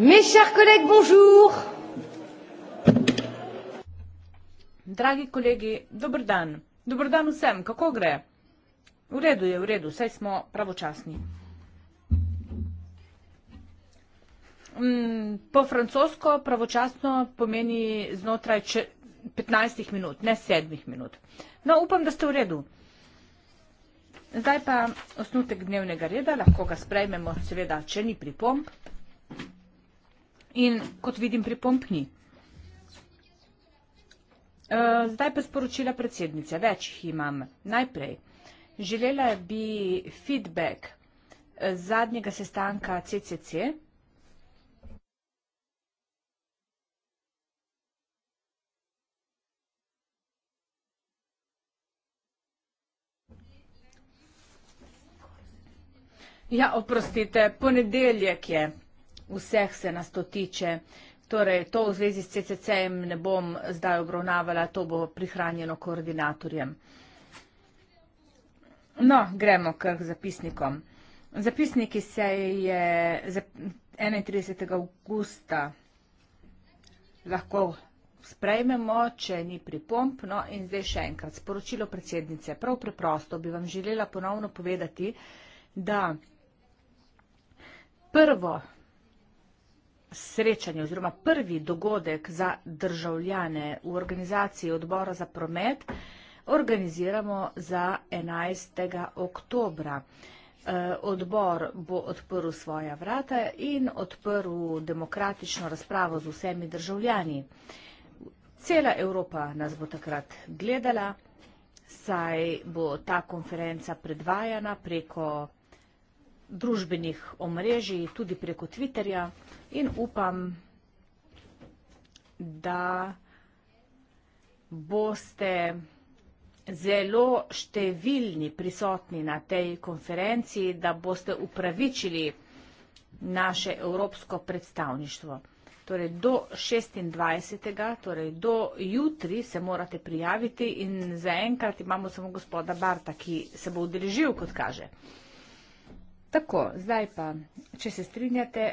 Mes chers collègues, bonjour. Dragi kolegi, dober dan. Dober dan vsem, kako gre? V redu je, v redu, saj smo pravočasni. Mm, po francosko pravočasno pomeni znotraj 15 minut, ne 7 minut. No, upam, da ste v redu. Zdaj pa osnutek dnevnega reda, lahko ga sprejmemo, seveda, če ni pripomp in kot vidim pri pompni. Eh, zdaj pa sporočila predsednice, več jih imam. Najprej, želela bi feedback eh, zadnjega sestanka CCC, Ja, oprostite, ponedeljek je vseh se nas to tiče. Torej, to v zvezi s CCC-jem ne bom zdaj obravnavala, to bo prihranjeno koordinatorjem. No, gremo k zapisnikom. Zapisniki se je 31. augusta lahko sprejmemo, če ni pripomp. No, in zdaj še enkrat sporočilo predsednice. Prav preprosto bi vam želela ponovno povedati, da prvo srečanje oziroma prvi dogodek za državljane v organizaciji odbora za promet organiziramo za 11. oktobra. Eh, odbor bo odprl svoja vrata in odprl demokratično razpravo z vsemi državljani. Cela Evropa nas bo takrat gledala, saj bo ta konferenca predvajana preko družbenih omrežij, tudi preko Twitterja in upam, da boste zelo številni prisotni na tej konferenci, da boste upravičili naše evropsko predstavništvo. Torej do 26. torej do jutri se morate prijaviti in zaenkrat imamo samo gospoda Barta, ki se bo udeležil, kot kaže. Tako, zdaj pa, če se strinjate,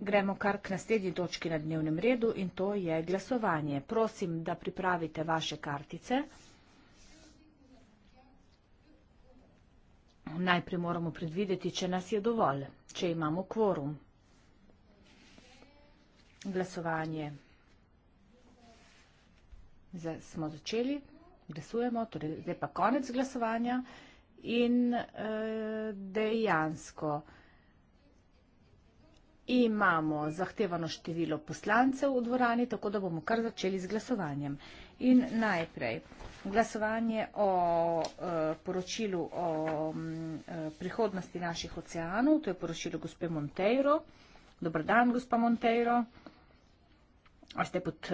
gremo kar k naslednji točki na dnevnem redu in to je glasovanje. Prosim, da pripravite vaše kartice. Najprej moramo predvideti, če nas je dovolj, če imamo kvorum. Glasovanje. Zdaj smo začeli, glasujemo, torej zdaj pa konec glasovanja. Glasovanje in eh, dejansko imamo zahtevano število poslancev v dvorani, tako da bomo kar začeli z glasovanjem. In najprej glasovanje o eh, poročilu o mm, eh, prihodnosti naših oceanov, to je poročilo gospe Monteiro. Dobar dan, gospa Monteiro. A ste pod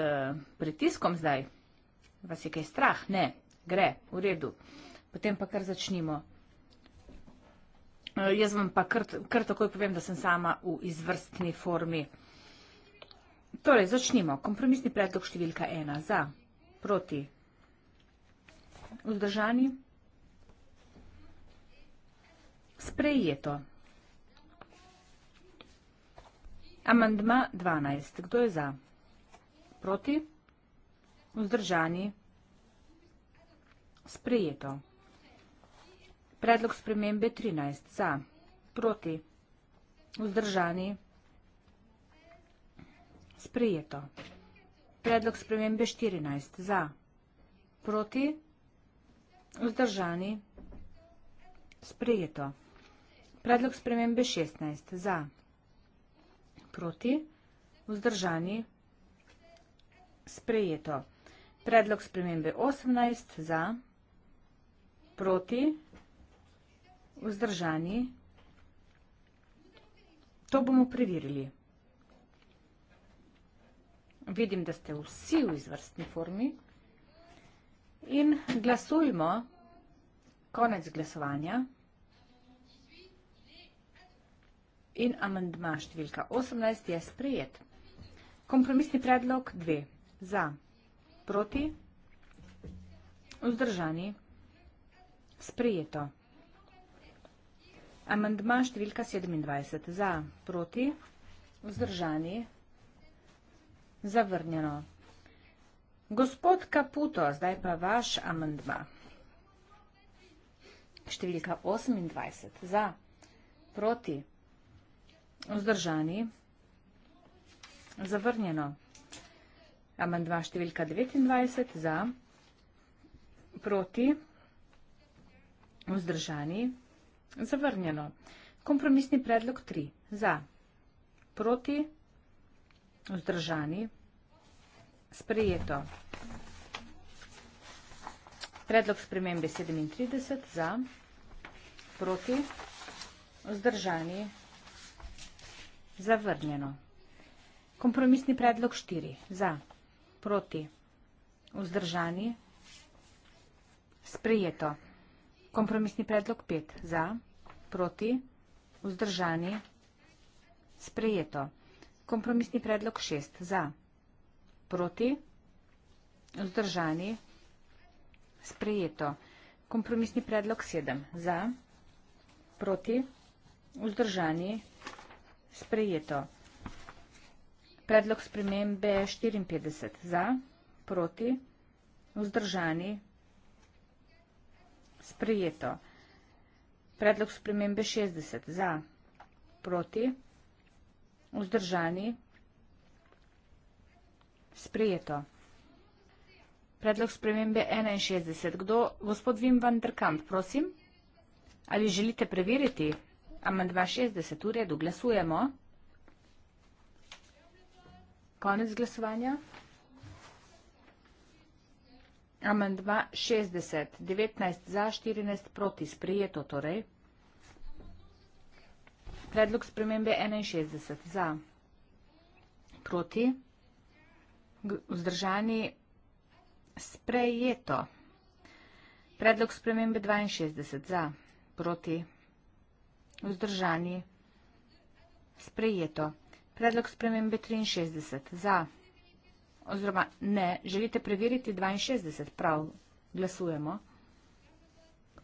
pritiskom zdaj? Vas je kaj strah? Ne, gre, v redu. V redu potem pa kar začnimo. Eh, jaz vam pa kar, kar takoj povem, da sem sama v izvrstni formi. Torej, začnimo. Kompromisni predlog številka ena. Za, proti, vzdržani, sprejeto. Amandma 12. Kdo je za? Proti? Vzdržani? Sprejeto. Predlog spremembe 13. Za. Proti. Vzdržani. Sprejeto. Predlog spremembe 14. Za. Proti. Vzdržani. Sprejeto. Predlog spremembe 16. Za. Proti. Vzdržani. Sprejeto. Predlog spremembe 18. Za. Proti. Vzdržani vzdržani. To bomo preverili. Vidim, da ste vsi v izvrstni formi. In glasujmo konec glasovanja. In amendma številka 18 je sprejet. Kompromisni predlog 2. Za. Proti. Vzdržani. Sprejeto. Amandma številka 27. Za, proti, vzdržani, zavrnjeno. Gospod Kaputo, zdaj pa vaš amandma. Številka 28. Za, proti, vzdržani, zavrnjeno. Amandma številka 29. Za, proti, vzdržani, zavrnjeno. Zavrnjeno. Kompromisni predlog 3. Za. Proti. Vzdržani. Sprejeto. Predlog spremembe 37. Za. Proti. Vzdržani. Zavrnjeno. Kompromisni predlog 4. Za. Proti. Vzdržani. Sprejeto. Kompromisni predlog 5. Za. Proti proti, vzdržani, sprejeto. Kompromisni predlog šest, za, proti, vzdržani, sprejeto. Kompromisni predlog sedem, za, proti, vzdržani, sprejeto. Predlog spremembe 54. Za, proti, vzdržani, sprejeto. Predlog spremembe 60. Za. Proti. Vzdržani. Sprejeto. Predlog spremembe 61. Kdo? Gospod Wim van der Kamp, prosim. Ali želite preveriti? Amandma 60. V redu. Glasujemo. Konec glasovanja. Amandma 60, 19 za, 14 proti, sprejeto torej. Predlog spremembe 61 za, proti, vzdržani, sprejeto. Predlog spremembe 62 za, proti, vzdržani, sprejeto. Predlog spremembe 63 za, proti oziroma ne, želite preveriti 62, prav, glasujemo.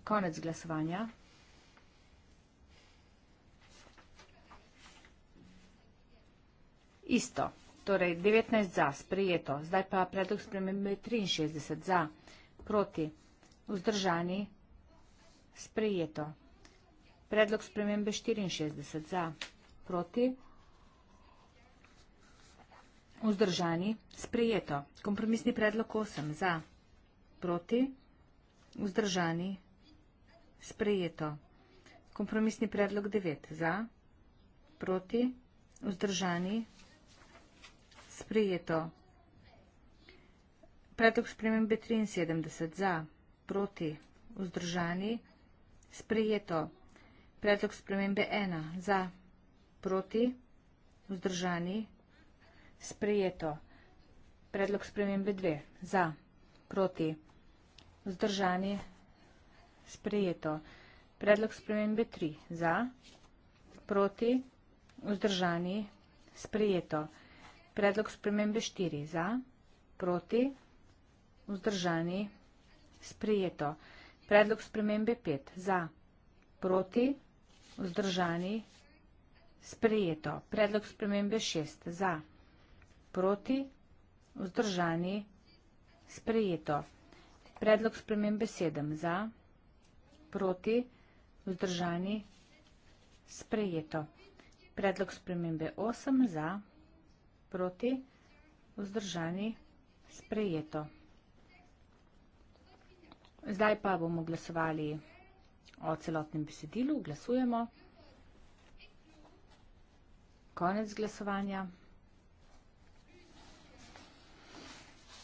Konec glasovanja. Isto, torej 19 za, sprejeto, zdaj pa predlog spremembe 63 za, proti, vzdržani, sprejeto. Predlog spremembe 64 za, proti, vzdržani. Vzdržani. Sprejeto. Kompromisni predlog 8. Za. Proti. Vzdržani. Sprejeto. Kompromisni predlog 9. Za. Proti. Vzdržani. Sprejeto. Predlog spremem B73. Za. Proti. Vzdržani. Sprejeto. Predlog spremem B1. Za. Proti. Vzdržani. Sprejeto sprejeto. Predlog spremembe dve. Za, proti, vzdržani, sprejeto. Predlog spremembe tri. Za, proti, vzdržani, sprejeto. Predlog spremembe štiri. Za, proti, vzdržani, sprejeto. Predlog spremembe pet. Za, proti, vzdržani, sprejeto. Predlog spremembe šest. Za, proti, vzdržani, sprejeto proti, vzdržani, sprejeto. Predlog spremem besedem za, proti, vzdržani, sprejeto. Predlog spremembe 8 za, proti, vzdržani, sprejeto. Zdaj pa bomo glasovali o celotnem besedilu. Glasujemo. Konec glasovanja.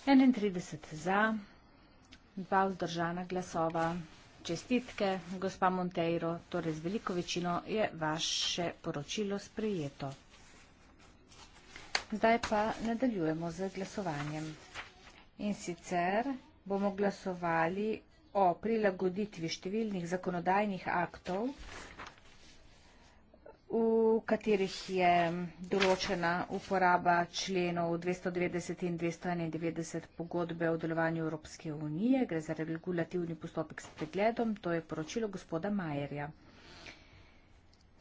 31 za, dva vzdržana glasova. Čestitke, gospa Monteiro, torej z veliko večino je vaše poročilo sprejeto. Zdaj pa nadaljujemo z glasovanjem. In sicer bomo glasovali o prilagoditvi številnih zakonodajnih aktov, ki je vse, v katerih je določena uporaba členov 290 in 291 pogodbe o delovanju Evropske unije. Gre za regulativni postopek s pregledom. To je poročilo gospoda Majerja.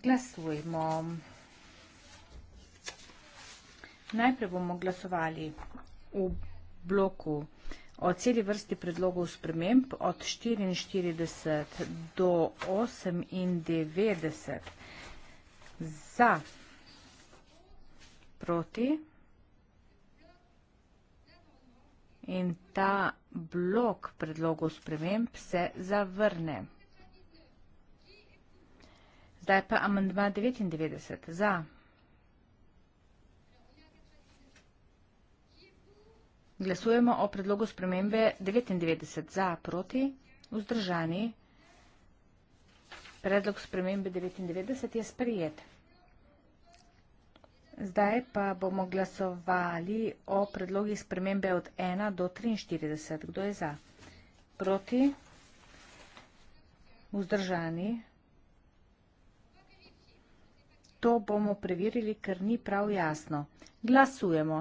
Glasujmo. Najprej bomo glasovali v bloku o celi vrsti predlogov sprememb od 44 do 98 za, proti. In ta blok predlogov sprememb se zavrne. Zdaj pa amandma 99. Za. Glasujemo o predlogu spremembe 99. Za, proti, vzdržani. Predlog spremembe 99 je sprijet. Zdaj pa bomo glasovali o predlogih spremembe od 1 do 43. Kdo je za? Proti? Vzdržani? To bomo preverili, ker ni prav jasno. Glasujemo.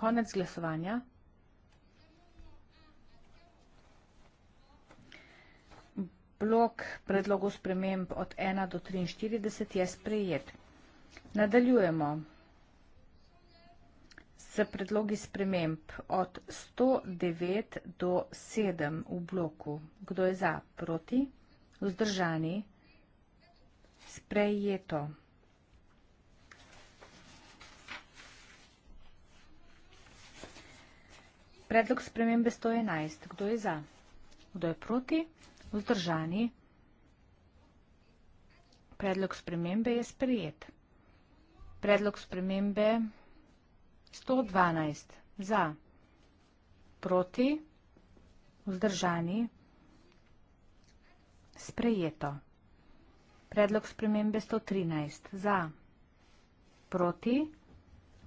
Konec glasovanja. blok predlogov sprememb od 1 do 43 je sprejet. Nadaljujemo s predlogi sprememb od 109 do 7 v bloku. Kdo je za? Proti? Vzdržani? Sprejeto. Predlog spremembe 111. Kdo je za? Kdo je proti? Kdo je proti? vzdržani. Predlog spremembe je sprejet. Predlog spremembe 112 za proti vzdržani sprejeto. Predlog spremembe 113 za proti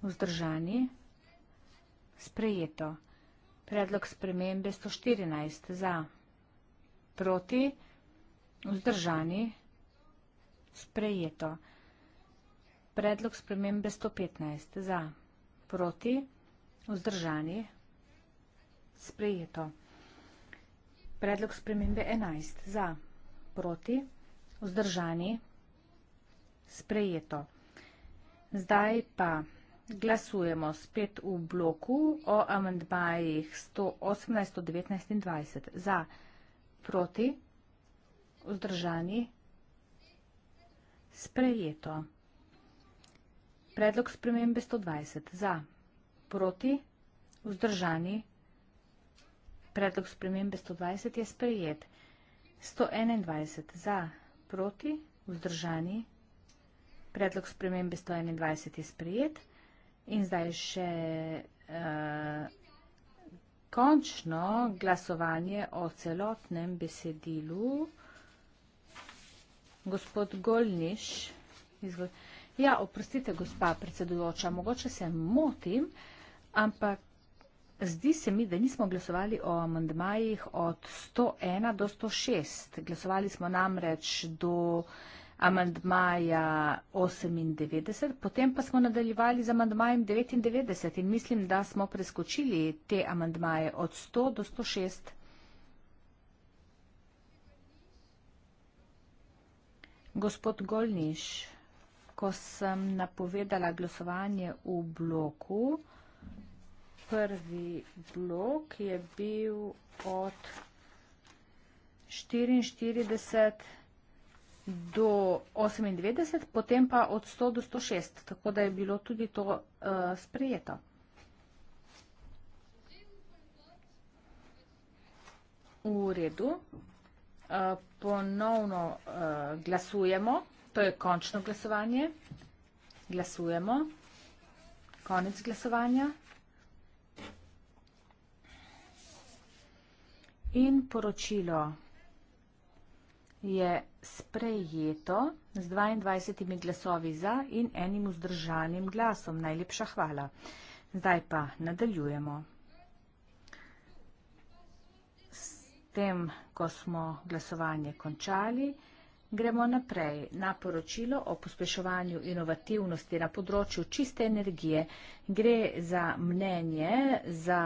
vzdržani sprejeto. Predlog spremembe 114 za proti vzdržani sprejeto proti, vzdržani, sprejeto. Predlog spremembe 115 za, proti, vzdržani, sprejeto. Predlog spremembe 11 za, proti, vzdržani, sprejeto. Zdaj pa glasujemo spet v bloku o amendbajih 118, 119 in 20 za, proti, vzdržani, sprejeto proti, vzdržani, sprejeto. Predlog spremembe 120. Za, proti, vzdržani, predlog spremembe 120 je sprejet. 121. Za, proti, vzdržani, predlog spremembe 121 je sprejet. In zdaj še... Eh, končno glasovanje o celotnem besedilu. Gospod Golniš, ja, oprostite, gospa predsedujoča, mogoče se motim, ampak zdi se mi, da nismo glasovali o amandmajih od 101 do 106. Glasovali smo namreč do amandmaja 98, potem pa smo nadaljevali z amandmajem 99 in mislim, da smo preskočili te amandmaje od 100 do 106. Gospod Golniš, ko sem napovedala glasovanje v bloku, prvi blok je bil od 44 do 98, potem pa od 100 do 106, tako da je bilo tudi to uh, sprejeto. V redu. Uh, ponovno uh, glasujemo. To je končno glasovanje. Glasujemo. Konec glasovanja. In poročilo je sprejeto z 22 glasovi za in enim vzdržanim glasom. Najlepša hvala. Zdaj pa nadaljujemo. S tem, ko smo glasovanje končali, gremo naprej na poročilo o pospeševanju inovativnosti na področju čiste energije. Gre za mnenje za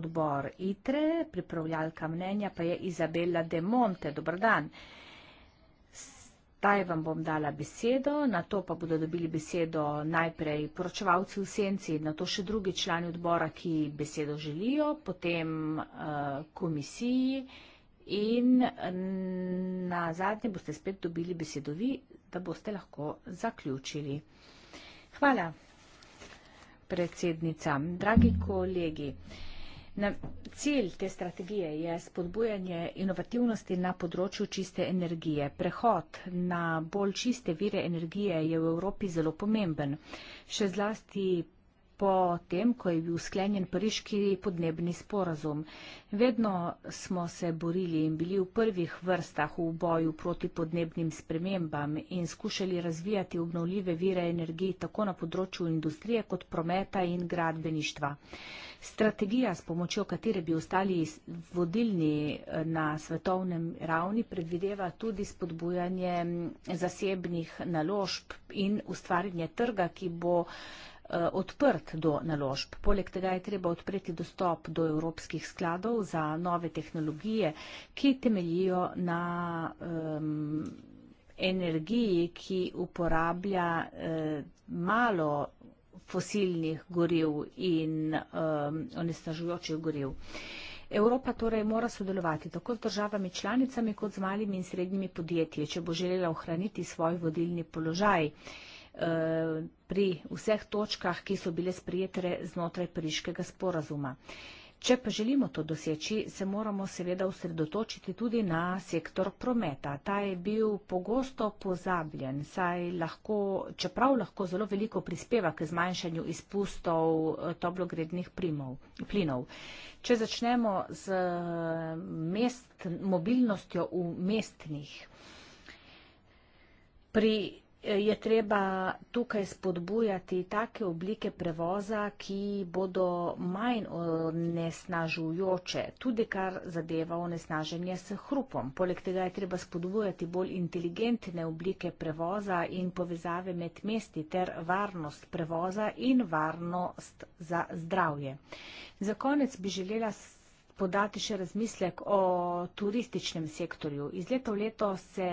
odbor ITRE, pripravljalka mnenja pa je Izabela Demonte. Dobrodan. dan. Zdaj vam bom dala besedo, na to pa bodo dobili besedo najprej poročevalci v senci, na to še drugi člani odbora, ki besedo želijo, potem uh, komisiji in na zadnje boste spet dobili besedo vi, da boste lahko zaključili. Hvala, predsednica. Dragi kolegi. Uh, Cilj te strategije je spodbujanje inovativnosti na področju čiste energije. Prehod na bolj čiste vire energije je v Evropi zelo pomemben. Še zlasti po tem, ko je bil sklenjen pariški podnebni sporazum. Vedno smo se borili in bili v prvih vrstah v boju proti podnebnim spremembam in skušali razvijati obnovljive vire energije tako na področju industrije kot prometa in gradbeništva. Strategija, s pomočjo katere bi ostali vodilni eh, na svetovnem ravni, predvideva tudi spodbujanje mm, zasebnih naložb in ustvarjanje trga, ki bo Eh, odprt do naložb. Poleg tega je treba odpreti dostop do evropskih skladov za nove tehnologije, ki temeljijo na um, energiji, ki uporablja um, malo fosilnih goriv in um, onesnažujočih goriv. Evropa torej mora sodelovati tako z državami članicami kot z malimi in srednjimi podjetji, če bo želela ohraniti svoj vodilni položaj. Uh, pri vseh točkah, ki so bile sprijete znotraj Pariškega sporazuma. Če pa želimo to doseči, se moramo seveda usredotočiti tudi na sektor prometa. Ta je bil pogosto pozabljen, saj lahko, čeprav lahko zelo veliko prispeva k zmanjšanju izpustov eh, toplogrednih plinov. Če začnemo z eh, mest, mobilnostjo v mestnih. Pri je treba tukaj spodbujati take oblike prevoza, ki bodo manj onesnažujoče, tudi kar zadeva onesnaženje s hrupom. Poleg tega je treba spodbujati bolj inteligentne oblike prevoza in povezave med mesti ter varnost prevoza in varnost za zdravje. Za konec bi želela podati še razmislek o turističnem sektorju. Iz leta v leto se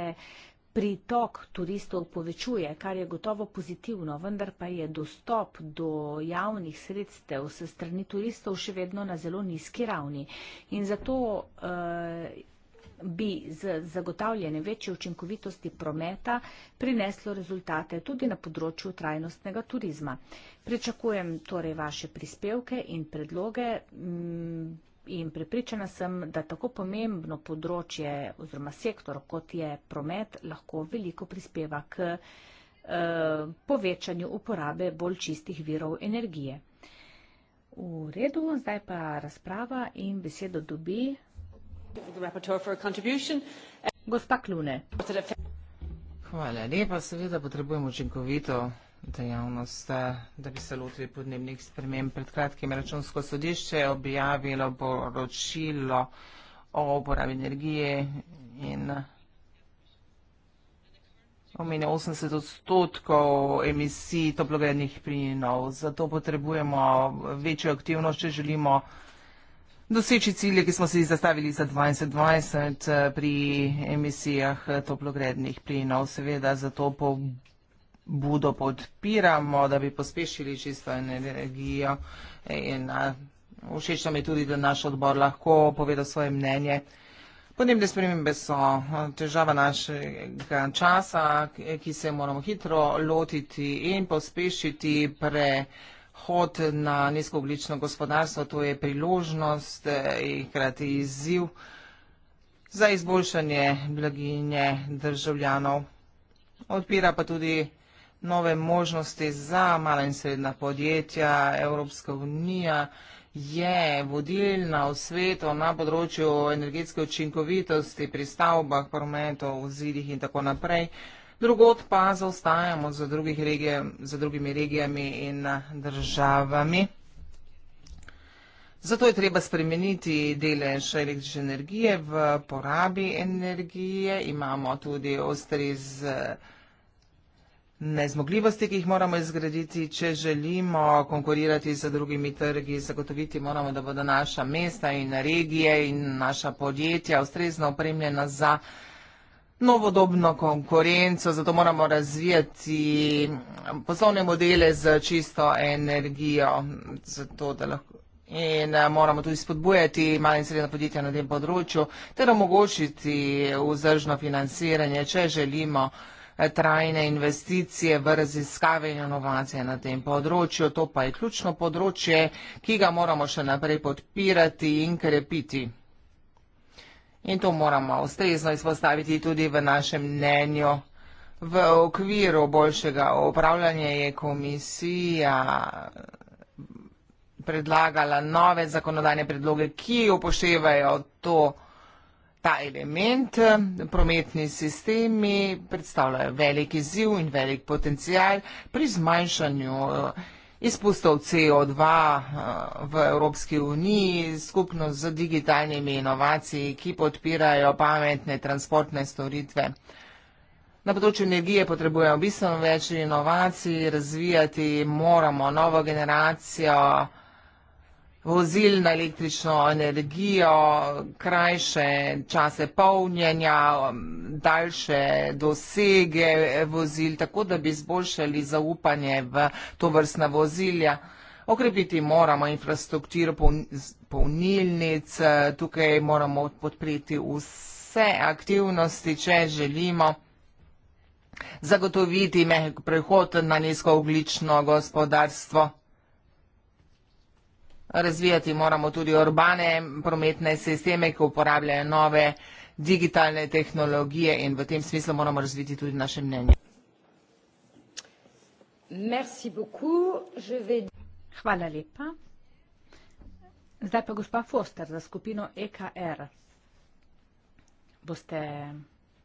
pritok turistov povečuje, kar je gotovo pozitivno, vendar pa je dostop do javnih sredstev se strani turistov še vedno na zelo nizki ravni. In zato eh, bi z zagotavljanje večje učinkovitosti prometa prineslo rezultate tudi na področju trajnostnega turizma. Pričakujem torej vaše prispevke in predloge. Mm, in prepričana sem, da tako pomembno področje oziroma sektor, kot je promet, lahko veliko prispeva k eh, povečanju uporabe bolj čistih virov energije. V redu, zdaj pa razprava in besedo dobi. Gospa Klune. Hvala lepa, seveda potrebujemo učinkovito dejavnost, eh, da bi se lotili podnebnih sprememb. Pred kratkim računsko sodišče je objavilo poročilo o uporabi energije in eh, omenja 80 odstotkov emisij toplogrednih plinov. Zato potrebujemo večjo aktivnost, če želimo doseči cilje, ki smo si zastavili za 2020 eh, pri emisijah toplogrednih plinov. Seveda zato po budo podpiramo, da bi pospešili čisto energijo. In, a, všeč nam je tudi, da naš odbor lahko poveda svoje mnenje. Podnebne spremembe so težava našega časa, ki se moramo hitro lotiti in pospešiti pre. Hod na nizkooglično gospodarstvo, to je priložnost in e, hkrati izziv za izboljšanje blaginje državljanov. Odpira pa tudi nove možnosti za mala in srednja podjetja. Evropska unija je vodilna v svetu na področju energetske učinkovitosti pri stavbah, prometov, vzidih in tako naprej. Drugod pa zaostajamo za, regije, za drugimi regijami in državami. Zato je treba spremeniti delež električne energije v porabi energije. Imamo tudi ostri z nezmogljivosti, ki jih moramo izgraditi, če želimo konkurirati z drugimi trgi, zagotoviti moramo, da bodo naša mesta in regije in naša podjetja ustrezno opremljena za novodobno konkurenco, zato moramo razvijati poslovne modele z čisto energijo, zato da lahko in eh, moramo tudi spodbujati malo in srednje podjetja na tem področju ter omogočiti vzdržno financiranje, če želimo trajne investicije v raziskave in inovacije na tem področju. To pa je ključno področje, ki ga moramo še naprej podpirati in krepiti. In to moramo ustrezno izpostaviti tudi v našem mnenju. V okviru boljšega upravljanja je komisija predlagala nove zakonodajne predloge, ki upoštevajo to področje ta element, prometni sistemi predstavljajo velik izziv in velik potencijal pri zmanjšanju eh, izpustov CO2 eh, v Evropski uniji skupno z digitalnimi inovacijami, ki podpirajo pametne transportne storitve. Na področju energije potrebujemo bistveno več inovacij, razvijati moramo novo generacijo vozil na električno energijo, krajše čase polnjenja, daljše dosege vozil, tako da bi izboljšali zaupanje v to vrstna vozilja. Okrepiti moramo infrastrukturo polnilnic, tukaj moramo podpreti vse aktivnosti, če želimo zagotoviti mehek prehod na nizkooglično gospodarstvo. Razvijati moramo tudi urbane prometne sisteme, ki uporabljajo nove digitalne tehnologije in v tem smislu moramo razviti tudi naše mnenje. Merci beaucoup. Je vais... Hvala lepa. Zdaj pa gospa Foster za skupino EKR. Boste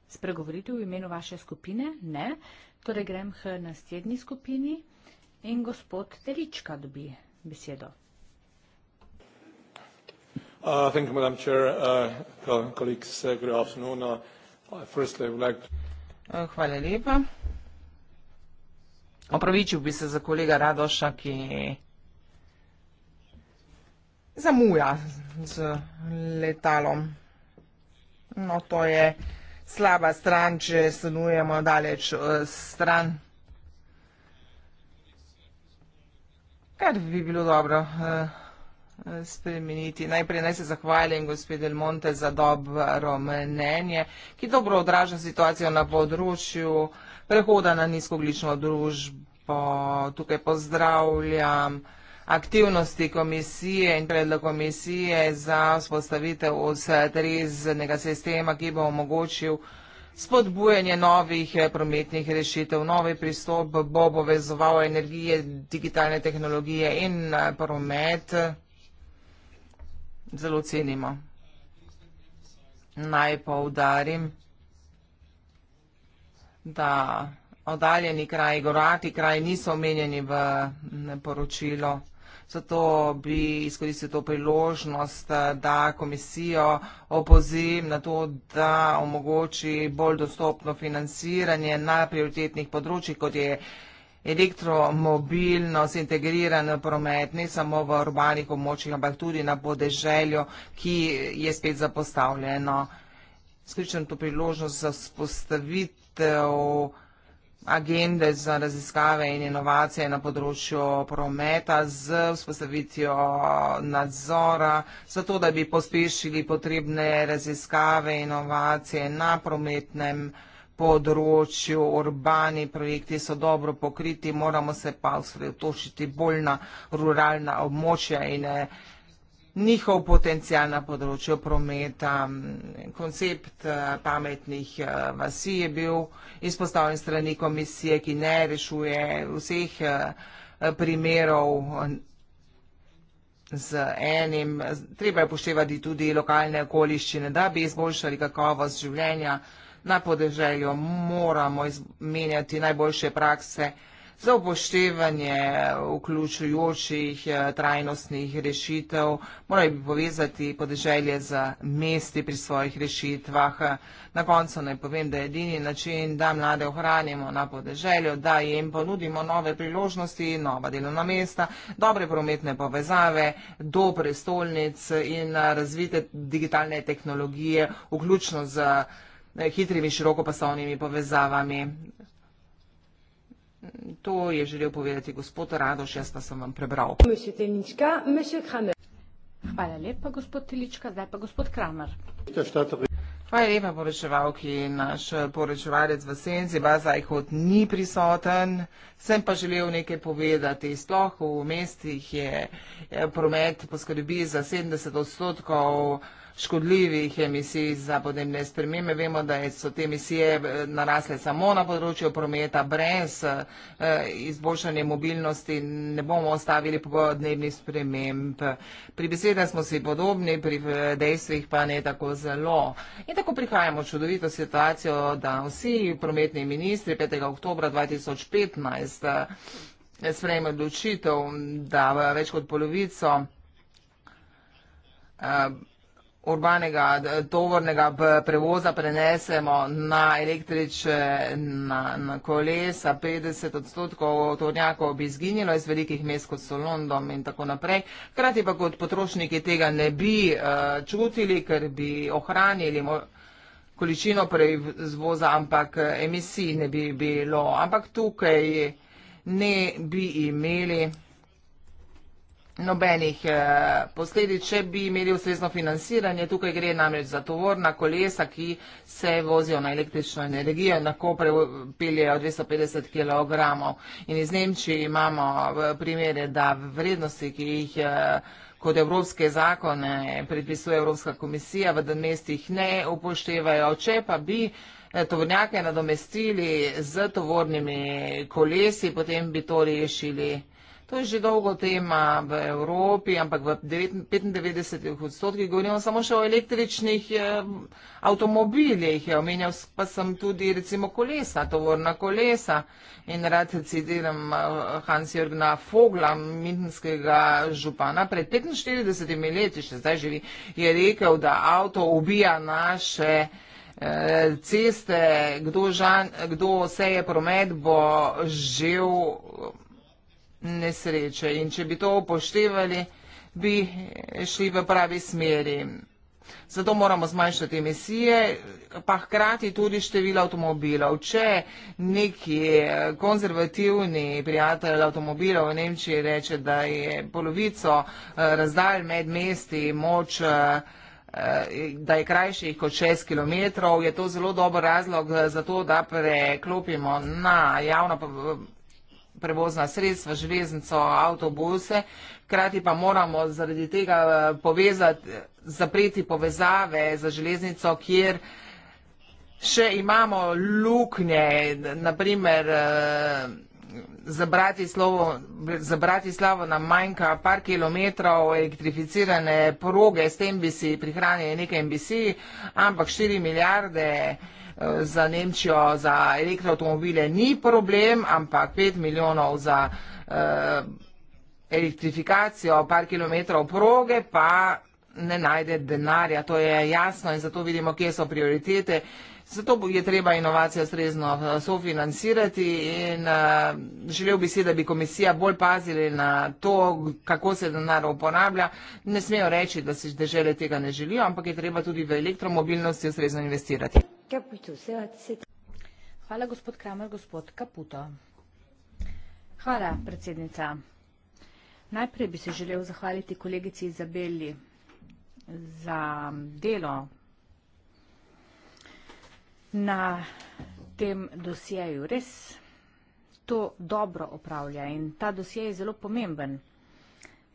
spregovoriti v imenu vaše skupine? Ne. Torej grem k naslednji skupini in gospod Telička dobi besedo. Uh, thank you, Madam Chair. Uh, colleagues, uh, good afternoon. Firstly, I would like to- Hvala lepa. Opravičil bi se za kolega Radoša, ki zamuja z letalom. No, to je slaba stran, če stanujemo daleč, stran. Kar bi bilo dobro, spremeniti. Najprej naj se zahvalim gospod Del Monte za dobro mnenje, ki dobro odraža situacijo na področju prehoda na nizkoglično družbo. Tukaj pozdravljam aktivnosti komisije in predlog komisije za vzpostavitev ustreznega sistema, ki bo omogočil spodbujanje novih prometnih rešitev. Novi pristop bo povezoval energije, digitalne tehnologije in promet zelo cenimo. Naj povdarim, da oddaljeni kraji, gorati kraji niso omenjeni v poročilo. Zato bi izkoristil to priložnost, da komisijo opozim na to, da omogoči bolj dostopno financiranje na prioritetnih področjih, kot je elektromobilnost, integriran promet, ne samo v urbanih območjih, ampak tudi na podeželju, ki je spet zapostavljeno. Skričem to priložnost za spostavitev agende za raziskave in inovacije na področju prometa z vzpostavitvijo nadzora, zato da bi pospešili potrebne raziskave in inovacije na prometnem področju področju, urbani projekti so dobro pokriti, moramo se pa osredotočiti bolj na ruralna območja in eh, njihov potencijal na področju prometa. Koncept eh, pametnih eh, vasi je bil izpostavljen strani komisije, ki ne rešuje vseh primerov z enim. Treba je poštevati tudi lokalne okoliščine, da bi izboljšali kakovost življenja, na podeželju moramo izmenjati najboljše prakse za upoštevanje vključujočih eh, trajnostnih rešitev, morali bi povezati podeželje z mesti pri svojih rešitvah. Na koncu naj povem, da je edini način, da mlade ohranimo na podeželju, da jim ponudimo nove priložnosti, nova delovna mesta, dobre prometne povezave do prestolnic in eh, razvite digitalne tehnologije, vključno z hitrimi širokopasovnimi povezavami. To je želel povedati gospod Radoš, jaz pa sem vam prebral. Hvala lepa, gospod Tilička, zdaj pa gospod Kramer. Hvala lepa, poročevalki. Naš poročevalec v senci, Bazaj, kot ni prisoten. Sem pa želel nekaj povedati. Sploh v mestih je promet poskrbi za 70 odstotkov škodljivih emisij za podnebne spremembe. Vemo, da so te emisije eh, narasle samo na področju prometa, brez eh, izboljšanja mobilnosti ne bomo ostavili podnebnih sprememb. Pri besedah smo si podobni, pri eh, dejstvih pa ne tako zelo. In tako prihajamo v čudovito situacijo, da vsi prometni ministri 5. oktobra 2015 sprejme odločitev, da več kot polovico urbanega tovornega prevoza prenesemo na električne na, na kolesa, 50 odstotkov tovornjakov bi izginilo iz velikih mest, kot so London in tako naprej. Hkrati pa kot potrošniki tega ne bi uh, čutili, ker bi ohranili količino prevoza, ampak eh, emisij ne bi bilo. Ampak tukaj ne bi imeli nobenih eh, posledic, če bi imeli ustrezno financiranje. Tukaj gre namreč za tovorna kolesa, ki se vozijo na električno energijo in lahko peljejo 250 kg. In iz Nemčije imamo eh, primere, da vrednosti, ki jih eh, kot evropske zakone predpisuje Evropska komisija, v mestih ne upoštevajo. Če pa bi tovornjake nadomestili z tovornimi kolesi, potem bi to rešili. To je že dolgo tema v Evropi, ampak v 95 odstotkih govorimo samo še o električnih eh, avtomobilih. Omenjal pa sem tudi recimo kolesa, tovorna kolesa. In rad citiram eh, Hans-Jürgena Fogla, mitenskega župana, pred 45 leti še zdaj živi, je rekel, da avto ubija naše eh, ceste, kdo, žan, kdo vse je promet, bo žel nesreče. In če bi to upoštevali, bi šli v pravi smeri. Zato moramo zmanjšati emisije, pa hkrati tudi število avtomobilov. Če neki konzervativni prijatelj avtomobilov v Nemčiji reče, da je polovico eh, razdalj med mesti moč, eh, da je krajših kot 6 km, je to zelo dober razlog za to, da preklopimo na javno prevozna sredstva, železnico, avtobuse, krati pa moramo zaradi tega eh, povezati, zapreti povezave za železnico, kjer še imamo luknje, naprimer eh, za Bratislavo nam manjka par kilometrov elektrificirane proge, s tem bi si prihranili nekaj MBC, ampak 4 milijarde evrov Eh, za Nemčijo za elektroavtomobile ni problem, ampak 5 milijonov za eh, elektrifikacijo par kilometrov proge pa ne najde denarja. To je jasno in zato vidimo, kje so prioritete. Zato je treba inovacijo strezno eh, sofinansirati in želel bi si, da bi komisija bolj pazili na to, kako se denar uporablja. Ne smejo reči, da si države tega ne želijo, ampak je treba tudi v elektromobilnosti strezno investirati. Hvala, gospod Kramer. Gospod Caputo. Hvala, predsednica. Najprej bi se želel zahvaliti kolegici Izabeli za delo na tem dosjeju. Res to dobro opravlja in ta dosje je zelo pomemben.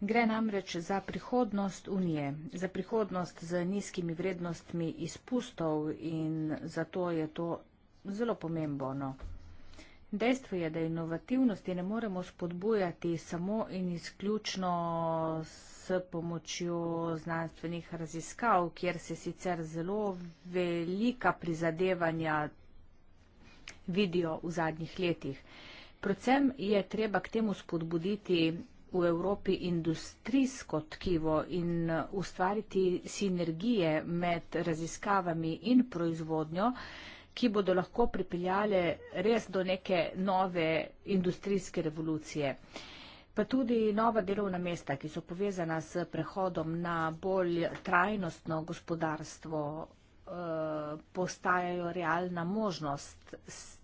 Gre namreč za prihodnost Unije, za prihodnost z nizkimi vrednostmi izpustov in zato je to zelo pomembno. Dejstvo je, da inovativnosti ne moremo spodbujati samo in izključno s pomočjo znanstvenih raziskav, kjer se sicer zelo velika prizadevanja vidijo v zadnjih letih. Predvsem je treba k temu spodbuditi v Evropi industrijsko tkivo in eh, ustvariti sinergije med raziskavami in proizvodnjo, ki bodo lahko pripeljale res do neke nove industrijske revolucije. Pa tudi nova delovna mesta, ki so povezana s prehodom na bolj trajnostno gospodarstvo, eh, postajajo realna možnost s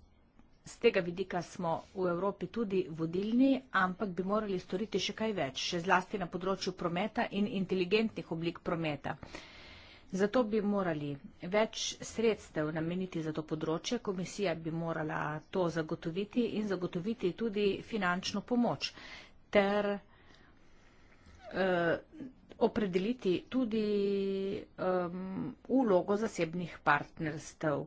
z tega vidika smo v Evropi tudi vodilni, ampak bi morali storiti še kaj več, še zlasti na področju prometa in inteligentnih oblik prometa. Zato bi morali več sredstev nameniti za to področje, komisija bi morala to zagotoviti in zagotoviti tudi finančno pomoč ter eh, opredeliti tudi eh, ulogo zasebnih partnerstev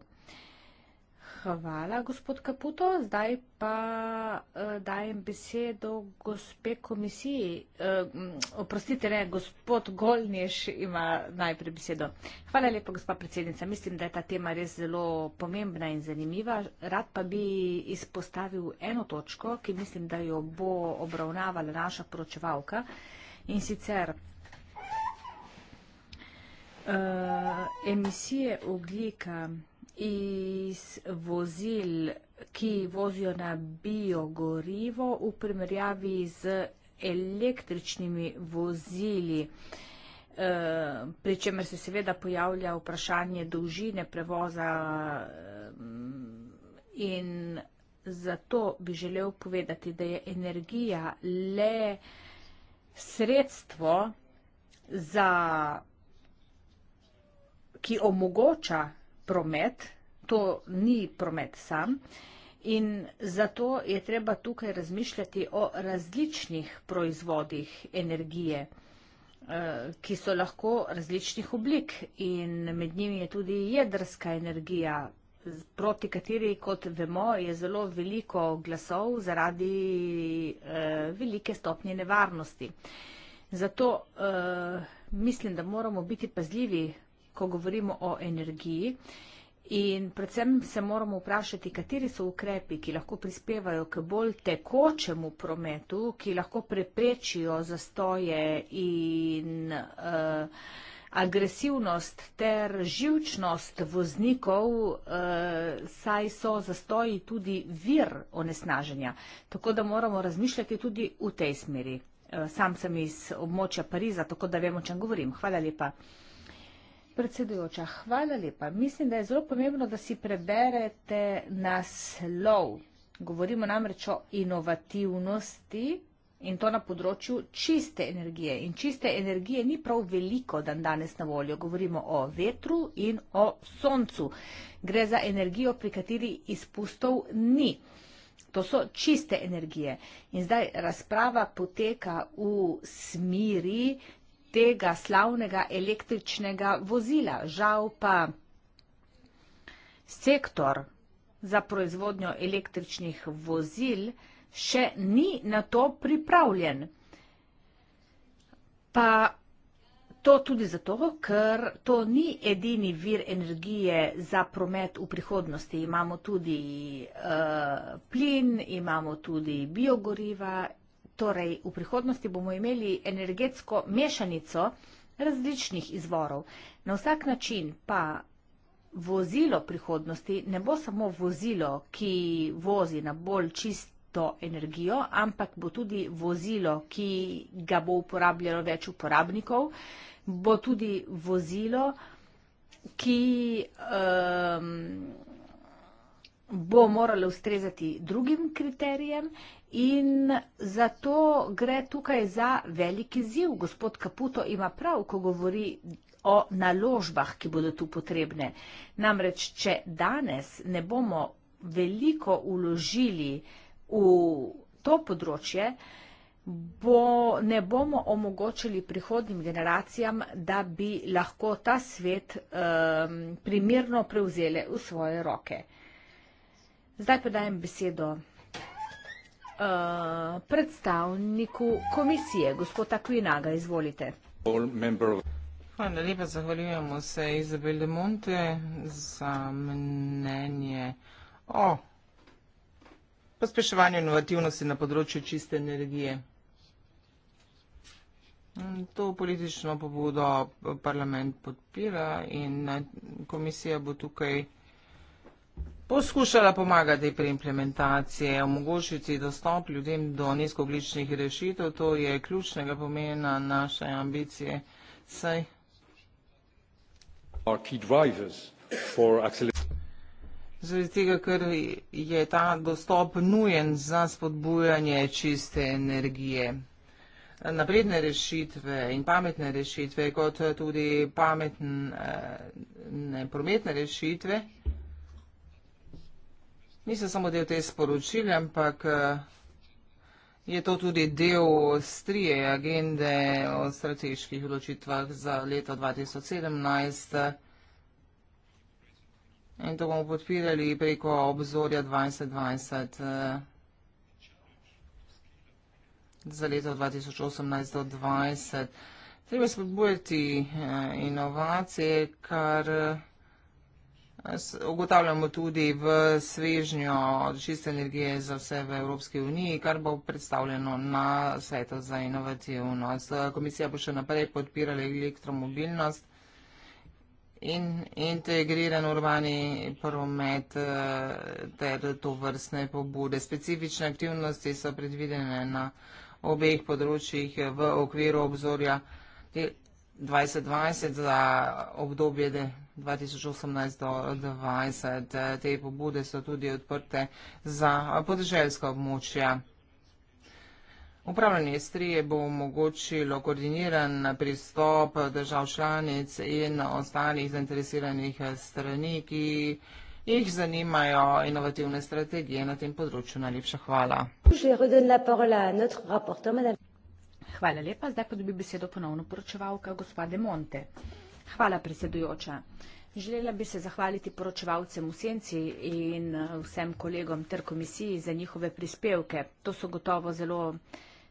hvala, gospod Kaputo. Zdaj pa uh, dajem besedo gospe komisiji. Uh, oprostite, ne, gospod Golniš ima najprej besedo. Hvala lepa, gospa predsednica. Mislim, da je ta tema res zelo pomembna in zanimiva. Rad pa bi izpostavil eno točko, ki mislim, da jo bo obravnavala naša poročevalka. In sicer. Uh, emisije ogljika iz vozil, ki vozijo na biogorivo v primerjavi z električnimi vozili. E, eh, Pričemer se seveda pojavlja vprašanje dolžine prevoza eh, in zato bi želel povedati, da je energija le sredstvo, za, ki omogoča promet, to ni promet sam. In zato je treba tukaj razmišljati o različnih proizvodih energije, eh, ki so lahko različnih oblik in med njimi je tudi jedrska energija, proti kateri, kot vemo, je zelo veliko glasov zaradi eh, velike stopnje nevarnosti. Zato eh, mislim, da moramo biti pazljivi ko govorimo o energiji. In predvsem se moramo vprašati, kateri so ukrepi, ki lahko prispevajo k bolj tekočemu prometu, ki lahko preprečijo zastoje in uh, agresivnost ter živčnost voznikov, uh, saj so zastoji tudi vir onesnaženja. Tako da moramo razmišljati tudi v tej smeri. Uh, sam sem iz območja Pariza, tako da vemo, o čem govorim. Hvala lepa. Predsedujoča, hvala lepa. Mislim, da je zelo pomembno, da si preberete naslov. Govorimo namreč o inovativnosti in to na področju čiste energije. In čiste energije ni prav veliko dan danes na voljo. Govorimo o vetru in o soncu. Gre za energijo, pri kateri izpustov ni. To so čiste energije. In zdaj razprava poteka v smeri, tega slavnega električnega vozila. Žal pa sektor za proizvodnjo električnih vozil še ni na to pripravljen. Pa to tudi zato, ker to ni edini vir energije za promet v prihodnosti. Imamo tudi uh, plin, imamo tudi biogoriva, torej v prihodnosti bomo imeli energetsko mešanico različnih izvorov. Na vsak način pa vozilo prihodnosti ne bo samo vozilo, ki vozi na bolj čist to energijo, ampak bo tudi vozilo, ki ga bo uporabljalo več uporabnikov, bo tudi vozilo, ki um, bo morala ustrezati drugim kriterijem in zato gre tukaj za veliki ziv. Gospod Kaputo ima prav, ko govori o naložbah, ki bodo tu potrebne. Namreč, če danes ne bomo veliko uložili v to področje, bo, ne bomo omogočili prihodnim generacijam, da bi lahko ta svet um, ehm, primirno prevzele v svoje roke. Zdaj pa dajem besedo uh, predstavniku komisije, gospod Akvinaga, izvolite. Hvala lepa, zahvaljujemo se Izabel de Monte za mnenje o pospeševanju inovativnosti na področju čiste energije. To politično pobudo parlament podpira in eh, komisija bo tukaj poskušala pomagati pri implementaciji, omogočiti dostop ljudem do nizkogličnih rešitev. To je ključnega pomena naše ambicije. Saj... Zdaj tega, ker je ta dostop nujen za spodbujanje čiste energije. Napredne rešitve in pametne rešitve, kot tudi pametne eh, prometne rešitve, niso samo del te sporočile, ampak eh, je to tudi del strije agende o strateških odločitvah za leto 2017. In to bomo podpirali preko obzorja 2020 eh, za leto 2018 do 2020. Treba spodbujati eh, inovacije, kar Ugotavljamo tudi v svežnjo čiste energije za vse v Evropski uniji, kar bo predstavljeno na svetu za inovativnost. Komisija bo še naprej podpirala elektromobilnost in integriran urbani promet eh, ter to vrstne pobude. Specifične aktivnosti so predvidene na obeh področjih v okviru obzorja 2020 za obdobje 2018-2020. Te pobude so tudi odprte za podeželjska območja. Upravljanje strije bo omogočilo koordiniran pristop držav članic in ostalih zainteresiranih strani, ki jih zanimajo inovativne strategije na tem področju. Najlepša hvala. Hvala lepa. Zdaj pa dobi besedo ponovno poročevalka gospa De Monte. Hvala, predsedujoča. Želela bi se zahvaliti poročevalcem v senci in eh, vsem kolegom ter komisiji za njihove prispevke. To so gotovo zelo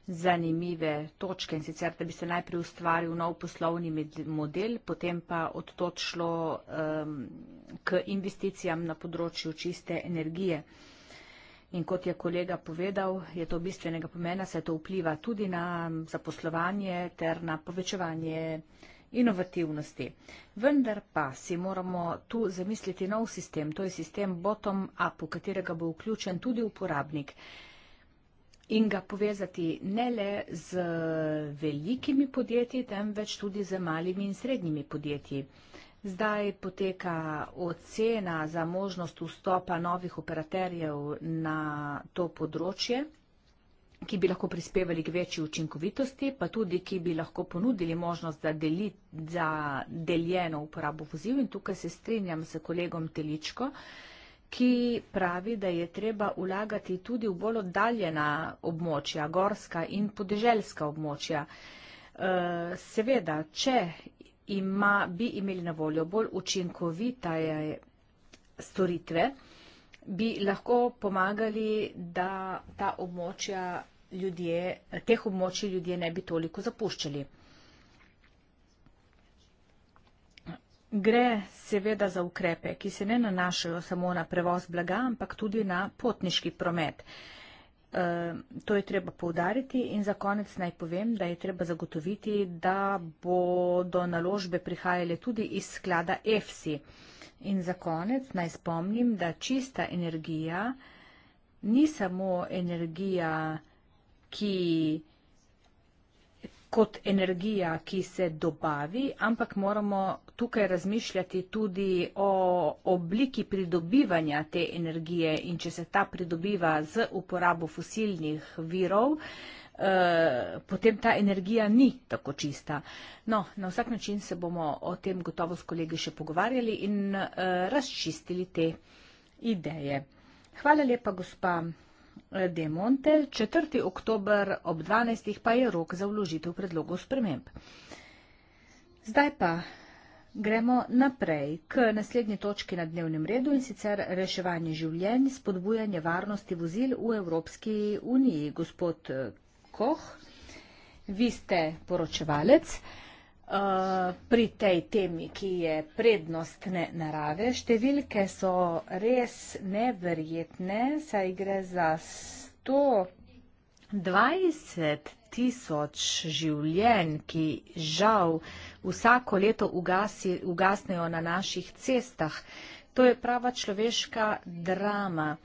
zanimive točke in sicer, da bi se najprej ustvaril nov poslovni model, potem pa odtot šlo um, k investicijam na področju čiste energije. In kot je kolega povedal, je to bistvenega pomena, se to vpliva tudi na zaposlovanje ter na povečevanje energije inovativnosti. Vendar pa si moramo tu zamisliti nov sistem, to je sistem bottom-up, v katerega bo vključen tudi uporabnik in ga povezati ne le z velikimi podjetji, temveč tudi z malimi in srednjimi podjetji. Zdaj poteka ocena za možnost vstopa novih operaterjev na to področje ki bi lahko prispevali k večji učinkovitosti, pa tudi ki bi lahko ponudili možnost za, deli, za deljeno uporabo voziv. In tukaj se strinjam s kolegom Teličko, ki pravi, da je treba vlagati tudi v bolj oddaljena območja, gorska in podeželska območja. Eh, seveda, če ima, bi imeli na voljo bolj učinkovite storitve, bi lahko pomagali, da ta območja ljudje, teh območij ljudje ne bi toliko zapuščali. Gre seveda za ukrepe, ki se ne nanašajo samo na prevoz blaga, ampak tudi na potniški promet. E, to je treba poudariti in za konec naj povem, da je treba zagotoviti, da bodo naložbe prihajale tudi iz sklada EFSI. In za konec naj spomnim, da čista energija ni samo energija, ki kot energija, ki se dobavi, ampak moramo tukaj razmišljati tudi o obliki pridobivanja te energije in če se ta pridobiva z uporabo fosilnih virov, Eh, potem ta energija ni tako čista. No, na vsak način se bomo o tem gotovo s kolegi še pogovarjali in eh, razčistili te ideje. Hvala lepa, gospa eh, De Monte. 4. oktober ob 12. pa je rok za vložitev predlogov sprememb. Zdaj pa gremo naprej k naslednji točki na dnevnem redu in sicer reševanje življenj, spodbujanje varnosti vozil v Evropski uniji. Gospod Koh. Vi ste poročevalec uh, pri tej temi, ki je prednostne narave. Številke so res neverjetne, saj gre za 120 tisoč življenj, ki žal vsako leto ugasi, ugasnejo na naših cestah. To je prava človeška drama.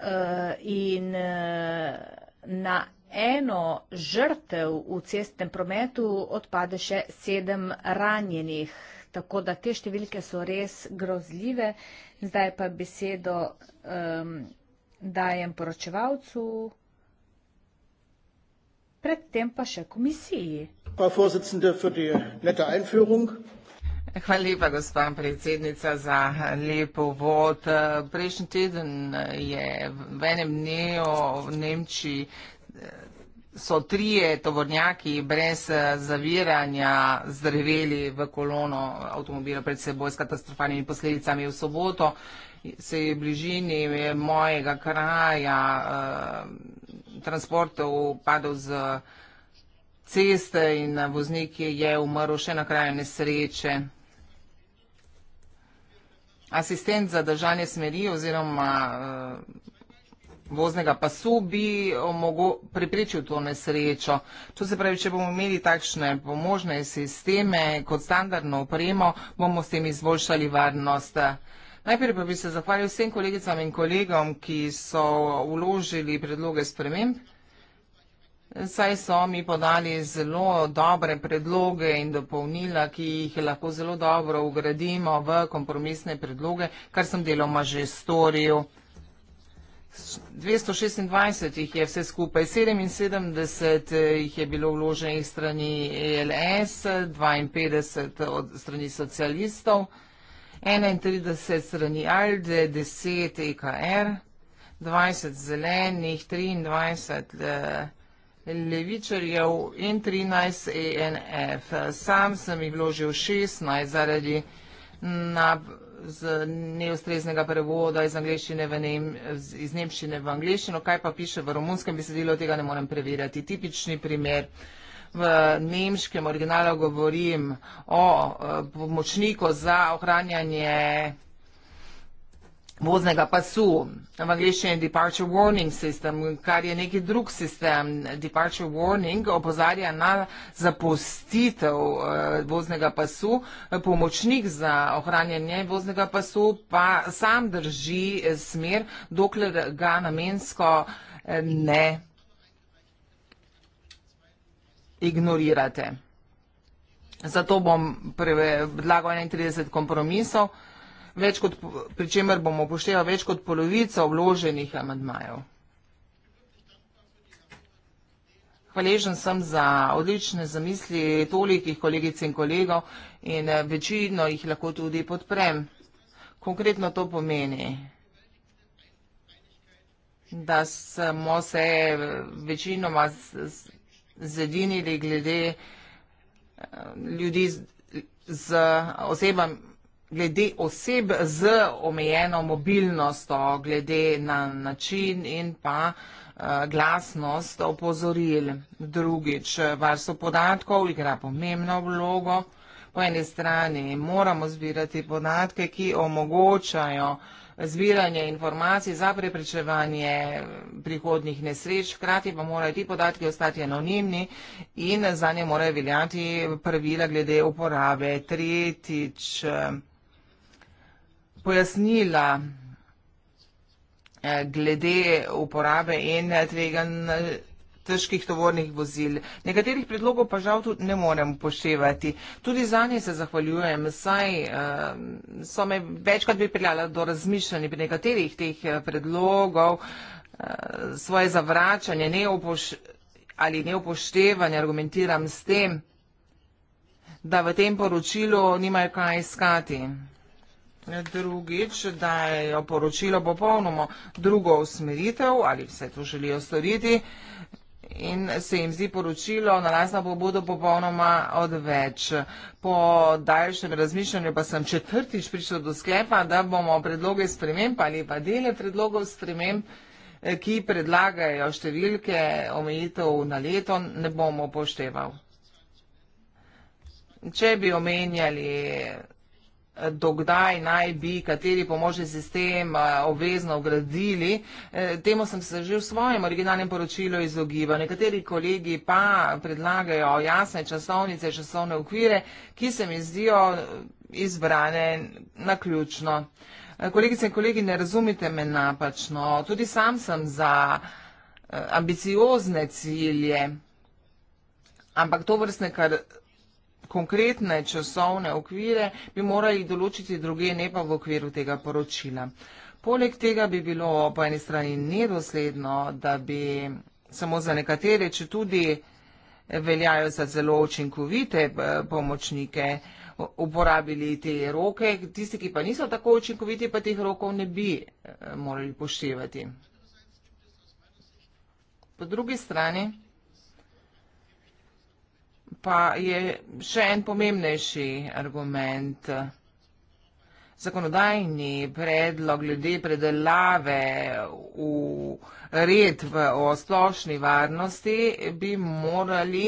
Uh, in, uh, na eno žrtev v cestnem prometu odpade še sedem ranjenih. Tako da te številke so res grozljive. Zdaj pa besedo um, dajem poročevalcu, predtem pa še komisiji. Hvala, predsednica, za lepo predstavitev. Hvala lepa, gospa predsednica, za lepo vod. Prejšnji teden je v enem dnevu v Nemčiji so trije tovornjaki brez zaviranja zdreveli v kolono avtomobila pred seboj s katastrofalnimi posledicami v soboto. Se je v bližini mojega kraja eh, transportov padel z ceste in voznik je umrl še na kraju nesreče asistent za držanje smeri oziroma uh, voznega pasu bi omogo, pripričil to nesrečo. To se pravi, če bomo imeli takšne pomožne sisteme kot standardno opremo, bomo s tem izboljšali varnost. Najprej pa bi se zahvalil vsem kolegicam in kolegom, ki so vložili predloge sprememb. Saj so mi podali zelo dobre predloge in dopolnila, ki jih lahko zelo dobro ugradimo v kompromisne predloge, kar sem deloma že storil. 226 jih je vse skupaj, 77 jih je bilo vloženih strani ELS, 52 od strani socialistov, 31 strani ALDE, 10 EKR, 20 zelenih, 23 levičarjev in 13 ENF. Sam sem jih vložil 16 zaradi na, z neustreznega prevoda iz, ne, iz nemščine v angliščino, kaj pa piše v romunskem besedilu, tega ne morem preverjati. Tipični primer. V nemškem originalu govorim o eh, pomočniku za ohranjanje voznega pasu. V angliščini Departure Warning System, kar je neki drug sistem. Departure Warning opozarja na zapustitev eh, voznega pasu. Pomočnik za ohranjanje voznega pasu pa sam drži eh, smer, dokler ga namensko eh, ne ignorirate. Zato bom predlagal 31 kompromisov več kot, pri čemer bomo upoštevali več kot polovico vloženih amadmajev. Hvaležen sem za odlične zamisli tolikih kolegic in kolegov in eh, večino jih lahko tudi podprem. Konkretno to pomeni, da smo se večinoma zedinili glede eh, ljudi z, z osebami, glede oseb z omejeno mobilnostjo, glede na način in pa eh, glasnost opozoril. Drugič, varstvo podatkov igra pomembno vlogo. Po eni strani moramo zbirati podatke, ki omogočajo zbiranje informacij za preprečevanje prihodnih nesreč, hkrati pa morajo ti podatki ostati anonimni in za nje morajo veljati pravila glede uporabe. Tretjič, pojasnila eh, glede uporabe in tvegan eh, težkih tovornih vozil. Nekaterih predlogov pa žal tudi ne morem upoštevati. Tudi za nje se zahvaljujem, saj uh, so me večkrat bi prijala do razmišljanja pri nekaterih teh predlogov, uh, svoje zavračanje ne upoš ali neupoštevanje argumentiram s tem, da v tem poročilu nimajo kaj iskati drugič dajejo poročilo popolnoma drugo usmeritev ali vse to želijo storiti in se jim zdi poročilo na lasno pobudo popolnoma odveč. Po daljšem razmišljanju pa sem četrtič prišel do sklepa, da bomo predloge sprememb ali pa dele predlogov sprememb eh, ki predlagajo številke omejitev na leto, ne bomo pošteval. Če bi omenjali dokdaj naj bi kateri pomožni sistem eh, obvezno vgradili. Eh, temu sem se že v svojem originalnem poročilu izogival. Nekateri kolegi pa predlagajo jasne časovnice, časovne okvire, ki se mi zdijo eh, izbrane na ključno. Kolegice in kolegi, ne razumite me napačno. Tudi sam sem za ambiciozne cilje, ampak to vrstne kar konkretne časovne okvire bi morali določiti druge, ne pa v okviru tega poročila. Poleg tega bi bilo po eni strani nedosledno, da bi samo za nekatere, če tudi veljajo za zelo učinkovite eh, pomočnike, uporabili te roke, tisti, ki pa niso tako učinkoviti, pa teh rokov ne bi eh, morali poštevati. Po drugi strani, pa je še en pomembnejši argument. Zakonodajni predlog ljudi predelave v red v, o splošni varnosti bi morali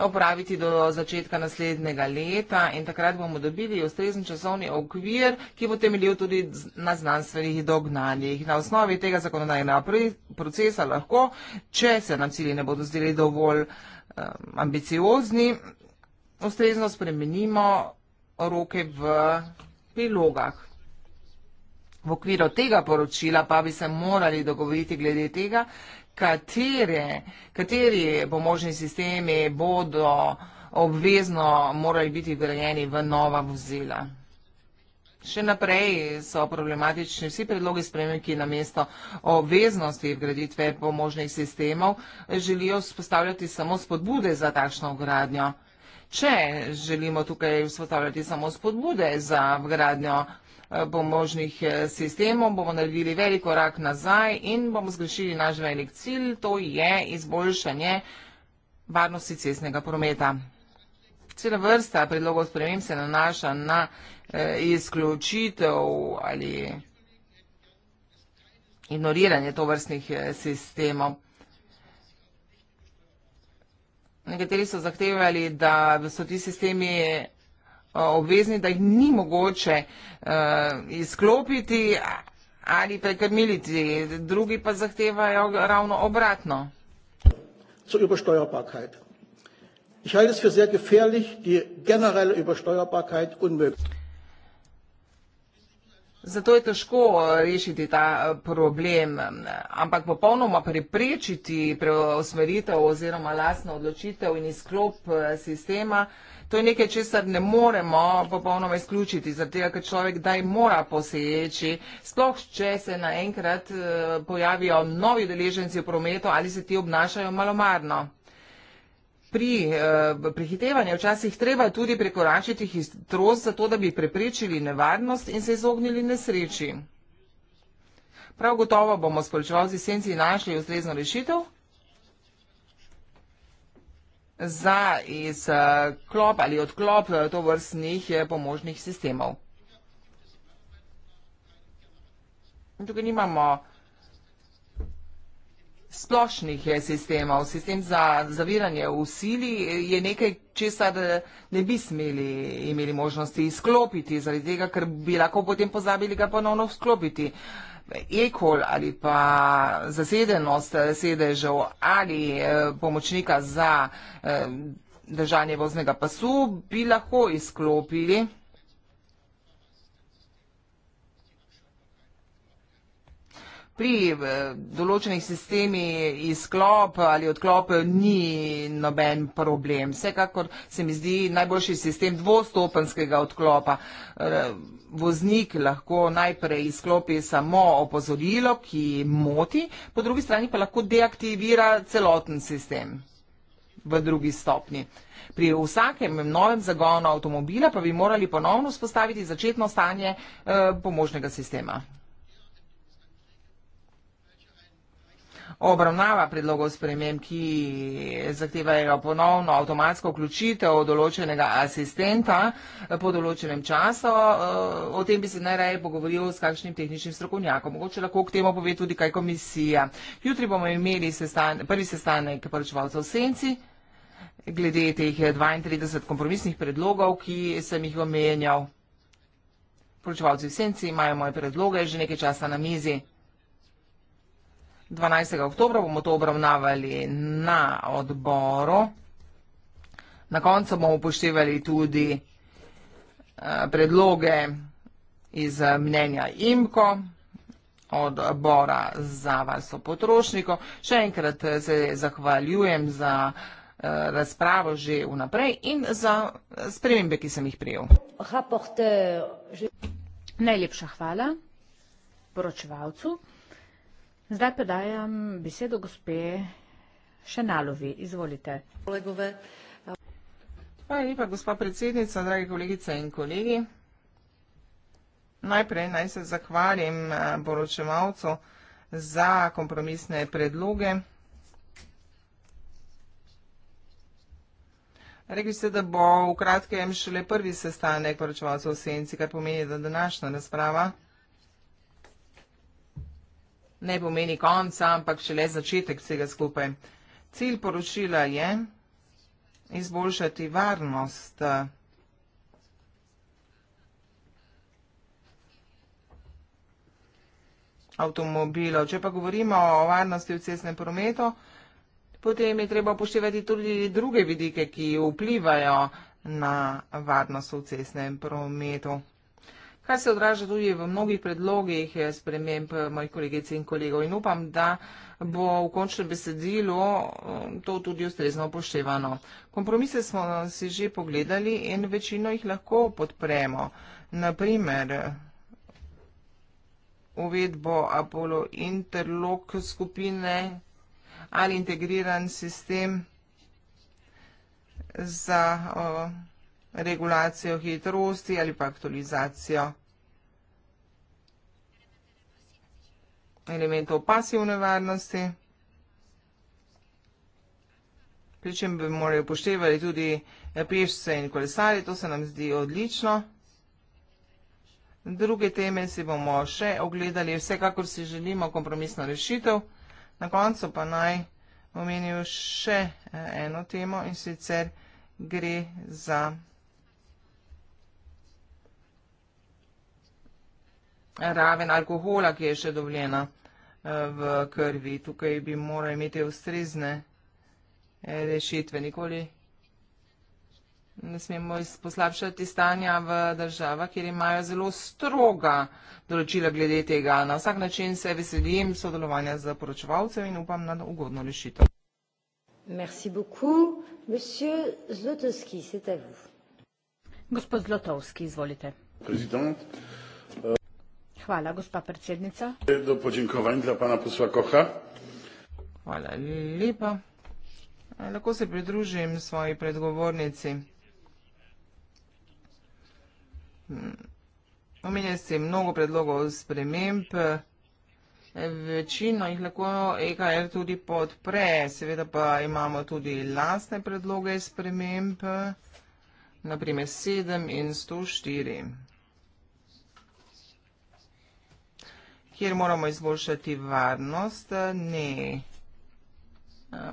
opraviti do začetka naslednjega leta in takrat bomo dobili ustrezen časovni okvir, ki bo temeljil tudi na znanstvenih dognanjih. Na osnovi tega zakonodajnega procesa lahko, če se nam cilji ne bodo zdeli dovolj, uh, um, ambiciozni, ustrezno spremenimo roke v prilogah. V okviru tega poročila pa bi se morali dogovoriti glede tega, katere, kateri pomožni sistemi bodo obvezno morali biti vgrajeni v nova vozila. Še naprej so problematični vsi predlogi sprejem, ki na mesto obveznosti vgraditve pomožnih sistemov želijo spostavljati samo spodbude za takšno vgradnjo. Če želimo tukaj spostavljati samo spodbude za vgradnjo eh, pomožnih eh, sistemov, bomo naredili velik korak nazaj in bomo zgrešili naš velik cilj, to je izboljšanje varnosti cestnega prometa. Cela vrsta predlogov sprememb se nanaša na eh, izključitev ali ignoriranje tovrstnih eh, sistemov. Nekateri so zahtevali, da so ti sistemi eh, obvezni, da jih ni mogoče izklopiti ali prekrmiliti. Drugi pa zahtevajo ravno obratno. Zu Übersteuerbarkeit. Ich halte es für sehr gefährlich, die generelle Übersteuerbarkeit unmöglich. Zato je težko eh, rešiti ta eh, problem, eh, ampak popolnoma preprečiti preosmeritev oziroma lastno odločitev in izklop sistema, to je nekaj, česar ne moremo popolnoma izključiti, zato ker človek daj mora poseči, sploh če se naenkrat pojavijo novi deleženci v prometu ali se ti obnašajo malomarno pri uh, prehitevanju včasih treba tudi prekoračiti hitrost, zato da bi preprečili nevarnost in se izognili nesreči. Prav gotovo bomo s poličevalci senci našli ustrezno rešitev za izklop eh, ali odklop eh, to vrstnih pomožnih sistemov. In tukaj nimamo uh, splošnih eh, sistemov, sistem za zaviranje v sili eh, je nekaj, česar eh, ne bi smeli imeli možnosti izklopiti, zaradi tega, ker bi lahko potem pozabili ga ponovno vzklopiti. Ekol ali pa zasedenost sedežev ali pomočnika za držanje voznega pasu bi lahko izklopili. pri določenih sistemih izklop ali odklop ni noben problem. Vsekakor se mi zdi najboljši sistem dvostopenskega odklopa. Voznik lahko najprej izklopi samo opozorilo, ki moti, po drugi strani pa lahko deaktivira celoten sistem v drugi stopni. Pri vsakem novem zagonu avtomobila pa bi morali ponovno spostaviti začetno stanje eh, pomožnega sistema. obravnava predlogov sprememb, ki zahtevajo ponovno avtomatsko vključitev določenega asistenta po določenem času. Eh, o tem bi se najraje pogovoril s kakšnim tehničnim strokovnjakom. Mogoče lahko k temu pove tudi kaj komisija. Jutri bomo imeli sestan prvi sestanek poročevalcev v Senci. Glede teh 32 kompromisnih predlogov, ki sem jih omenjal, poročevalci v Senci imajo moje predloge že nekaj časa na mizi. 12. oktober bomo to obravnavali na odboru. Na koncu bomo upoštevali tudi eh, predloge iz mnenja IMKO od Bora za varstvo potrošnikov. Še enkrat se zahvaljujem za eh, razpravo že vnaprej in za eh, spremembe, ki sem jih prijel. Najlepša hvala poročevalcu. Zdaj pa dajem besedo gospe Šenalovi. Izvolite. Hvala lepa, gospa predsednica, dragi kolegice in kolegi. Najprej naj se zahvalim eh, poročevalcu za kompromisne predloge. Rekli ste, da bo v kratkem šele prvi sestanek poročevalcev v senci, kar pomeni, da današnja razprava ne pomeni konca, ampak šele začetek vsega skupaj. Cilj poročila je izboljšati varnost. avtomobilov. Če pa govorimo o varnosti v cestnem prometu, potem je treba upoštevati tudi druge vidike, ki vplivajo na varnost v cestnem prometu kar se odraža tudi v mnogih predlogih eh, sprememb eh, mojih kolegic in kolegov. In upam, da bo v končnem besedilu eh, to tudi ustrezno upoštevano. Kompromise smo si že pogledali in večino jih lahko podpremo. Naprimer, uvedbo Apollo Interlock skupine ali integriran sistem za uh, regulacijo hitrosti ali pa aktualizacijo elementov pasivne varnosti, pri čem bi morali upoštevali tudi eh, pešce in kolesari, to se nam zdi odlično. Druge teme si bomo še ogledali, vsekakor si želimo kompromisno rešitev, na koncu pa naj omenijo še eh, eno temo in sicer gre za eh, raven alkohola, ki je še dovoljena v krvi. Tukaj bi morali imeti ustrezne eh, rešitve. Nikoli ne smemo poslabšati stanja v državah, kjer imajo zelo stroga določila glede tega. Na vsak način se veselim sodelovanja z poročevalcem in upam na ugodno rešitev. Merci beaucoup. Monsieur Zlotowski, c'est à vous. Gospod Zlotowski, izvolite. Prezident. Hvala, gospa predsednica. Do podjenkovanj za pana posla Koha. Hvala lepa. Lahko se pridružim svoji predgovornici. Omenja se mnogo predlogov sprememb, večino jih lahko EKR tudi podpre, seveda pa imamo tudi lastne predloge sprememb, naprimer 7 in 104. kjer moramo izboljšati varnost, ne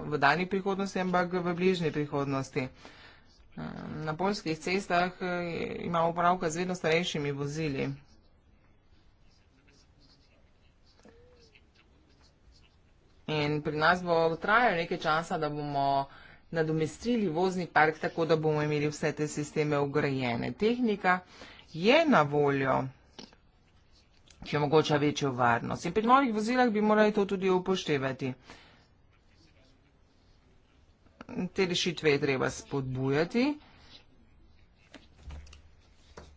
v dani prihodnosti, ampak v bližnji prihodnosti. Na polskih cestah eh, imamo upravka z vedno starejšimi vozili. In pri nas bo trajal nekaj časa, da bomo nadomestili vozni park, tako da bomo imeli vse te sisteme ugrajene. Tehnika je na voljo vsega ki omogoča večjo varnost. In pri novih vozilah bi morali to tudi upoštevati. Te rešitve je treba spodbujati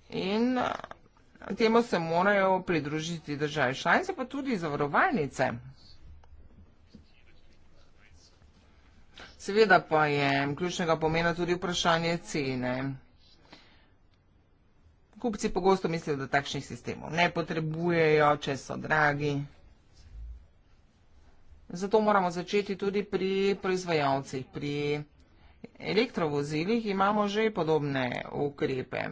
in eh, temu se morajo pridružiti države šlanice, pa tudi zavarovalnice. Seveda pa je ključnega pomena tudi vprašanje cene. Hvala. Kupci pogosto mislijo, da takšnih sistemov ne potrebujejo, če so dragi. Zato moramo začeti tudi pri proizvajalcih. Pri elektrovozilih imamo že podobne ukrepe.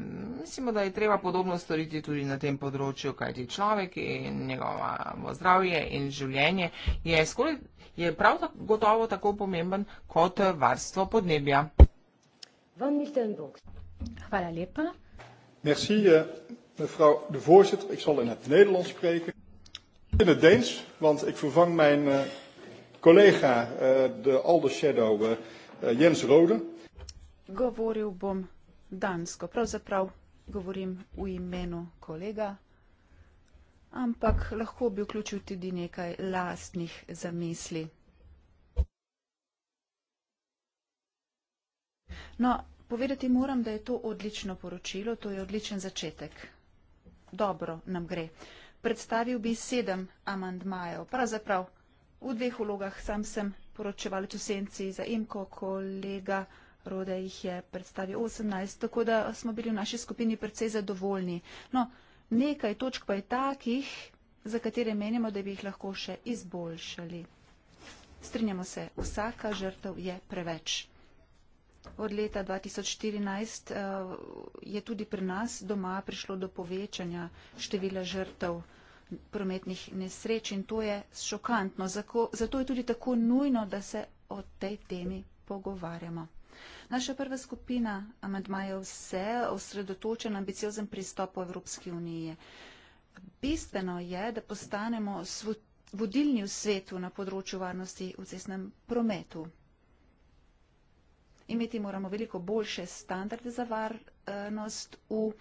Mislimo, da je treba podobno storiti tudi na tem področju, kajti človek in njegovo zdravje in življenje je, skoraj, je prav tako gotovo tako pomemben kot varstvo podnebja. Hvala lepa. Merci, uh, mevrouw de voorzitter. Ik zal in het Nederlands spreken. In het Deens, want ik vervang mijn uh, collega, uh, de Alder Shadow, uh, Jens Rode. Govoril bom dansko, pravzaprav govorim v imenu kolega, ampak lahko bi vključil tudi nekaj lastnih zamisli. No, povedati moram, da je to odlično poročilo, to je odličen začetek. Dobro nam gre. Predstavil bi sedem amandmajev, pravzaprav v dveh ulogah. Sam sem poročeval v senci za imko, kolega Rode jih je predstavil 18, tako da smo bili v naši skupini precej zadovoljni. No, nekaj točk pa je takih, za katere menimo, da bi jih lahko še izboljšali. Strinjamo se, vsaka žrtev je preveč. Od leta 2014 eh, je tudi pri nas doma prišlo do povečanja števila žrtev prometnih nesreč in to je šokantno. Zato je tudi tako nujno, da se o tej temi pogovarjamo. Naša prva skupina amandmajev se osredotoča na ambiciozen pristop v Evropski uniji. Bistveno je, da postanemo vodilni v svetu na področju varnosti v cestnem prometu imeti moramo veliko boljše standarde za varnost v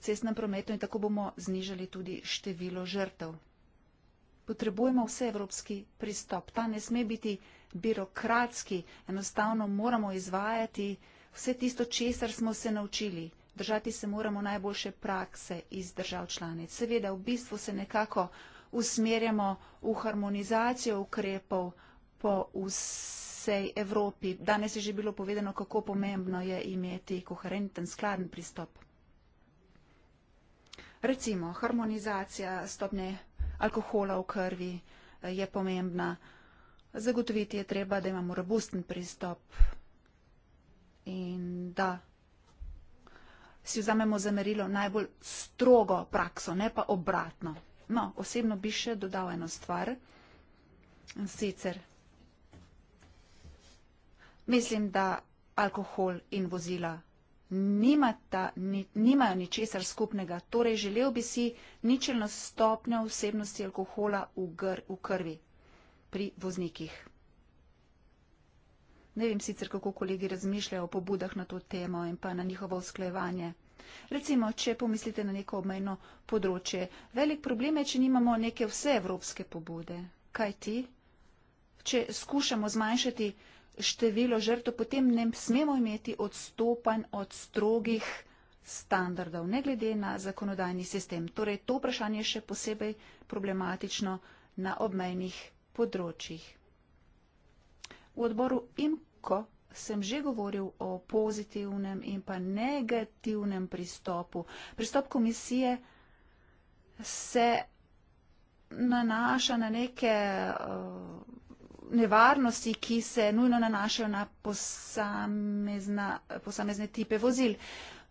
cestnem prometu in tako bomo znižali tudi število žrtev. Potrebujemo vseevropski pristop. Ta ne sme biti birokratski. Enostavno moramo izvajati vse tisto, česar smo se naučili. Držati se moramo najboljše prakse iz držav članic. Seveda, v bistvu se nekako usmerjamo v harmonizacijo ukrepov, po vsej Evropi. Danes je že bilo povedano, kako pomembno je imeti koherenten, skladen pristop. Recimo, harmonizacija stopnje alkohola v krvi eh, je pomembna. Zagotoviti je treba, da imamo robusten pristop in da si vzamemo za merilo najbolj strogo prakso, ne pa obratno. No, osebno bi še dodal eno stvar, sicer mislim, da alkohol in vozila nimata, ni, nimajo ničesar skupnega. Torej, želel bi si ničelno stopnjo vsebnosti alkohola v, gr, v krvi pri voznikih. Ne vem sicer, kako kolegi razmišljajo o pobudah na to temo in pa na njihovo usklajevanje. Recimo, če pomislite na neko obmejno področje, velik problem je, če nimamo neke vse evropske pobude. Kaj ti? Če skušamo zmanjšati število žrtev, potem ne smemo imeti odstopanj od strogih standardov, ne glede na zakonodajni sistem. Torej, to vprašanje je še posebej problematično na obmejnih področjih. V odboru IMKO sem že govoril o pozitivnem in pa negativnem pristopu. Pristop komisije se nanaša na neke uh, nevarnosti, ki se nujno nanašajo na posamezna, posamezne tipe vozil.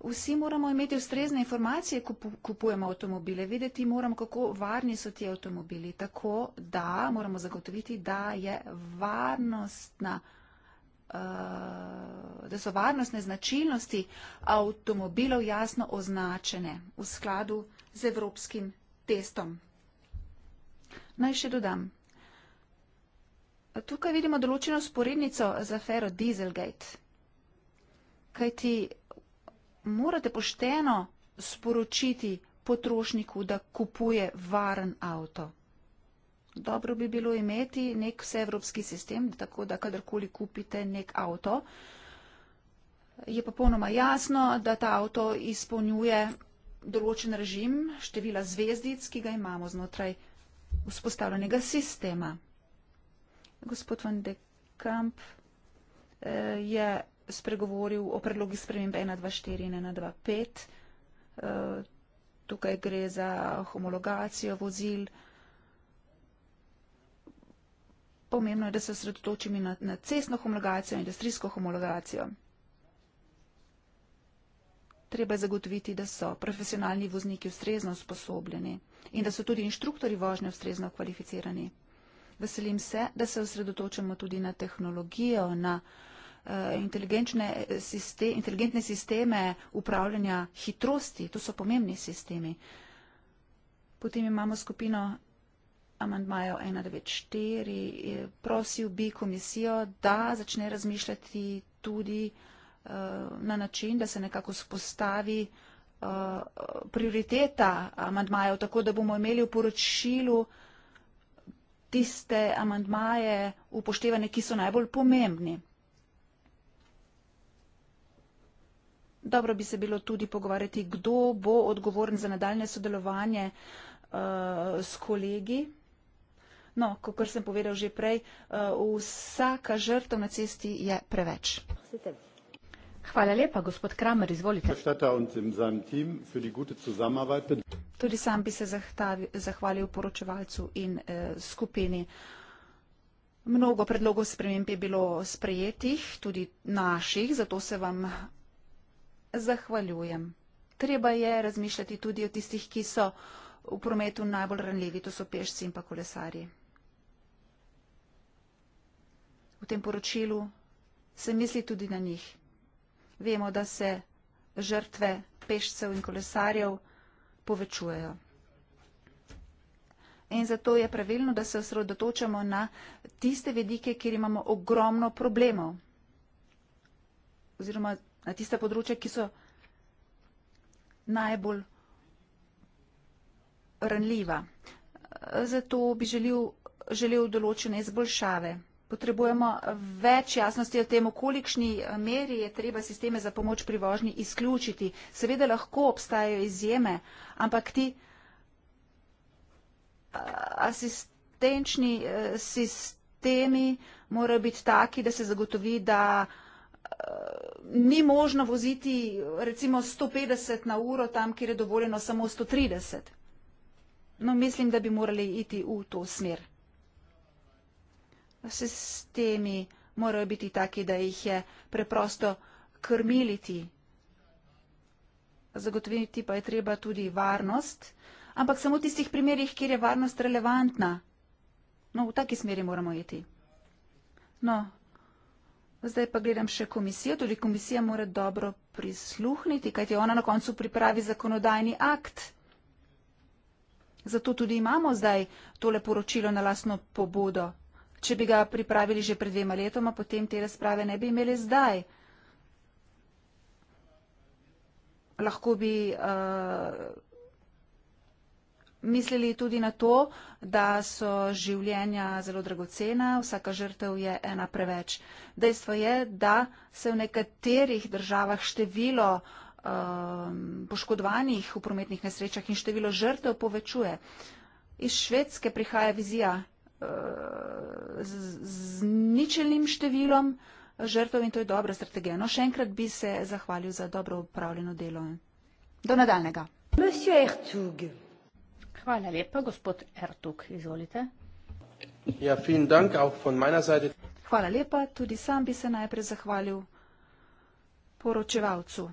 Vsi moramo imeti ustrezne informacije, ko kupujemo avtomobile, vedeti moramo, kako varni so ti avtomobili, tako da moramo zagotoviti, da, je varnostna, eh, da so varnostne značilnosti avtomobilov jasno označene v skladu z evropskim testom. Naj še dodam. Tukaj vidimo določeno sporednico z afero Dieselgate. Kaj ti morate pošteno sporočiti potrošniku, da kupuje varen avto? Dobro bi bilo imeti nek vseevropski sistem, tako da kadarkoli kupite nek avto, je pa polnoma jasno, da ta avto izpolnjuje določen režim števila zvezdic, ki ga imamo znotraj vzpostavljenega sistema gospod Van de Kamp eh, je spregovoril o predlogih sprememb 1.2.4 in 1.2.5. Eh, tukaj gre za homologacijo vozil. Pomembno je, da se osredotočimo na, na cestno homologacijo in industrijsko homologacijo. Treba je zagotoviti, da so profesionalni vozniki ustrezno usposobljeni in da so tudi inštruktori vožnje ustrezno kvalificirani veselim se, da se osredotočamo tudi na tehnologijo, na eh, inteligentne, eh, sistem, inteligentne sisteme upravljanja hitrosti. To so pomembni sistemi. Potem imamo skupino amandmajo 194. Eh, prosil bi komisijo, da začne razmišljati tudi na način, da se nekako spostavi prioriteta amandmajev, tako da bomo imeli v poročilu uh, tiste amantmaje upoštevane, ki so najbolj pomembni. Dobro bi se bilo tudi pogovarjati, kdo bo odgovoren za nadaljne sodelovanje uh, s kolegi. No, kot sem povedal že prej, uh, vsaka žrtev na cesti je preveč. Sitem. Hvala lepa, gospod Kramer, izvolite. Tudi sam bi se zahvalil poročevalcu in eh, skupini. Mnogo predlogov sprememb je bilo sprejetih, tudi naših, zato se vam zahvaljujem. Treba je razmišljati tudi o tistih, ki so v prometu najbolj ranljivi, to so pešci in pa kolesarji. V tem poročilu se misli tudi na njih vemo, da se žrtve pešcev in kolesarjev povečujejo. In zato je pravilno, da se osredotočamo na tiste vedike, kjer imamo ogromno problemov. Oziroma na tiste področje, ki so najbolj ranljiva. Zato bi želel, želel določene izboljšave potrebujemo več jasnosti o tem, v kolikšni eh, meri je treba sisteme za pomoč pri vožnji izključiti. Seveda lahko obstajajo izjeme, ampak ti eh, asistenčni eh, sistemi morajo biti taki, da se zagotovi, da ni možno voziti recimo 150 na uro tam, kjer je dovoljeno samo 130. No, mislim, da bi morali iti v to smer sistemi morajo biti taki, da jih je preprosto krmiliti. Zagotoviti pa je treba tudi varnost, ampak samo v tistih primerjih, kjer je varnost relevantna. No, v taki smeri moramo iti. No, zdaj pa gledam še komisijo. Tudi komisija mora dobro prisluhniti, kajti ona na koncu pripravi zakonodajni akt. Zato tudi imamo zdaj tole poročilo na lasno pobudo. Če bi ga pripravili že pred dvema letoma, potem te razprave ne bi imeli zdaj. Lahko bi uh, mislili tudi na to, da so življenja zelo dragocena, vsaka žrtev je ena preveč. Dejstvo je, da se v nekaterih državah število uh, poškodovanih v prometnih nesrečah in število žrtev povečuje. Iz Švedske prihaja vizija, Eh, z, z ničelnim številom žrtov in to je dobra strategija. No, še enkrat bi se zahvalil za dobro upravljeno delo. Do nadaljnega. Hvala lepa, gospod Ertug, izvolite. Ja, dank, Hvala lepa, tudi sam bi se najprej zahvalil poročevalcu.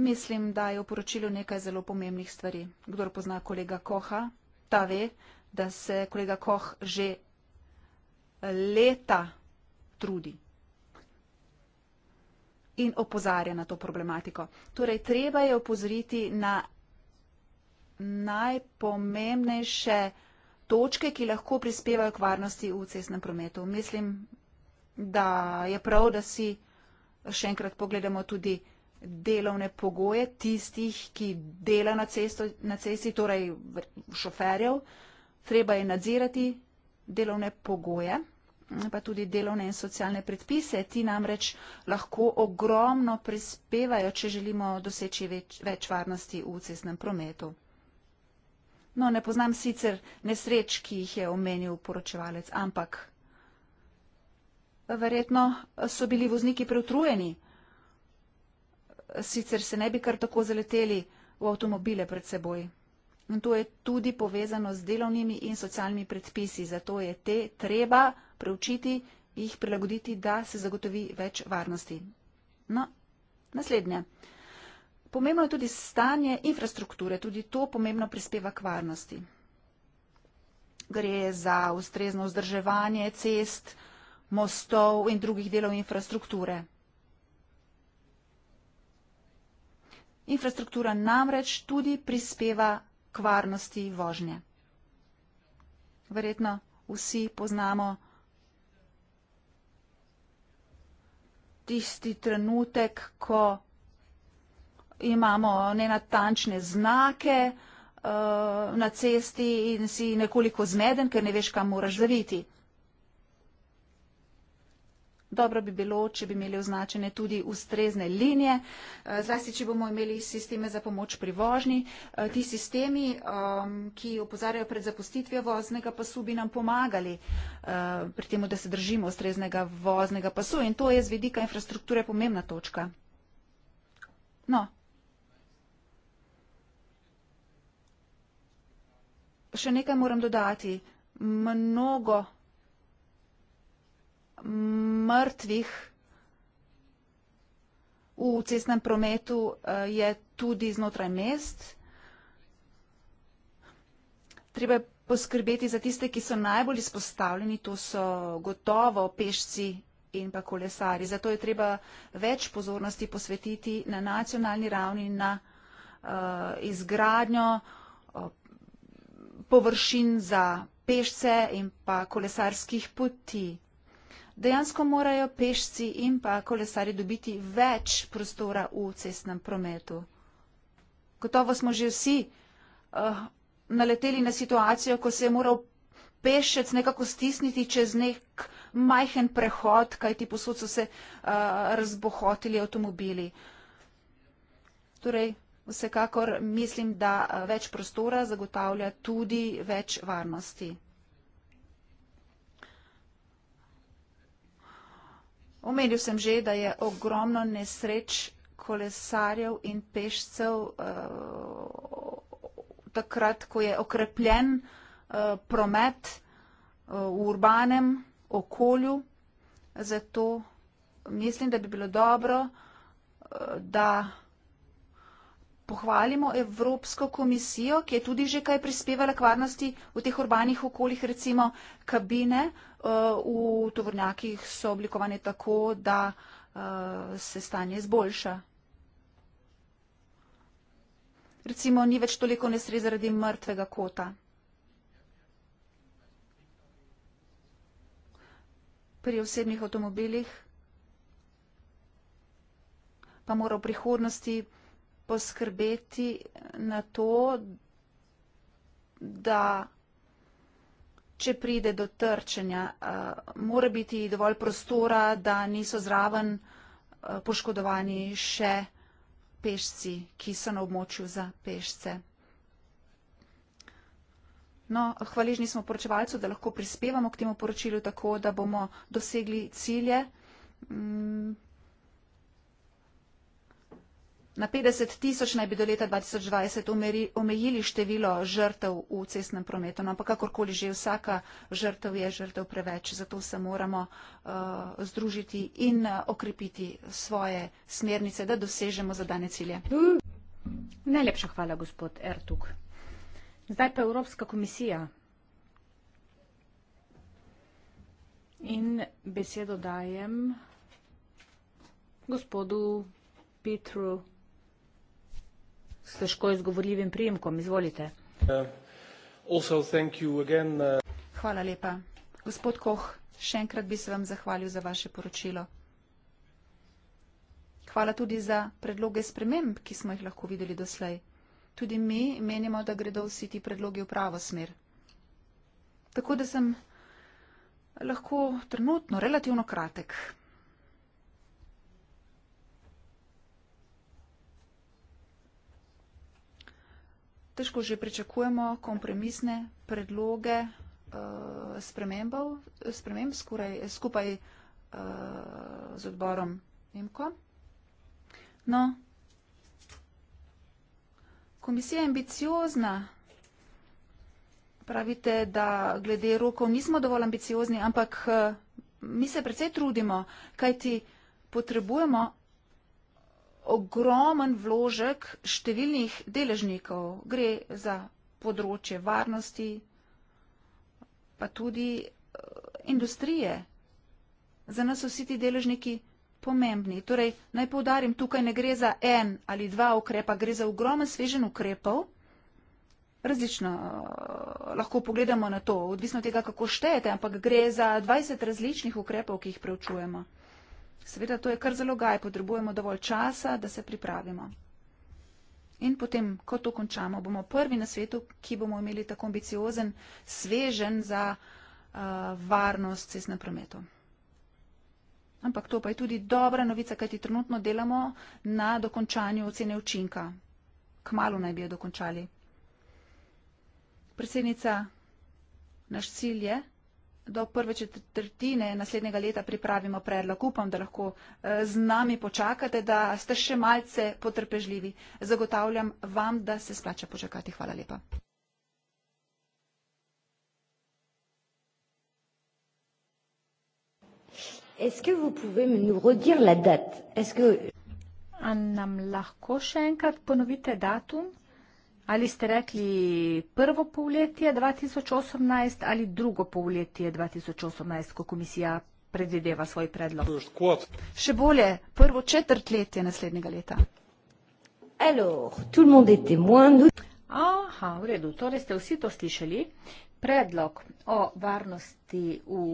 Mislim, da je v poročilu nekaj zelo pomembnih stvari. Kdor pozna kolega Koha, ta ve, da se kolega Koh že leta trudi in opozarja na to problematiko. Torej, treba je opozoriti na najpomembnejše točke, ki lahko prispevajo k varnosti v cestnem prometu. Mislim, da je prav, da si še enkrat pogledamo tudi delovne pogoje tistih, ki dela na, cesto, na cesti, torej šoferjev, uh, Treba je nadzirati delovne pogoje, pa tudi delovne in socialne predpise. Ti namreč lahko ogromno prispevajo, če želimo doseči več, več varnosti v cestnem prometu. No, ne poznam sicer nesreč, ki jih je omenil poročevalec, ampak verjetno so bili vozniki preutrujeni. Sicer se ne bi kar tako zaleteli v avtomobile pred seboj in to je tudi povezano z delovnimi in socialnimi predpisi. Zato je te treba preučiti, jih prilagoditi, da se zagotovi več varnosti. No, naslednje. Pomembno je tudi stanje infrastrukture, tudi to pomembno prispeva k varnosti. Gre za ustrezno vzdrževanje cest, mostov in drugih delov infrastrukture. Infrastruktura namreč tudi prispeva kvarnosti vožnje. Verjetno vsi poznamo tisti trenutek, ko imamo nenatančne znake uh, na cesti in si nekoliko zmeden, ker ne veš, kam moraš zaviti. Dobro bi bilo, če bi imeli označene tudi ustrezne linije, eh, zlasti, če bomo imeli sisteme za pomoč pri vožnji. Eh, ti sistemi, ehm, ki opozarjajo pred zapustitvijo voznega pasu, bi nam pomagali eh, pri tem, da se držimo ustreznega voznega pasu in to je z vidika infrastrukture pomembna točka. No. Še nekaj moram dodati. Mnogo mrtvih v cestnem prometu eh, je tudi znotraj mest. Treba je poskrbeti za tiste, ki so najbolj izpostavljeni, to so gotovo pešci in pa kolesari. Zato je treba več pozornosti posvetiti na nacionalni ravni na eh, izgradnjo eh, površin za pešce in pa kolesarskih poti dejansko morajo pešci in pa kolesari dobiti več prostora v cestnem prometu. Gotovo smo že vsi uh, naleteli na situacijo, ko se je moral pešec nekako stisniti čez nek majhen prehod, kajti posod so se uh, razbohotili avtomobili. Torej, vsekakor mislim, da eh, več prostora zagotavlja tudi več varnosti. Omenil sem že, da je ogromno nesreč kolesarjev in pešcev uh, takrat, ko je okrepljen uh, promet uh, v urbanem okolju. Zato mislim, da bi bilo dobro, uh, da pohvalimo Evropsko komisijo, ki je tudi že kaj prispevala k varnosti v teh urbanih okoljih, recimo kabine. Uh, Eh, v tovornjakih so oblikovane tako, da eh, se stanje izboljša. Recimo, ni več toliko nesrej zaradi mrtvega kota. Pri osebnih avtomobilih pa mora v prihodnosti poskrbeti na to, da če pride do trčenja, mora biti dovolj prostora, da niso zraven poškodovani še pešci, ki so na območju za pešce. No, hvaležni smo poročevalcu, da lahko prispevamo k temu poročilu tako, da bomo dosegli cilje. Mm. Na 50 tisoč naj bi do leta 2020 omejili število žrtev v cestnem prometu, no, ampak kakorkoli že vsaka žrtev je žrtev preveč, zato se moramo uh, združiti in uh, okrepiti svoje smernice, da dosežemo zadane cilje. Najlepša hvala, gospod Ertug. Zdaj pa Evropska komisija. In besedo dajem gospodu Petru s težko izgovorljivim prijemkom. Izvolite. Uh, uh, Hvala lepa. Gospod Koh, še enkrat bi se vam zahvalil za vaše poročilo. Hvala tudi za predloge sprememb, ki smo jih lahko videli doslej. Tudi mi menimo, da gredo vsi ti predlogi v pravo smer. Tako da sem lahko trenutno relativno kratek. težko že pričakujemo kompromisne predloge eh, sprememb skoraj, skupaj eh, z odborom Nemko. No, komisija je ambiciozna. Pravite, da glede rokov nismo dovolj ambiciozni, ampak eh, mi se precej trudimo, kajti potrebujemo ogromen vložek številnih deležnikov. Gre za področje varnosti, pa tudi eh, industrije. Za nas so vsi ti deležniki pomembni. Torej, naj povdarim, tukaj ne gre za en ali dva ukrepa, gre za ogromen svežen ukrepov. Različno eh, lahko pogledamo na to, odvisno od tega, kako štejete, ampak gre za 20 različnih ukrepov, ki jih preučujemo. Seveda, to je kar zalogaj, potrebujemo dovolj časa, da se pripravimo. In potem, ko to končamo, bomo prvi na svetu, ki bomo imeli tako ambiciozen, svežen za uh, varnost cestne prometu. Ampak to pa je tudi dobra novica, kajti trenutno delamo na dokončanju ocene učinka. Kmalo naj bi jo dokončali. Predsednica, naš cilj je, do prve četrtine naslednjega leta pripravimo predlog. Upam, da lahko eh, z nami počakate, da ste še malce potrpežljivi. Zagotavljam vam, da se splača počakati. Hvala lepa. A nam lahko še enkrat ponovite datum? Ali ste rekli prvo polletje 2018 ali drugo polletje 2018, ko komisija predvideva svoj predlog? Kod? Še bolje, prvo četrtletje naslednjega leta. Aha, v redu, torej ste vsi to slišali. Predlog o varnosti v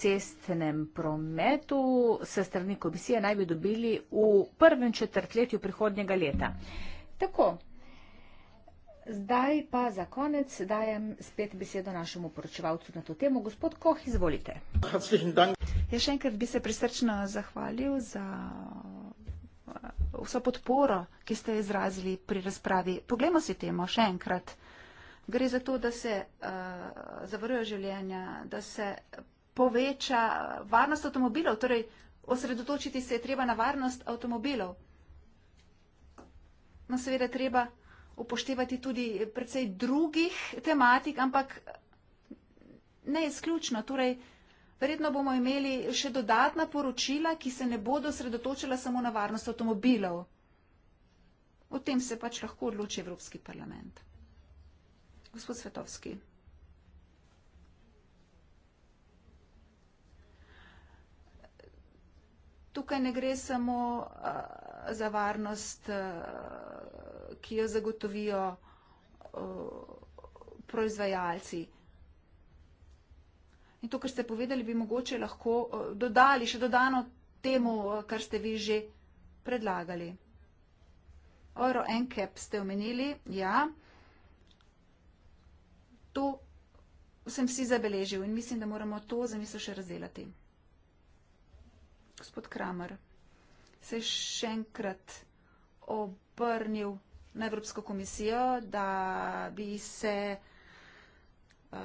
cestnem prometu se strani komisije naj bi dobili v prvem četrtletju prihodnjega leta. Tako, Zdaj pa za konec dajem spet besedo našemu poročevalcu na to temo. Gospod Koh, izvolite. Ja, še enkrat bi se prisrčno zahvalil za vso podporo, ki ste izrazili pri razpravi. Poglejmo si temo še enkrat. Gre za to, da se uh, eh, zavarujo življenja, da se poveča varnost avtomobilov, torej osredotočiti se je treba na varnost avtomobilov. No, seveda treba upoštevati tudi precej drugih tematik, ampak ne izključno. Torej, verjetno bomo imeli še dodatna poročila, ki se ne bodo sredotočila samo na varnost avtomobilov. O tem se pač lahko odloči Evropski parlament. Gospod Svetovski. Tukaj ne gre samo uh, za varnost uh, ki jo zagotovijo uh, proizvajalci. In to, kar ste povedali, bi mogoče lahko uh, dodali še dodano temu, uh, kar ste vi že predlagali. Euro NCAP ste omenili, ja. To sem si zabeležil in mislim, da moramo to zamisel še razdelati. Gospod Kramer se je še enkrat obrnil na Evropsko komisijo, da bi se eh,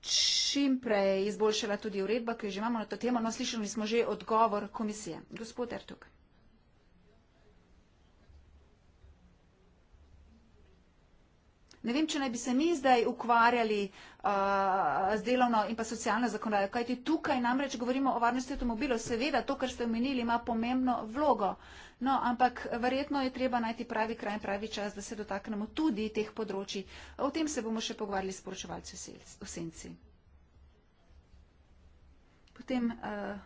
čim prej izboljšala tudi uredba, ki jo že imamo na to temo. No, slišali smo že odgovor komisije. Gospod Ertug. Ne vem, če naj bi se mi zdaj ukvarjali uh, z delovno in pa socialno zakonodajo, kajti tukaj namreč govorimo o varnosti avtomobilov. Seveda, to, kar ste omenili, ima pomembno vlogo. Uh, No, ampak verjetno je treba najti pravi kraj in pravi čas, da se dotaknemo tudi teh področji. O tem se bomo še pogovarjali s poročevalci v senci. Potem uh,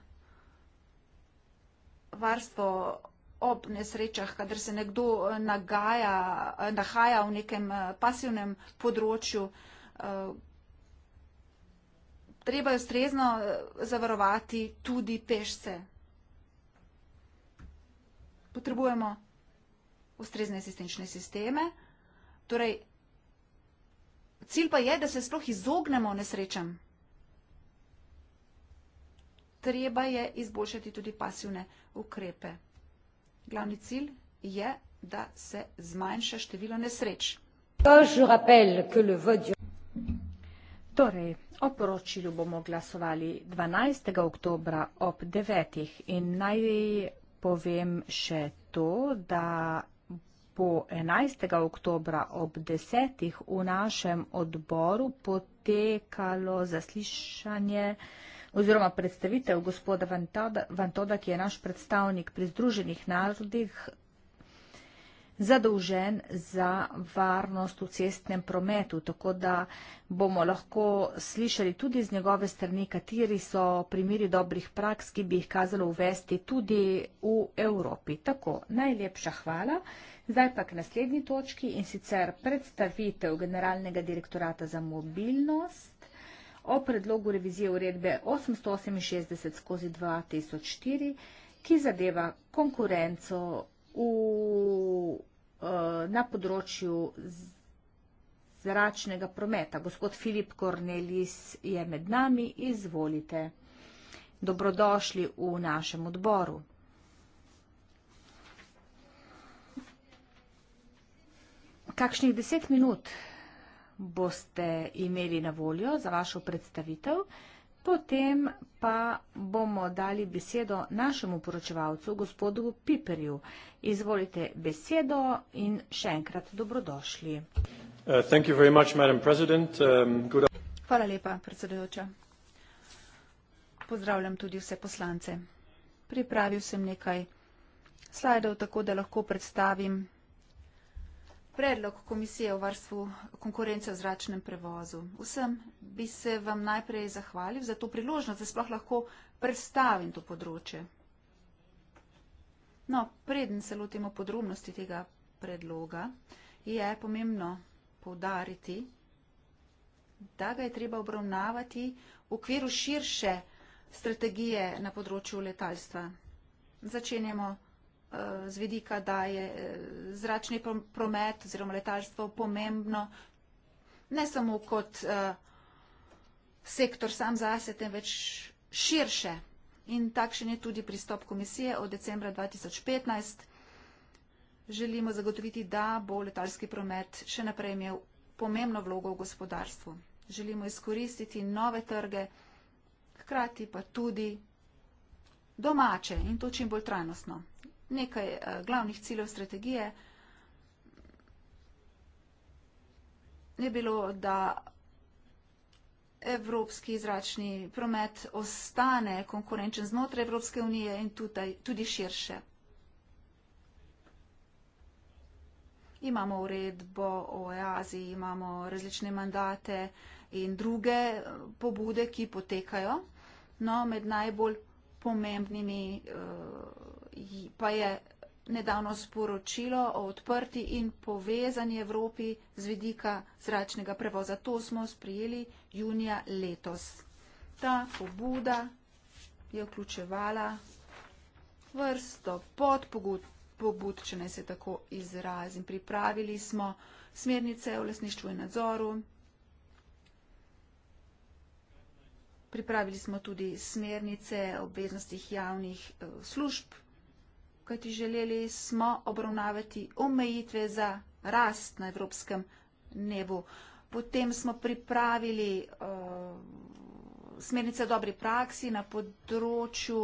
varstvo ob nesrečah, kadar se nekdo eh, nagaja, eh, nahaja v nekem pasivnem področju. Uh, treba je ustrezno zavarovati tudi pešce potrebujemo ustrezne asistenčne sisteme. Torej, cilj pa je, da se sploh izognemo nesrečam. Treba je izboljšati tudi pasivne ukrepe. Glavni cilj je, da se zmanjša število nesreč. Oh, torej, o poročilu bomo glasovali 12. oktobra ob 9. in naj povem še to, da bo 11. oktober ob 10. v našem odboru potekalo zaslišanje oziroma predstavitev gospoda Vantoda, ki je naš predstavnik pri Združenih narodih zadolžen za varnost v cestnem prometu, tako da bomo lahko slišali tudi z njegove strani, kateri so primeri dobrih praks, ki bi jih kazalo uvesti tudi v Evropi. Tako, najlepša hvala. Zdaj pa k naslednji točki in sicer predstavitev Generalnega direktorata za mobilnost o predlogu revizije uredbe 868 skozi 2004, ki zadeva konkurenco v Eh, na področju zračnega prometa. Gospod Filip Kornelis je med nami, izvolite. Dobrodošli v našem odboru. Kakšnih deset minut boste imeli na voljo za vašo predstavitev? Potem pa bomo dali besedo našemu poročevalcu, gospodu Piperju. Izvolite besedo in še enkrat dobrodošli. Uh, um, Hvala lepa, predsedujoča. Pozdravljam tudi vse poslance. Pripravil sem nekaj slajdov, tako da lahko predstavim predlog komisije o varstvu konkurence v zračnem prevozu. Vsem bi se vam najprej zahvalil za to priložnost, da sploh lahko predstavim to področje. No, preden se lotimo podrobnosti tega predloga, je pomembno povdariti, da ga je treba obravnavati v okviru širše strategije na področju letalstva. Začenjamo z vidika, da je eh, zračni promet oziroma letalstvo pomembno ne samo kot eh, sektor sam zase, temveč širše. In takšen je tudi pristop komisije od decembra 2015. Želimo zagotoviti, da bo letalski promet še naprej imel pomembno vlogo v gospodarstvu. Želimo izkoristiti nove trge, hkrati pa tudi domače in to čim bolj trajnostno nekaj eh, glavnih ciljev strategije je bilo, da evropski zračni promet ostane konkurenčen znotraj Evropske unije in tudi širše. Imamo uredbo o EASI, imamo različne mandate in druge eh, pobude, ki potekajo. No, med najbolj pomembnimi eh, pa je nedavno sporočilo o odprti in povezani Evropi z vidika zračnega prevoza. To smo sprijeli junija letos. Ta pobuda je vključevala vrsto podpogud pobud, če naj se tako izrazim. Pripravili smo smernice o lasništvu in nadzoru. Pripravili smo tudi smernice o obveznostih javnih eh, služb kajti želeli smo obravnavati omejitve za rast na evropskem nebu. Potem smo pripravili uh, smernice dobre praksi na področju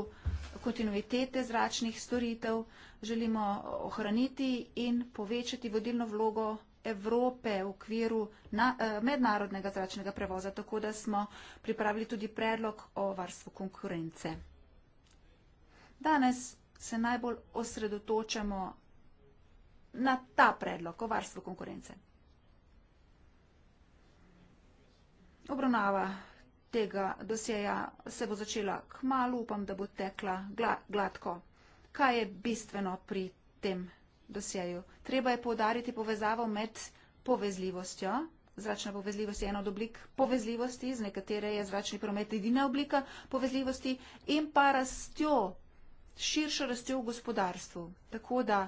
kontinuitete zračnih storitev. Želimo ohraniti in povečati vodilno vlogo Evrope v okviru na, uh, mednarodnega zračnega prevoza, tako da smo pripravili tudi predlog o varstvu konkurence. Danes se najbolj osredotočamo na ta predlog o varstvu konkurence. Obravnava tega dosjeja se bo začela k malu, upam, da bo tekla gladko. Kaj je bistveno pri tem dosjeju? Treba je povdariti povezavo med povezljivostjo. Zračna povezljivost je ena od oblik povezljivosti, z nekatere je zračni promet edina oblika povezljivosti in pa rastjo širšo rastjo v gospodarstvu. Tako da,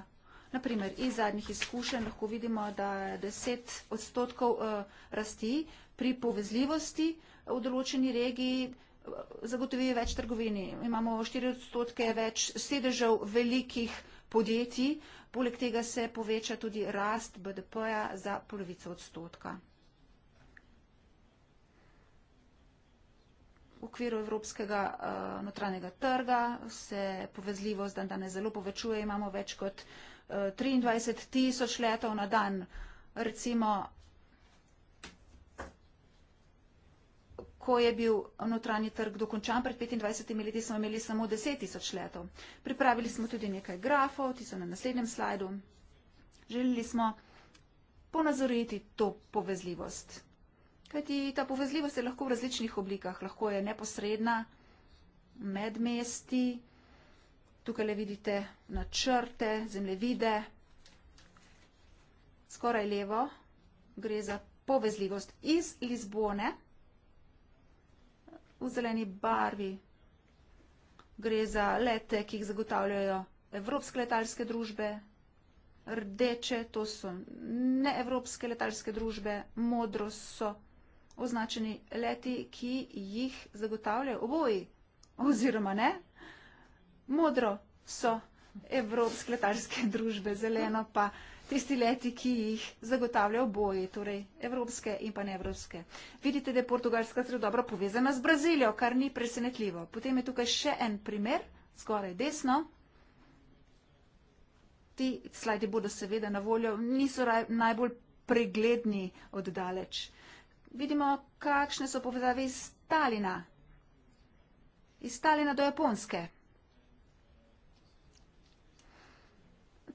naprimer, iz zadnjih izkušenj lahko vidimo, da je 10 odstotkov eh, rasti pri povezljivosti eh, v določeni regiji eh, zagotovi več trgovini. Imamo 4 odstotke več sedežev velikih podjetij, poleg tega se poveča tudi rast BDP-ja za polovico odstotka. v okviru evropskega uh, notranjega trga, se povezljivost dan danes zelo povečuje, imamo več kot uh, eh, 23 tisoč letov na dan. Recimo, ko je bil notranji trg dokončan, pred 25 leti smo imeli samo 10 tisoč letov. Pripravili smo tudi nekaj grafov, ti so na naslednjem slajdu. Želeli smo ponazoriti to povezljivost. Kajti ta povezljivost je lahko v različnih oblikah. Lahko je neposredna, medmesti, tukaj le vidite načrte, zemljevide, skoraj levo gre za povezljivost iz Lizbone v zeleni barvi. Gre za lete, ki jih zagotavljajo evropske letalske družbe, rdeče, to so neevropske letalske družbe, modro so letalske družbe označeni leti, ki jih zagotavljajo oboji, oziroma ne. Modro so evropske letalske družbe, zeleno pa tisti leti, ki jih zagotavljajo oboji, torej evropske in pa neevropske. Vidite, da je Portugalska zelo dobro povezana z Brazilijo, kar ni presenetljivo. Potem je tukaj še en primer, zgoraj desno. Ti slajdi bodo seveda na voljo, niso raj, najbolj pregledni oddaleč vidimo, kakšne so povezave iz Stalina, iz Stalina do Japonske.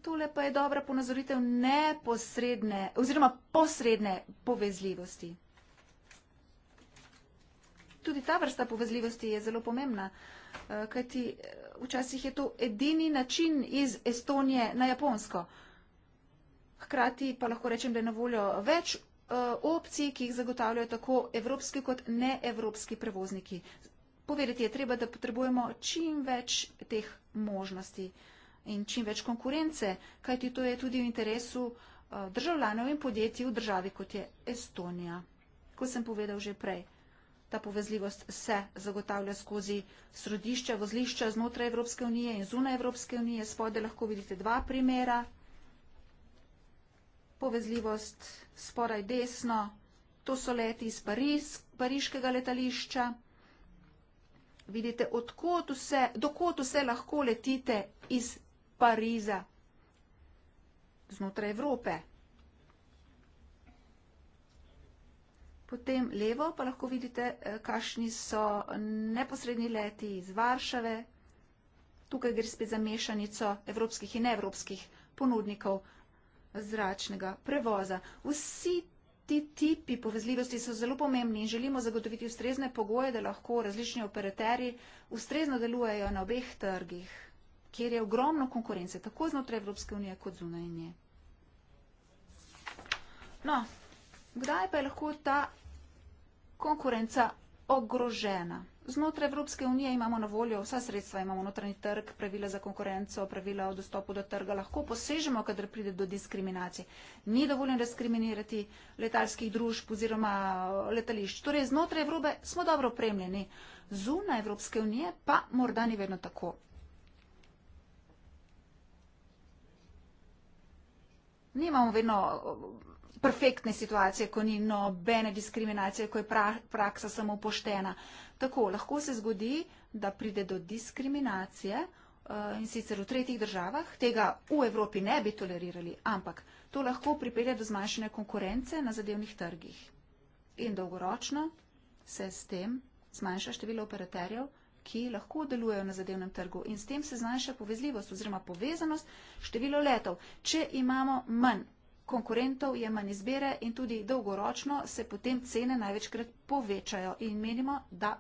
Tole pa je dobra ponazoritev neposredne oziroma posredne povezljivosti. Tudi ta vrsta povezljivosti je zelo pomembna, eh, kajti eh, včasih je to edini način iz Estonije na Japonsko. Hkrati pa lahko rečem, da je na voljo več Eh, opcij, ki jih zagotavljajo tako evropski kot neevropski prevozniki. Povedati je treba, da potrebujemo čim več teh možnosti in čim več konkurence, kajti to je tudi v interesu eh, državljanov in podjetij v državi, kot je Estonija. Ko sem povedal že prej, ta povezljivost se zagotavlja skozi srodišča, vozlišča znotraj Evropske unije in zunaj Evropske unije. Spode lahko vidite dva primera povezljivost spodaj desno, to so leti iz Pariz, pariškega letališča. Vidite, vse, dokot vse lahko letite iz Pariza znotraj Evrope. Potem levo pa lahko vidite, eh, kakšni so neposredni leti iz Varšave. Tukaj gre spet za mešanico evropskih in evropskih ponudnikov zračnega prevoza. Vsi ti tipi povezljivosti so zelo pomembni in želimo zagotoviti ustrezne pogoje, da lahko različni operaterji ustrezno delujejo na obeh trgih, kjer je ogromno konkurence, tako znotraj Evropske unije kot zunaj nje. No, kdaj pa je lahko ta konkurenca ogrožena? Znotraj Evropske unije imamo na voljo vsa sredstva, imamo notranji trg, pravila za konkurenco, pravila o dostopu do trga, lahko posežemo, kadar pride do diskriminacije. Ni dovoljno diskriminirati letalskih družb oziroma eh, letališč. Torej, znotraj Evrope smo dobro opremljeni, zunaj Evropske unije pa morda ni vedno tako. Nimamo vedno perfektne situacije, ko ni nobene diskriminacije, ko je pra, praksa samo poštena. Tako lahko se zgodi, da pride do diskriminacije eh, in sicer v tretjih državah. Tega v Evropi ne bi tolerirali, ampak to lahko pripelje do zmanjšene konkurence na zadevnih trgih. In dolgoročno se s tem zmanjša število operaterjev, ki lahko delujejo na zadevnem trgu in s tem se zmanjša povezljivost oziroma povezanost število letov. Če imamo manj konkurentov je manj izbere in tudi dolgoročno se potem cene največkrat povečajo in menimo, da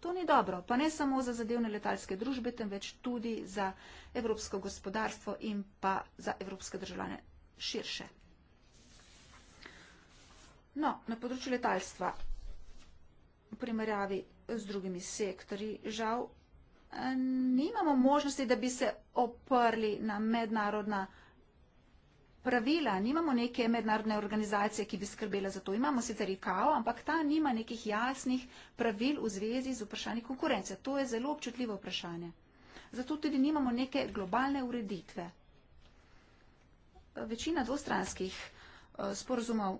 to ni dobro. Pa ne samo za zadevne letalske družbe, temveč tudi za evropsko gospodarstvo in pa za evropske državljane širše. No, na področju letalstva v primerjavi z drugimi sektori žal eh, nimamo možnosti, da bi se oprli na mednarodna vsega pravila, nimamo neke mednarodne organizacije, ki bi skrbela za to. Imamo sicer IKAO, ampak ta nima nekih jasnih pravil v zvezi z vprašanji konkurence. To je zelo občutljivo vprašanje. Zato tudi nimamo neke globalne ureditve. Večina dvostranskih eh, sporozumov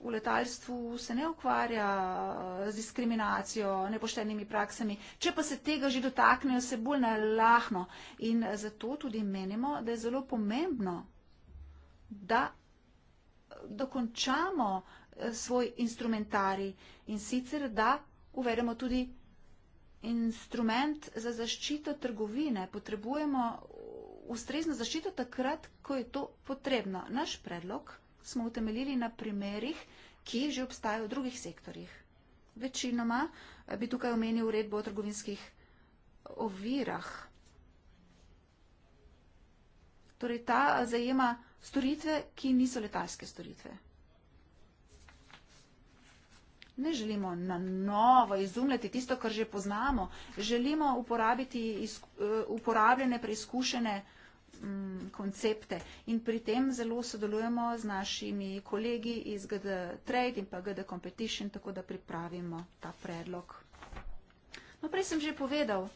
v letalstvu se ne ukvarja eh, z diskriminacijo, nepoštenimi praksami. Če pa se tega že dotaknejo, se bolj nalahno. In zato tudi menimo, da je zelo pomembno, da dokončamo eh, svoj instrumentari in sicer, da uvedemo tudi instrument za zaščito trgovine. Potrebujemo ustrezno zaščito takrat, ko je to potrebno. Naš predlog je, smo utemeljili na primerih, ki že obstajajo v drugih sektorjih. Večinoma eh, bi tukaj omenil uredbo o trgovinskih eh, ovirah. Torej, ta eh, zajema storitve, ki niso letalske storitve. Ne želimo na novo izumljati tisto, kar že poznamo. Želimo uporabiti uporabljene, preizkušene uh, um, koncepte. In pri tem zelo sodelujemo z našimi kolegi iz GD Trade in pa GD Competition, tako da pripravimo ta predlog. No, prej sem že povedal,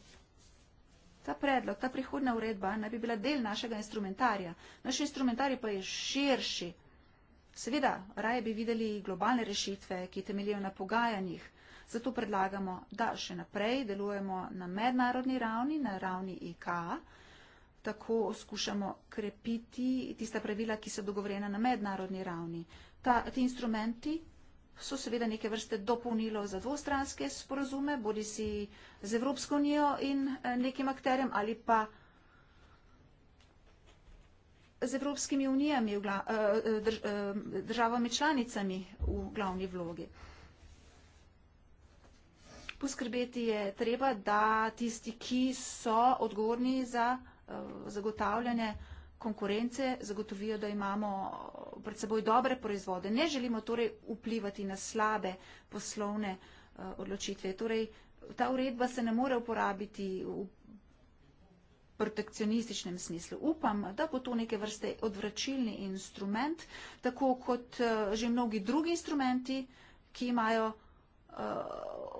ta predlog, ta prihodna uredba naj bi bila del našega instrumentarja. Naš instrumentarij pa je širši. Seveda, raje bi videli globalne rešitve, ki temeljijo na pogajanjih. Zato predlagamo, da še naprej delujemo na mednarodni ravni, na ravni IKA, tako skušamo krepiti tista pravila, ki so dogovorjena na mednarodni ravni. Ta, ti instrumenti so seveda neke vrste dopolnilo za dvostranske sporozume, bodi si z Evropsko unijo in eh, nekim akterjem ali pa z Evropskimi unijami, eh, eh, državami članicami v glavni vlogi. Poskrbeti je treba, da tisti, ki so odgovorni za vsega, Eh, zagotavljanje konkurence, zagotovijo, da imamo pred seboj dobre proizvode. Ne želimo torej vplivati na slabe poslovne eh, odločitve. Torej, ta uredba se ne more uporabiti v protekcionističnem smislu. Upam, da bo to neke vrste odvračilni instrument, tako kot eh, že mnogi drugi instrumenti, ki imajo Eh,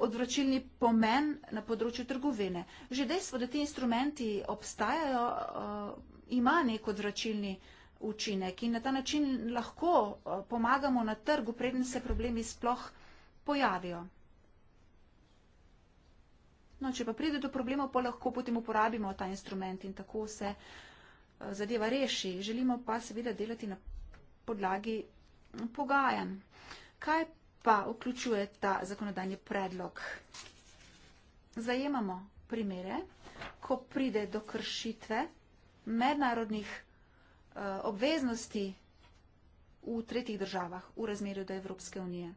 odvračilni pomen na področju trgovine. Že dejstvo, da ti instrumenti obstajajo, eh, ima nek odvračilni učinek in na ta način lahko eh, pomagamo na trgu, preden se problemi sploh pojavijo. No, če pa pride do problemov, pa lahko potem uporabimo ta instrument in tako se zadeva reši. Želimo pa seveda delati na podlagi pogajanj. Kaj pa vključuje ta zakonodajni predlog. Zajemamo primere, ko pride do kršitve mednarodnih eh, obveznosti v tretjih državah v razmerju do Evropske unije.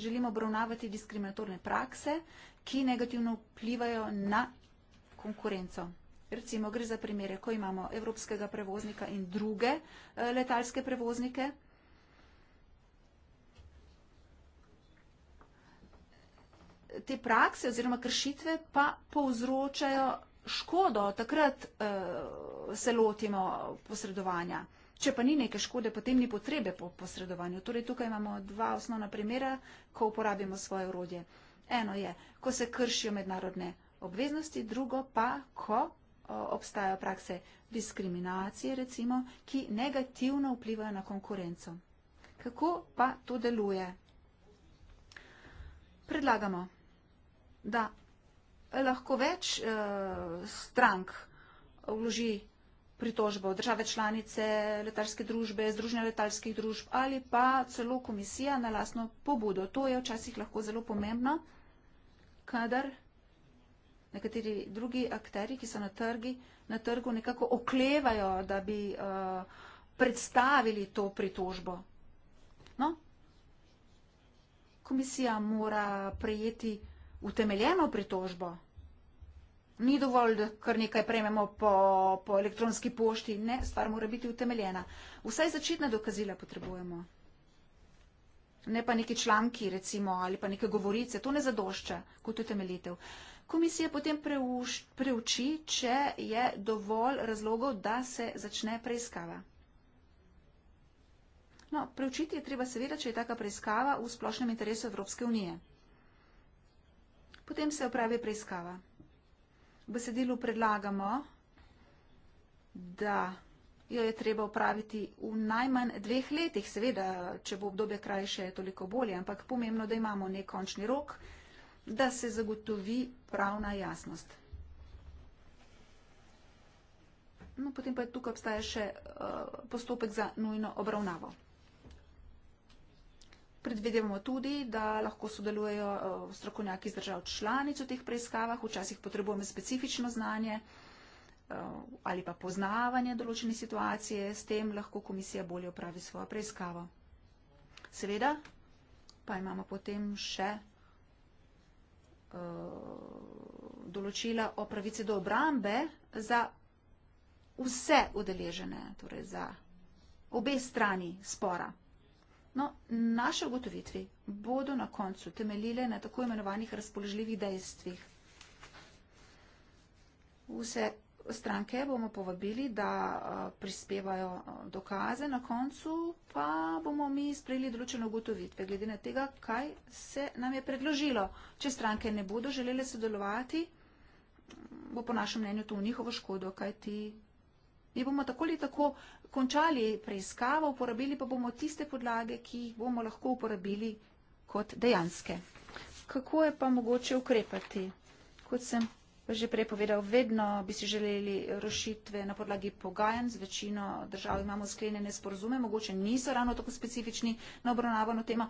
Želimo obravnavati diskriminatorne prakse, ki negativno vplivajo na konkurenco. Recimo gre za primere, ko imamo evropskega prevoznika in druge eh, letalske prevoznike, te prakse oziroma kršitve pa povzročajo škodo, takrat uh, se lotimo posredovanja. Če pa ni neke škode, potem ni potrebe po posredovanju. Torej, tukaj imamo dva osnovna primera, ko uporabimo svoje urodje. Eno je, ko se kršijo mednarodne obveznosti, drugo pa, ko obstajajo prakse diskriminacije, recimo, ki negativno vplivajo na konkurenco. Kako pa to deluje? Predlagamo da lahko več uh, strank vloži pritožbo države članice, letalske družbe, združenja letalskih družb ali pa celo komisija na lasno pobudo. To je včasih lahko zelo pomembno, kadar nekateri drugi akteri, ki so na, trgi, na trgu, nekako oklevajo, da bi uh, predstavili to pritožbo. No? Komisija mora prejeti utemeljeno pritožbo. Ni dovolj, da kar nekaj prejmemo po, po elektronski pošti. Ne, stvar mora biti utemeljena. Vsaj začetna dokazila potrebujemo. Ne pa neki članki, recimo, ali pa neke govorice. To ne zadošča kot utemeljitev. Komisija potem preuš, preuči, če je dovolj razlogov, da se začne preiskava. No, preučiti je treba seveda, če je taka preiskava v splošnem interesu Evropske unije. Potem se opravi preiskava. V besedilu predlagamo, da jo je treba upraviti v najmanj dveh letih. Seveda, če bo obdobje krajše, je toliko bolje, ampak pomembno, da imamo nek končni rok, da se zagotovi pravna jasnost. No, potem pa je tukaj obstaja še uh, postopek za nujno obravnavo. Predvidevamo tudi, da lahko sodelujejo eh, strokovnjaki iz držav članic v teh preiskavah, včasih potrebujemo specifično znanje eh, ali pa poznavanje določene situacije, s tem lahko komisija bolje opravi svojo preiskavo. Seveda pa imamo potem še eh, določila o pravici do obrambe za vse udeležene, torej za obe strani spora. No, naše ugotovitvi bodo na koncu temeljile na tako imenovanih razpoložljivih dejstvih. Vse stranke bomo povabili, da prispevajo dokaze, na koncu pa bomo mi sprejeli določene ugotovitve, glede na tega, kaj se nam je predložilo. Če stranke ne bodo želele sodelovati, bo po našem mnenju to v njihovo škodo, kaj ti Mi bomo tako ali tako končali preiskavo, uporabili pa bomo tiste podlage, ki jih bomo lahko uporabili kot dejanske. Kako je pa mogoče ukrepati? Kot sem že prej povedal, vedno bi si želeli rošitve na podlagi pogajanj, z večino držav imamo sklenjene sporozume, mogoče niso ravno tako specifični na obravnavano temo,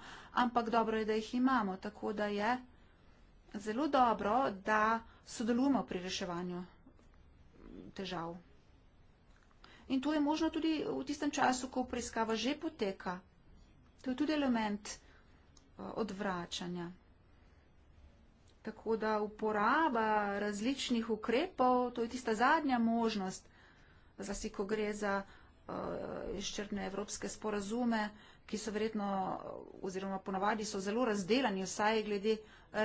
ampak dobro je, da jih imamo, tako da je zelo dobro, da sodelujemo pri reševanju težav. In to je možno tudi v tistem času, ko preiskava že poteka. To je tudi element eh, odvračanja. Tako da uporaba različnih ukrepov, to je tista zadnja možnost, zasi ko gre za Eh, izčrpne evropske sporazume, ki so verjetno oziroma ponavadi so zelo razdelani vsaj glede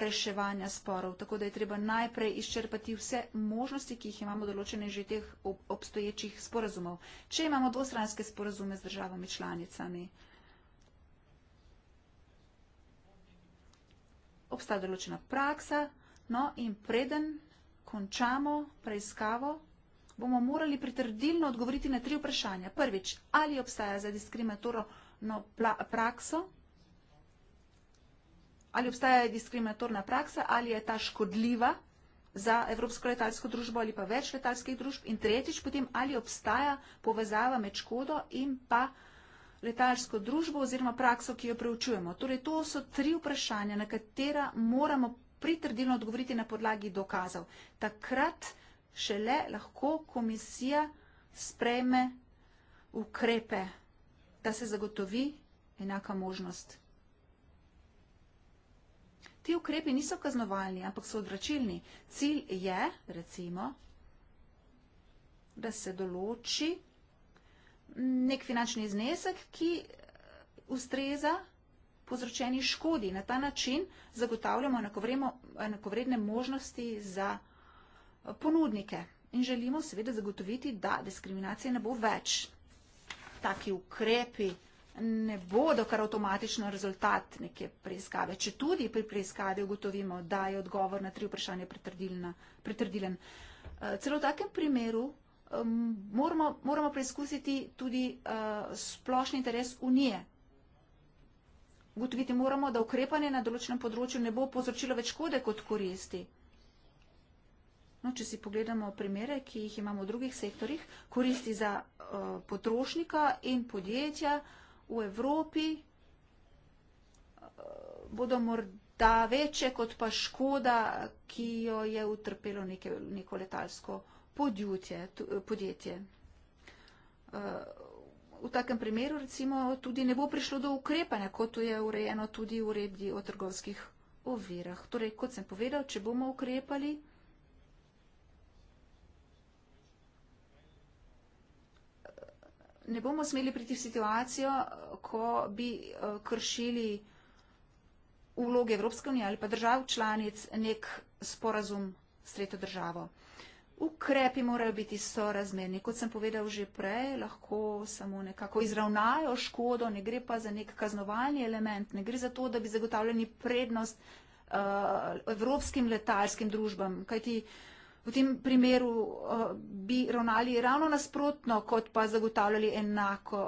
reševanja sporov. Tako da je treba najprej izčrpati vse možnosti, ki jih imamo določene že teh obstoječih sporazumov. Če imamo dvostranske sporazume z državami članicami, obstaja določena praksa, no in preden končamo preiskavo, bomo morali pritrdilno odgovoriti na tri vprašanja. Prvič, ali obstaja za diskriminatorno prakso? Ali obstaja diskriminatorna praksa, ali je ta škodljiva za Evropsko letalsko družbo ali pa več letalskih družb? In tretjič, potem, ali obstaja povezava med škodo in pa letalsko družbo oziroma prakso, ki jo preučujemo. Torej, to so tri vprašanja, na katera moramo pritrdilno odgovoriti na podlagi dokazov. Takrat šele lahko komisija sprejme ukrepe, da se zagotovi enaka možnost. Ti ukrepi niso kaznovalni, ampak so odračilni. Cilj je, recimo, da se določi nek finančni znesek, ki ustreza povzročeni škodi. Na ta način zagotavljamo enakovredne možnosti za vsega ponudnike in želimo seveda zagotoviti, da diskriminacije ne bo več. Taki ukrepi ne bodo kar avtomatično rezultat neke preiskave. Če tudi pri preiskavi ugotovimo, da je odgovor na tri vprašanja pritrdilen. Eh, celo v takem primeru moramo, moramo preizkusiti tudi eh, splošni interes Unije. Ugotoviti moramo, da ukrepanje na določenem področju ne bo povzročilo več škode kot koristi. No, če si pogledamo primere, ki jih imamo v drugih sektorjih, koristi za uh, potrošnika in podjetja v Evropi uh, bodo morda večje kot pa škoda, ki jo je utrpelo neke, neko letalsko podjutje, t, eh, podjetje. Uh, v takem primeru recimo tudi ne bo prišlo do ukrepanja, kot je urejeno tudi v uredbi o trgovskih ovirah. Torej, kot sem povedal, če bomo ukrepali, ne bomo smeli priti v situacijo, ko bi eh, kršili vloge Evropske unije ali pa držav članic nek sporazum s tretjo državo. Ukrepi morajo biti sorazmerni, kot sem povedal že prej, lahko samo nekako izravnajo škodo, ne gre pa za nek kaznovalni element, ne gre za to, da bi zagotavljali prednost uh, evropskim letalskim družbam, kajti uh, v tem primeru eh, bi ravnali ravno nasprotno, kot pa zagotavljali enako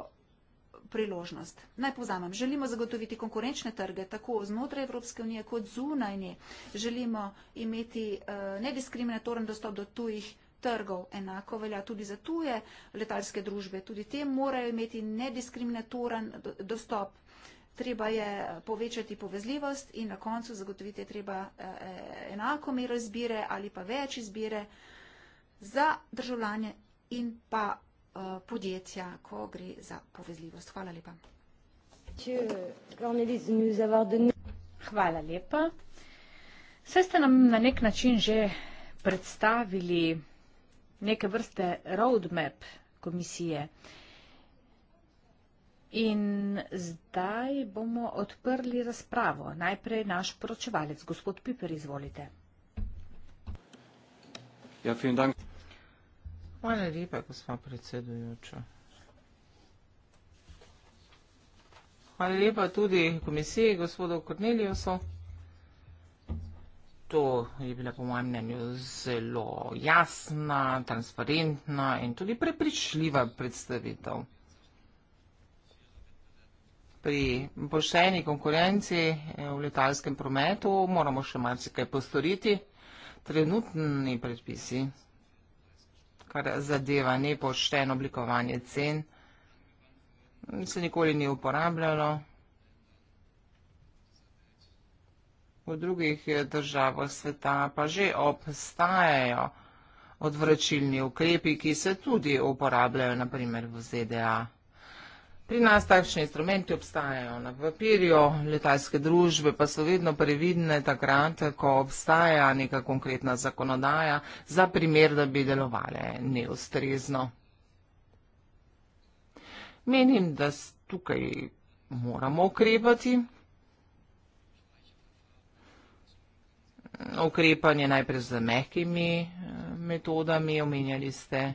priložnost. Naj povzamem, želimo zagotoviti konkurenčne trge tako znotraj Evropske unije kot zunajnje. Želimo imeti eh, nediskriminatoren dostop do tujih trgov. Enako velja tudi za tuje letalske družbe. Tudi te morajo imeti nediskriminatoren dostop treba je eh, povečati povezljivost in na koncu zagotoviti je treba eh, eh, enako mero izbire ali pa več izbire za državljanje in pa podjetja, ko gre za povezljivost. Hvala lepa. Hvala lepa. Saj ste nam na nek način že predstavili neke vrste roadmap komisije. In zdaj bomo odprli razpravo. Najprej naš poročevalec, gospod Piper, izvolite. Ja, dank. Hvala lepa, gospa predsedujoča. Hvala lepa tudi komisiji, gospodu Korneliusu. To je bila po mojem mnenju zelo jasna, transparentna in tudi prepričljiva predstavitev pri pošteni konkurenci eh, v letalskem prometu moramo še marsikaj postoriti. Trenutni predpisi, kar zadeva nepošteno oblikovanje cen, se nikoli ni uporabljalo. V drugih eh, državah sveta pa že obstajajo odvračilni ukrepi, ki se tudi uporabljajo, naprimer v ZDA. Pri nas takšni instrumenti obstajajo na papirju, letalske družbe pa so vedno previdne takrat, ko obstaja neka konkretna zakonodaja za primer, da bi delovale neustrezno. Menim, da tukaj moramo ukrepati. Ukrepanje najprej z mehkimi eh, metodami, omenjali ste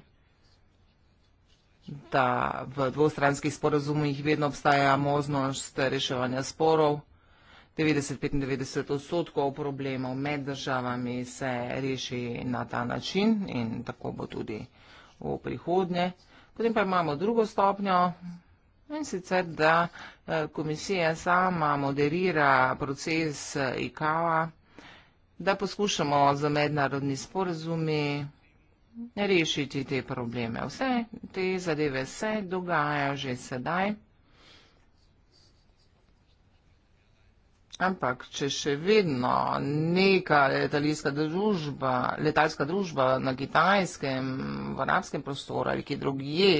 da v dvostranskih sporozumih vedno obstaja možnost reševanja sporov. 90-95 odstotkov problemov med državami se reši na ta način in tako bo tudi v prihodnje. Potem pa imamo drugo stopnjo in sicer, da eh, komisija sama moderira proces eh, IKAVA, da poskušamo za mednarodni sporozumi rešiti te probleme. Vse te zadeve se dogajajo že sedaj. Ampak, če še vedno neka družba, letalska družba na kitajskem, v arabskem prostoru ali kje drugje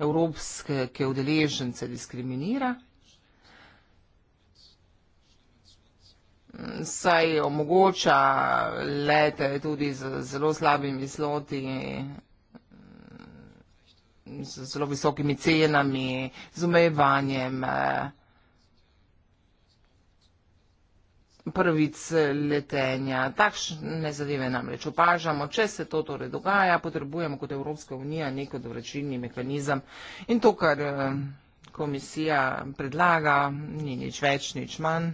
evropske, ki je udeležence diskriminira, saj omogoča lete tudi z zelo slabimi sloti, z zelo visokimi cenami, z umejevanjem eh, prvic letenja. Takšne zadeve namreč opažamo. Če se to torej dogaja, potrebujemo kot Evropska unija neko dovrečilni mehanizem. In to, kar eh, komisija predlaga, ni nič več, nič manj.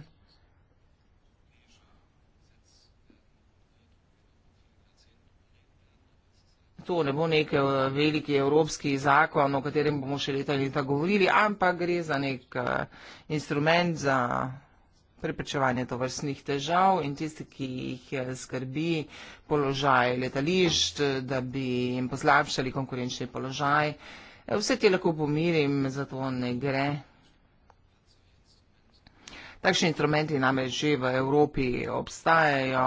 To ne bo nek eh, veliki evropski zakon, o katerem bomo še leta in leta govorili, ampak gre za nek eh, instrument za preprečevanje tovrstnih težav in tisti, ki jih eh, skrbi položaj letališč, da bi jim poslabšali konkurenčni položaj. Vse te lahko pomirim, zato ne gre. Takšni instrumenti namreč že v Evropi obstajajo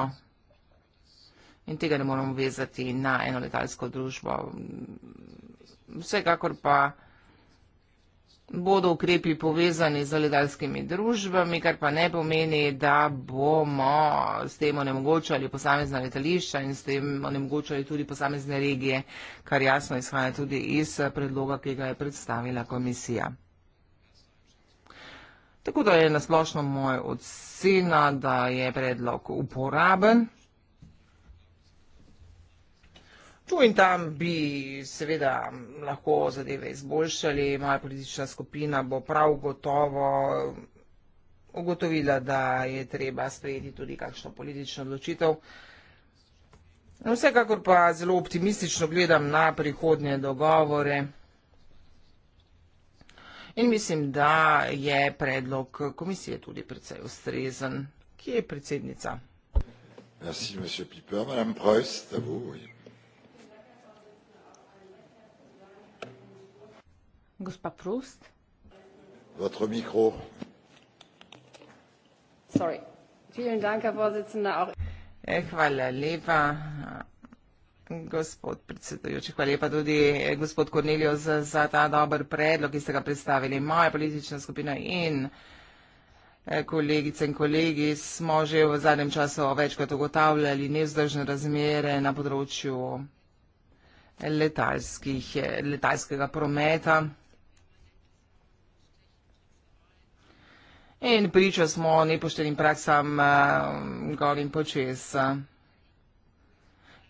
in tega ne moramo vezati na eno letalsko družbo. Vsekakor pa bodo ukrepi povezani z letalskimi družbami, kar pa ne pomeni, da bomo s tem onemogočali posamezna letališča in s tem onemogočali tudi posamezne regije, kar jasno izhaja tudi iz predloga, ki ga je predstavila komisija. Tako da je nasplošno moja ocena, da je predlog uporaben. Tu in tam bi seveda lahko zadeve izboljšali, moja politična skupina bo prav gotovo ugotovila, da je treba sprejeti tudi kakšno politično odločitev. Vsekakor pa zelo optimistično gledam na prihodnje dogovore in mislim, da je predlog komisije tudi predvsej ustrezen. Kje je predsednica? Merci, monsieur Piper. Madame Preuss, à vous. Oui. Gospa Proust. Votre micro. Sorry. Vielen Dank, Herr Vorsitzender. Auch eh, hvala lepa, gospod predsedujoči, hvala lepa tudi eh, gospod Kornelijo za, za ta dober predlog, ki ste ga predstavili. Moja politična skupina in eh, Kolegice in kolegi, smo že v zadnjem času večkrat ugotavljali nevzdržne razmere na področju eh, letalskega prometa. In priča smo nepoštenim praksam eh, gor in počes.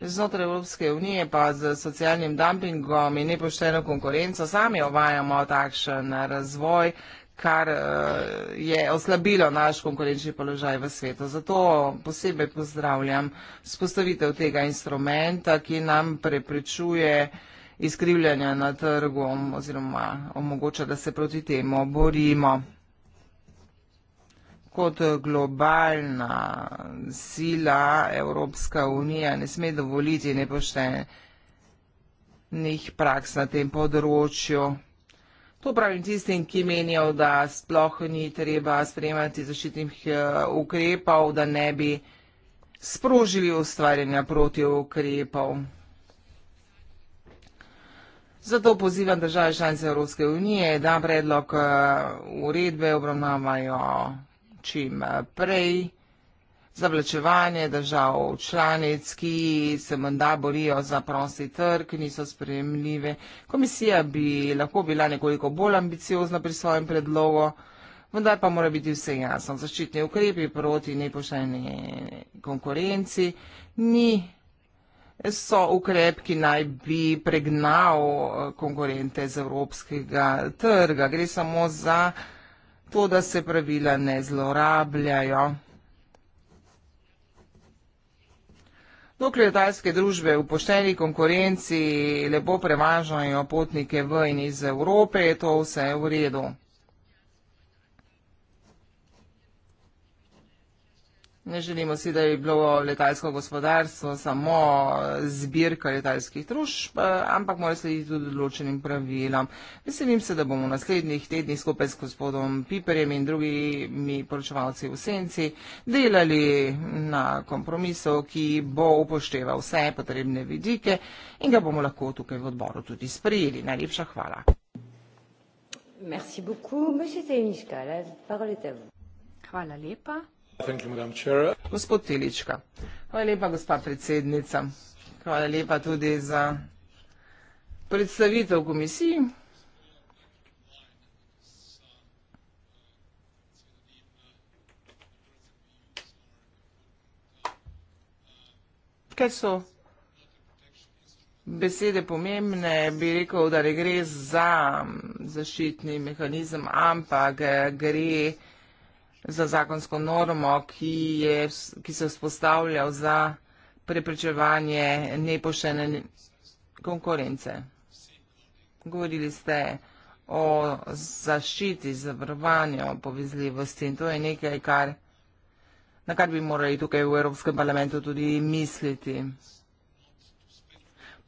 Znotraj Evropske unije pa z socialnim dumpingom in nepošteno konkurenco sami ovajamo takšen razvoj, kar eh, je oslabilo naš konkurenčni položaj v svetu. Zato posebej pozdravljam spostavitev tega instrumenta, ki nam preprečuje izkrivljanje na trgu oziroma omogoča, da se proti temu borimo kot globalna sila Evropska unija ne sme dovoliti nepoštenih praks na tem področju. To pravim tistim, ki menijo, da sploh ni treba sprejemati zaščitnih eh, ukrepov, da ne bi sprožili ustvarjanja proti ukrepov. Zato pozivam države članice Evropske unije, da predlog eh, uredbe obravnavajo čim eh, prej. Zavlačevanje držav članic, ki se menda borijo za prosti trg, niso sprejemljive. Komisija bi lahko bila nekoliko bolj ambiciozna pri svojem predlogu, vendar pa mora biti vse jasno. Zaščitni ukrepi proti nepošteni konkurenci ni, so ukrep, ki naj bi pregnal konkurente z evropskega trga. Gre samo za to, da se pravila ne zlorabljajo. Dokler letalske družbe v pošteni konkurenci lepo prevažajo potnike v in iz Evrope, je to vse v redu. Ne želimo si, da bi bilo letalsko gospodarstvo samo zbirka letalskih družb, ampak mora slediti tudi določenim pravilom. Veselim se, da bomo v naslednjih tednih skupaj s gospodom Piperjem in drugimi poročevalci v Senci delali na kompromisu, ki bo upošteval vse potrebne vidike in ga bomo lahko tukaj v odboru tudi sprejeli. Najlepša hvala. Hvala lepa. Gospod Tilička, hvala lepa, gospa predsednica. Hvala lepa tudi za predstavitev komisiji. Kaj so besede pomembne? Bi rekel, da ne gre za mm, zaščitni mehanizem, ampak eh, gre za za zakonsko normo, ki, je, ki se vzpostavlja za preprečevanje nepošene konkurence. Govorili ste o zaščiti, zavrvanju, povezljivosti in to je nekaj, kar, na kar bi morali tukaj v Evropskem parlamentu tudi misliti.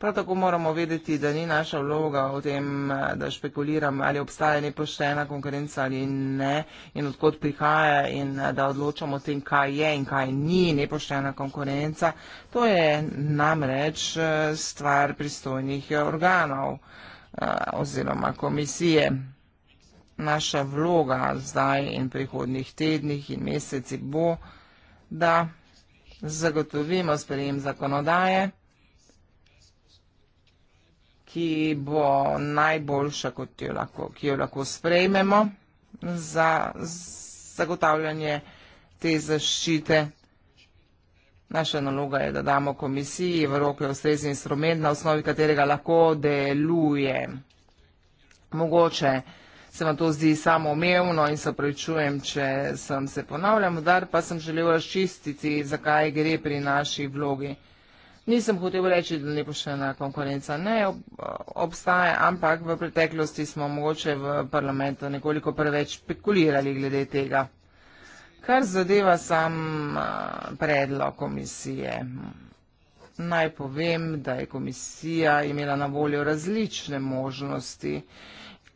Prav tako moramo vedeti, da ni naša vloga o tem, da špekuliram, ali obstaja nepoštena konkurenca ali ne in odkot prihaja in da odločamo o tem, kaj je in kaj ni nepoštena konkurenca. To je namreč stvar pristojnih organov eh, oziroma komisije. Naša vloga zdaj in prihodnih tednih in meseci bo, da zagotovimo sprejem zakonodaje, ki bo najboljša, jo lahko, ki jo lahko sprejmemo za zagotavljanje te zaščite. Naša naloga je, da damo komisiji v roke ustrezni instrument, na osnovi katerega lahko deluje. Mogoče se vam to zdi samoumevno in se prečujem, če sem se ponavljam, vendar pa sem želel razčistiti, zakaj gre pri naši vlogi. Nisem hotel reči, da ne bo še ena konkurenca. Ne ob, obstaja, ampak v preteklosti smo mogoče v parlamentu nekoliko preveč spekulirali glede tega. Kar zadeva sam predlog komisije. Naj povem, da je komisija imela na voljo različne možnosti.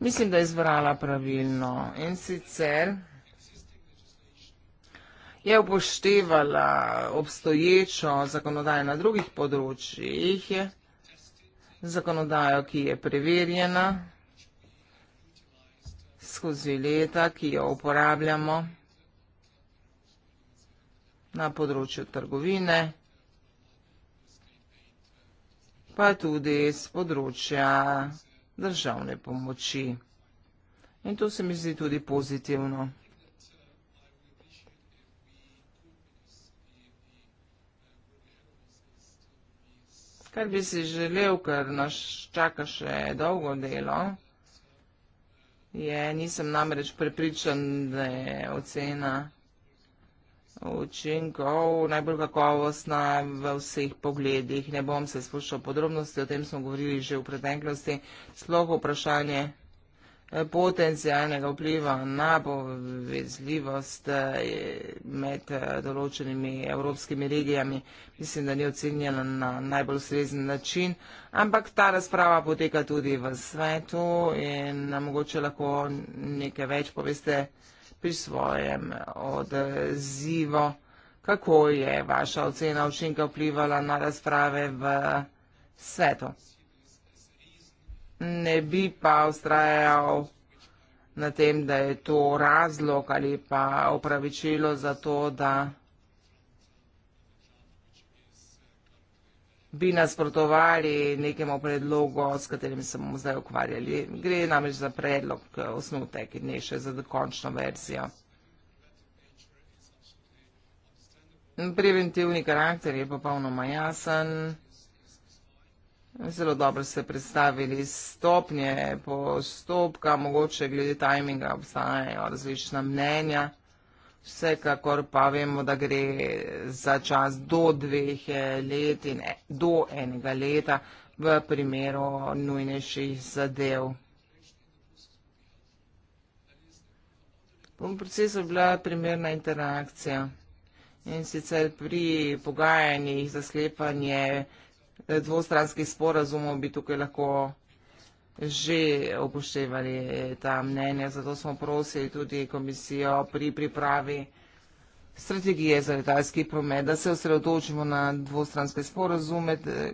Mislim, da je izbrala pravilno. In sicer je upoštevala obstoječo zakonodajo na drugih področjih, zakonodajo, ki je preverjena skozi leta, ki jo uporabljamo na področju trgovine, pa tudi z področja državne pomoči. In to se mi zdi tudi pozitivno. kar bi si želel, ker nas čaka še dolgo delo. Je, nisem namreč prepričan, da je ocena učinkov najbolj kakovostna v vseh pogledih. Ne bom se spuščal podrobnosti, o tem smo govorili že v preteklosti. Sploh vprašanje potencijalnega vpliva na povezljivost eh, med eh, določenimi evropskimi regijami. Mislim, da ni ocenjena na najbolj srezen način, ampak ta razprava poteka tudi v svetu in mogoče lahko nekaj več poveste pri svojem odzivu. Kako je vaša ocena učinka vplivala na razprave v svetu? ne bi pa ustrajal na tem, da je to razlog ali pa opravičilo za to, da bi nasprotovali nekemu predlogu, s katerim se bomo zdaj ukvarjali. Gre namreč za predlog eh, osnutek in ne še za dokončno verzijo. Preventivni karakter je popolnoma jasen. Zelo dobro ste predstavili stopnje postopka, mogoče glede tajminga obstajajo različna mnenja. Vsekakor pa vemo, da gre za čas do dveh let in e, do enega leta v primeru nujnejših zadev. V procesu je bila primerna interakcija in sicer pri pogajanjih za sklepanje Eh, dvostranskih sporazumov bi tukaj lahko že upoštevali eh, ta mnenja. Zato smo prosili tudi komisijo pri pripravi strategije za letalski promet, da se osredotočimo na dvostranske sporazume. Eh,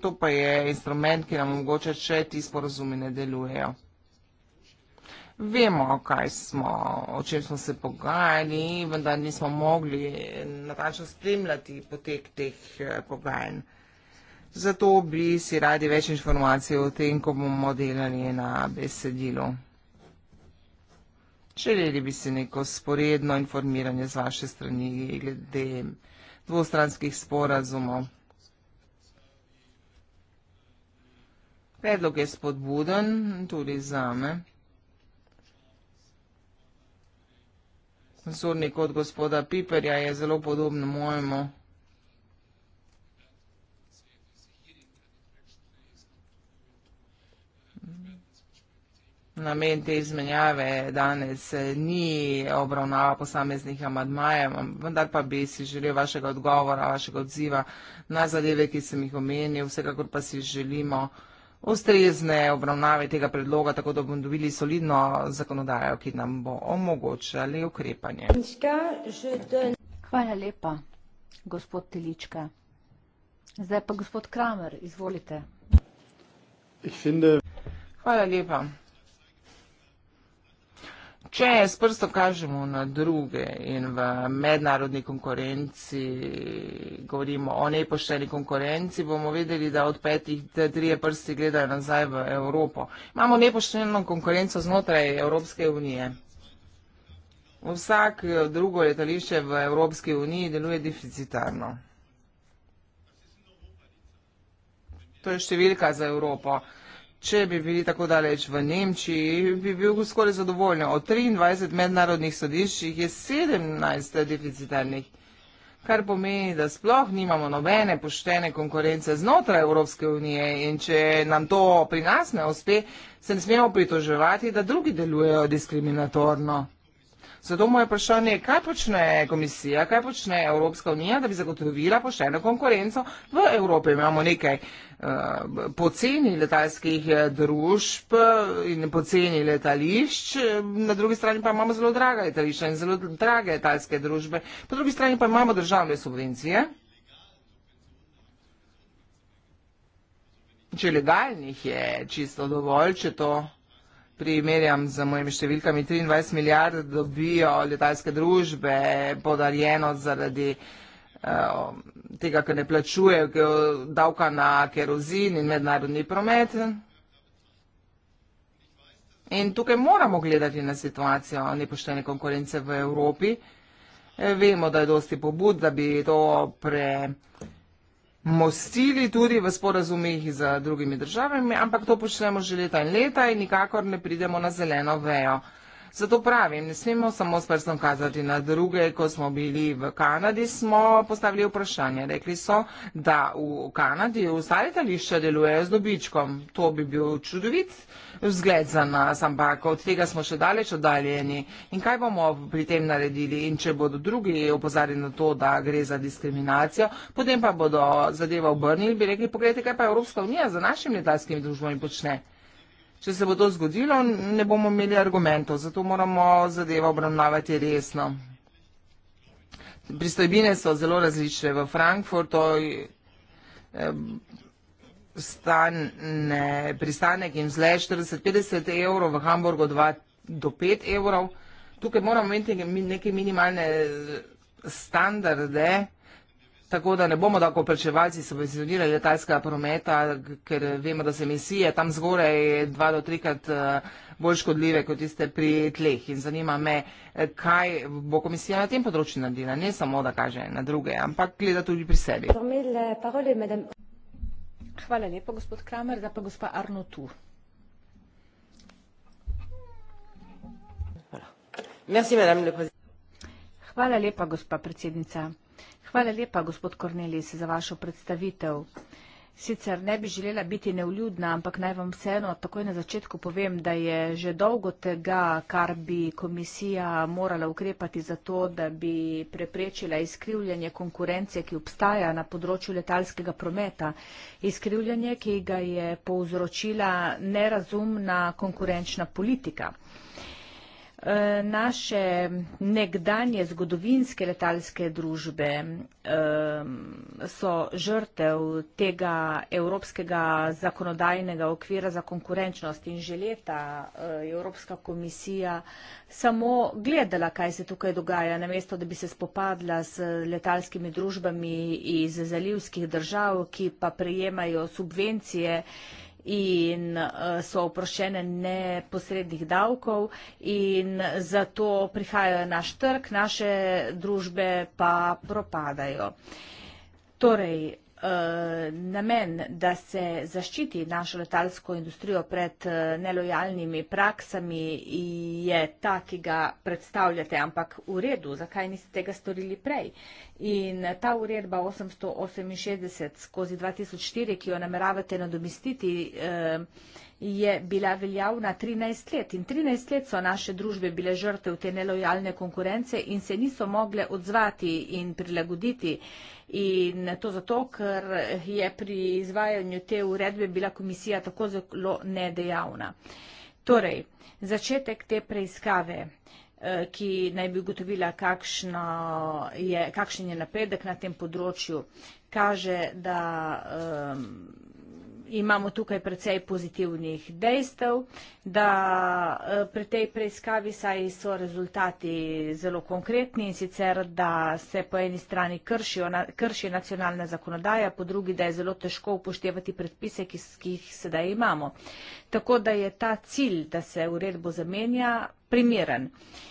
to pa je instrument, ki nam omogoča, če ti sporazumi ne delujejo. Vemo, smo, o čem smo se pogajali, vendar nismo mogli natančno spremljati potek teh pogajanj. Zato bi si radi več informacij o tem, ko bomo delali na besedilu. Želeli bi si neko sporedno informiranje z vaše strani glede dvostranskih sporazumov. Predlog je spodbuden tudi za me. Zornik od gospoda Piperja je zelo podoben mojemu. Namen te izmenjave danes eh, ni obravnava posameznih amadmajev, vendar pa bi si želel vašega odgovora, vašega odziva na zadeve, ki sem jih omenil. Vsekakor pa si želimo ustrezne obravnave tega predloga, tako da bomo dobili solidno zakonodajo, ki nam bo omogočali ukrepanje. Hvala lepa, gospod Telička. Zdaj pa gospod Kramer, izvolite. Hvala lepa. Če s prstom kažemo na druge in v mednarodni konkurenci govorimo o nepošteni konkurenci, bomo vedeli, da od petih trije prsti gledajo nazaj v Evropo. Imamo nepošteno konkurenco znotraj Evropske unije. Vsak drugo letališče v Evropski uniji deluje deficitarno. To je številka za Evropo če bi bili tako daleč v Nemčiji, bi bil skoraj zadovoljen. Od 23 mednarodnih sodiščih je 17 deficitarnih, kar pomeni, da sploh nimamo nobene poštene konkurence znotraj Evropske unije in če nam to pri nas ne uspe, se ne smemo pritoževati, da drugi delujejo diskriminatorno. Zato moje vprašanje je, kaj počne komisija, kaj počne Evropska unija, da bi zagotovila pošteno konkurenco. V Evropi imamo nekaj eh, poceni letalskih eh, družb eh, in poceni letališč, na drugi strani pa imamo zelo draga letališča in zelo drage letalske družbe, po drugi strani pa imamo državne subvencije. Če legalnih je čisto dovolj, če to primerjam z mojimi številkami, 23 milijard dobijo letalske družbe podarjeno zaradi eh, tega, ker ne plačujejo davka na kerozin in mednarodni promet. In tukaj moramo gledati na situacijo nepoštene konkurence v Evropi. Eh, vemo, da je dosti pobud, da bi to preprosti mostili tudi v sporazumih z drugimi državami, ampak to počnemo že leta in leta in nikakor ne pridemo na zeleno vejo. Zato pravim, ne smemo samo s prstom kazati na druge. Ko smo bili v Kanadi, smo postavili vprašanje. Rekli so, da v Kanadi vsa letališča delujejo z dobičkom. To bi bil čudovit vzgled za nas, ampak od tega smo še daleč oddaljeni. In kaj bomo pri tem naredili? In če bodo drugi opozarjali na to, da gre za diskriminacijo, potem pa bodo zadevo obrnili in bi rekli, pogledajte, kaj pa Evropska unija za našimi letalskimi družbami počne. Če se bo to zgodilo, ne bomo imeli argumentov, zato moramo zadevo obravnavati resno. Pristojbine so zelo različne. V Frankfurtu eh, pristanek in zle 40-50 evrov, v Hamburgu 2 do 5 evrov. Tukaj moramo imeti neke minimalne eh, standarde, Tako da ne bomo tako plačevalci subvencionirali letalskega prometa, ker vemo, da se emisije tam zgoraj dva do trikrat eh, bolj škodljive kot tiste pri tleh. In zanima me, eh, kaj bo komisija na tem področju naredila, ne samo da kaže na druge, ampak gleda tudi pri sebi. Hvala lepa, gospod Kramer, da pa gospa Arno tu. Hvala lepa, gospa predsednica. Hvala lepa, gospod Kornelis, za vašo predstavitev. Sicer ne bi želela biti neuljudna, ampak naj vam vseeno takoj na začetku povem, da je že dolgo tega, kar bi komisija morala ukrepati za to, da bi preprečila izkrivljanje konkurence, ki obstaja na področju letalskega prometa. Izkrivljanje, ki ga je povzročila nerazumna konkurenčna politika. E, naše nekdanje zgodovinske letalske družbe e, so žrtev tega evropskega zakonodajnega okvira za konkurenčnost in že leta e, Evropska komisija samo gledala, kaj se tukaj dogaja, namesto da bi se spopadla z letalskimi družbami iz zalivskih držav, ki pa prejemajo subvencije in eh, so oproščene neposrednih davkov in zato prihajajo naš trg, naše družbe pa propadajo. Torej, namen, da se zaščiti našo letalsko industrijo pred eh, nelojalnimi praksami, je ta, ki ga predstavljate, ampak v redu, zakaj niste tega storili prej? In ta uredba 868 skozi 2004, ki jo nameravate nadomestiti, eh, je bila veljavna 13 let in 13 let so naše družbe bile žrtve te nelojalne konkurence in se niso mogle odzvati in prilagoditi. In to zato, ker je pri izvajanju te uredbe bila komisija tako zelo nedejavna. Torej, začetek te preiskave eh, ki naj bi ugotovila, je, kakšen je napredek na tem področju, kaže, da um, imamo tukaj precej pozitivnih dejstev, da eh, pri tej preiskavi saj so rezultati zelo konkretni in sicer, da se po eni strani kršijo, krši nacionalna zakonodaja, po drugi, da je zelo težko upoštevati predpise, ki, ki jih sedaj imamo. Tako da je ta cilj, da se uredbo zamenja, primeren. Uh,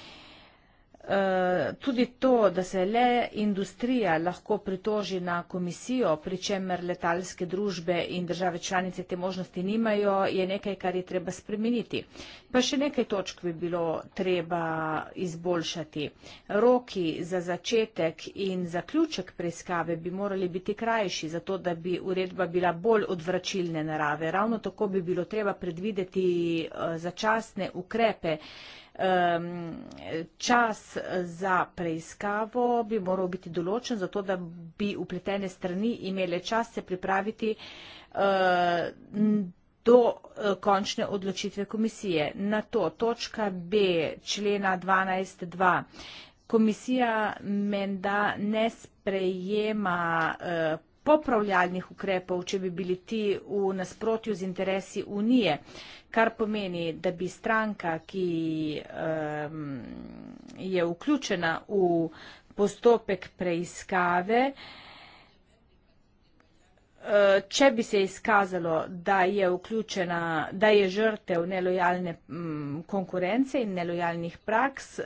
Eh, tudi to, da se le industrija lahko pritoži na komisijo, pri čemer letalske družbe in države članice te možnosti nimajo, je nekaj, kar je treba spremeniti. Pa še nekaj točk bi bilo treba izboljšati. Roki za začetek in zaključek preiskave bi morali biti krajši, zato da bi uredba bila bolj odvračilne narave. Ravno tako bi bilo treba predvideti eh, začasne ukrepe, čas za preiskavo bi moral biti določen, zato da bi upletene strani imele čas se pripraviti eh, do eh, končne odločitve komisije. Na to točka B člena 12.2. Komisija menda ne sprejema eh, popravljalnih ukrepov, če bi bili ti v nasprotju z interesi Unije, kar pomeni, da bi stranka, ki um, je vključena v postopek preiskave, eh, Če bi se izkazalo, da je, vključena, da je žrtev nelojalne mm, konkurence in nelojalnih praks, eh,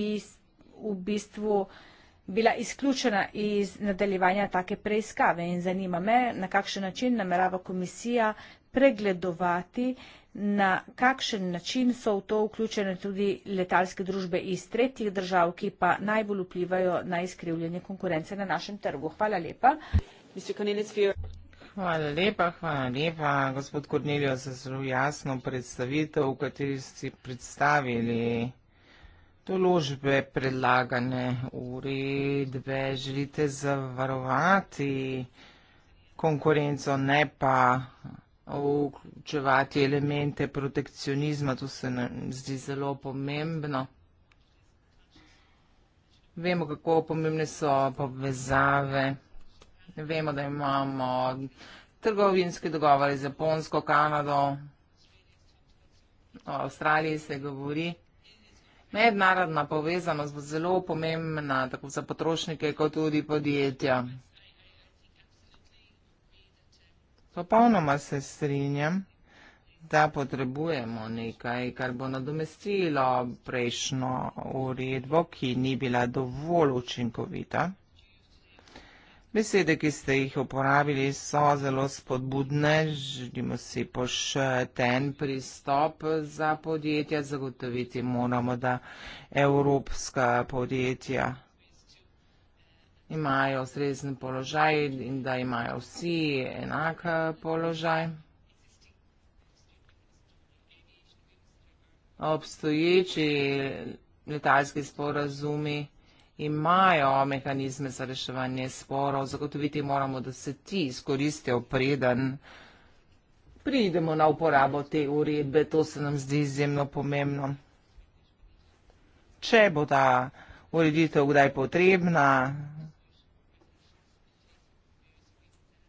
bi v bistvu bila izključena iz nadaljevanja take preiskave in zanima me, na kakšen način namerava komisija pregledovati, na kakšen način so v to vključene tudi letalske družbe iz tretjih držav, ki pa najbolj vplivajo na izkrivljanje konkurence na našem trgu. Hvala lepa. Hvala lepa, hvala lepa, gospod Kornelijo, za zelo jasno predstavitev, v kateri ste predstavili Doložbe predlagane uredbe želite zavarovati konkurenco, ne pa vključevati elemente protekcionizma, to se nam zdi zelo pomembno. Vemo, kako pomembne so povezave, vemo, da imamo trgovinske dogovore z Japonsko, Kanado, o Avstraliji se govori. Mednarodna povezanost bo zelo pomembna, tako za potrošnike, kot tudi podjetja. Popolnoma se strinjam, da potrebujemo nekaj, kar bo nadomestilo prejšnjo uredbo, ki ni bila dovolj učinkovita. Besede, ki ste jih uporabili, so zelo spodbudne. Želimo si pošten pristop za podjetja. Zagotoviti moramo, da evropska podjetja imajo srezen položaj in da imajo vsi enak eh, položaj. Obstoječi letalski sporazumi imajo mehanizme za reševanje sporov, zagotoviti moramo, da se ti izkoristijo preden. Pridemo na uporabo te uredbe, to se nam zdi izjemno pomembno. Če bo ta ureditev kdaj potrebna,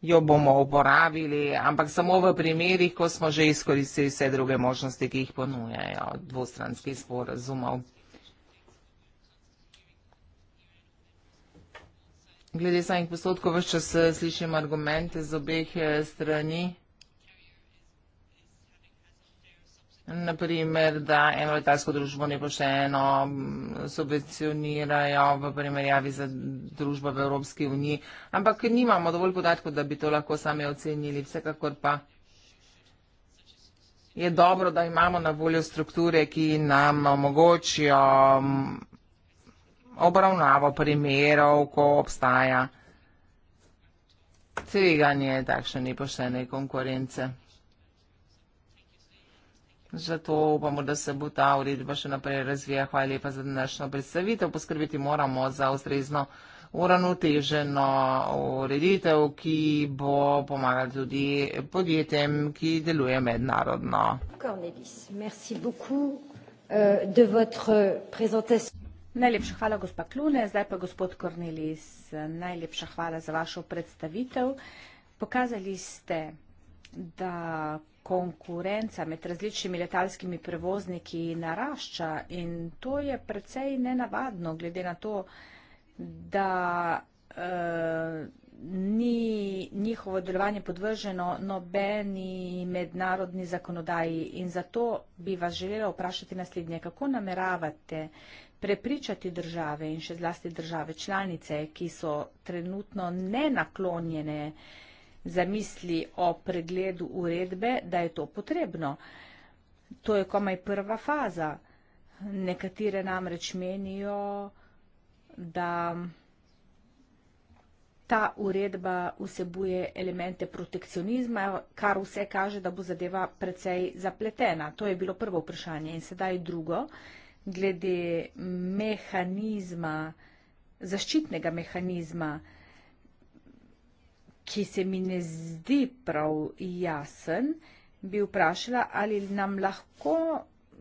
jo bomo uporabili, ampak samo v primerih, ko smo že izkoristili vse druge možnosti, ki jih ponujajo dvostranskih sporazumov. Glede samih postotkov, vse čas eh, slišim argumente z obeh eh, strani. Naprimer, da eno letalsko družbo nepošteno mm, subvencionirajo v primerjavi za družbo v Evropski uniji, ampak nimamo dovolj podatkov, da bi to lahko sami ocenili. Vsekakor pa je dobro, da imamo na voljo strukture, ki nam omogočijo mm, obravnavo primerov, ko obstaja tveganje takšne nepoštene konkurence. Zato upamo, da se bo ta uredba še naprej razvija. Hvala lepa za današnjo predstavitev. Poskrbiti moramo za ustrezno uravnoteženo ureditev, ki bo pomagala tudi podjetjem, ki deluje mednarodno. Cornelis, merci beaucoup euh, de votre présentation. Najlepša hvala, gospa Klune. Zdaj pa gospod Kornelis, najlepša hvala za vašo predstavitev. Pokazali ste, da konkurenca med različnimi letalskimi prevozniki narašča in to je precej nenavadno, glede na to, da e, ni njihovo delovanje podvrženo nobeni mednarodni zakonodaji. In zato bi vas želela vprašati naslednje, kako nameravate prepričati države in še zlasti države članice, ki so trenutno nenaklonjene za misli o pregledu uredbe, da je to potrebno. To je komaj prva faza. Nekatere namreč menijo, da ta uredba vsebuje elemente protekcionizma, kar vse kaže, da bo zadeva precej zapletena. To je bilo prvo vprašanje. In sedaj drugo glede mehanizma, zaščitnega mehanizma, ki se mi ne zdi prav jasen, bi vprašala, ali nam lahko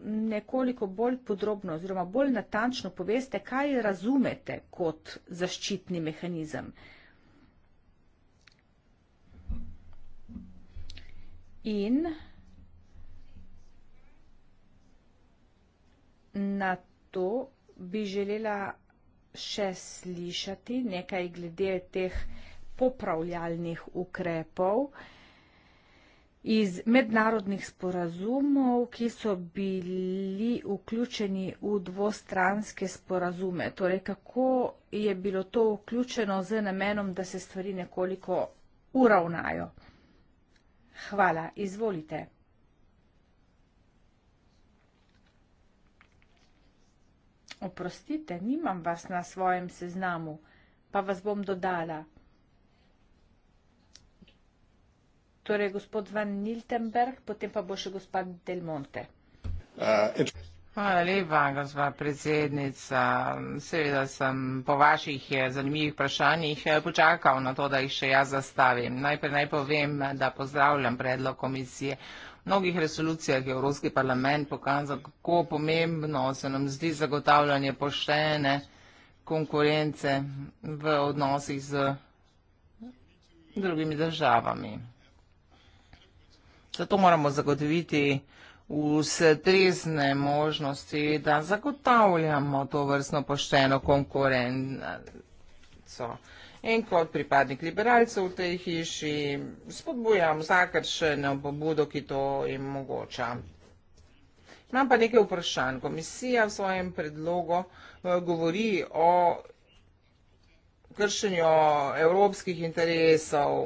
nekoliko bolj podrobno oziroma bolj natančno poveste, kaj razumete kot zaščitni mehanizem. In na to bi želela še slišati nekaj glede teh popravljalnih ukrepov iz mednarodnih sporazumov, ki so bili vključeni v dvostranske sporazume. Torej, kako je bilo to vključeno z namenom, da se stvari nekoliko uravnajo. Hvala, izvolite. Oprostite, nimam vas na svojem seznamu, pa vas bom dodala. Torej, gospod Van Niltenberg, potem pa bo še gospod Del Monte. Hvala lepa, gospa predsednica. Seveda sem po vaših eh, zanimivih vprašanjih eh, počakal na to, da jih še jaz zastavim. Najprej naj povem, da pozdravljam predlog komisije mnogih resolucijah je Evropski parlament pokazal, kako pomembno se nam zdi zagotavljanje poštene konkurence v odnosih z drugimi državami. Zato moramo zagotoviti vse trezne možnosti, da zagotavljamo to vrstno pošteno konkurenco. In kot pripadnik liberalcev v tej hiši spodbujam vsakršen pobudo, ki to jim mogoča. Imam pa nekaj vprašanj. Komisija v svojem predlogu eh, govori o kršenju evropskih interesov.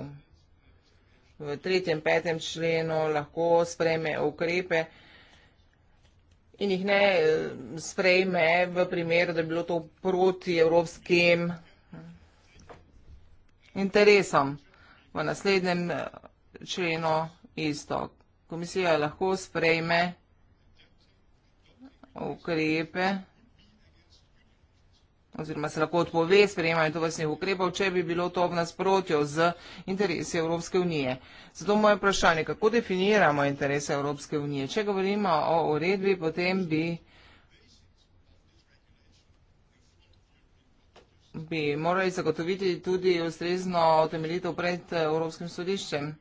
V tretjem, petem členu lahko spreme ukrepe in jih ne eh, sprejme v primeru, da bi bilo to proti evropskim interesom interesom. V naslednjem eh, členu isto. Komisija lahko sprejme ukrepe oziroma se lahko odpove sprejemanje tovrstnih ukrepov, če bi bilo to v nasprotju z interesi Evropske unije. Zato moje vprašanje, kako definiramo interese Evropske unije? Če govorimo o uredbi, potem bi bi morali zagotoviti tudi ustrezno temeljitev pred eh, Evropskim sodiščem.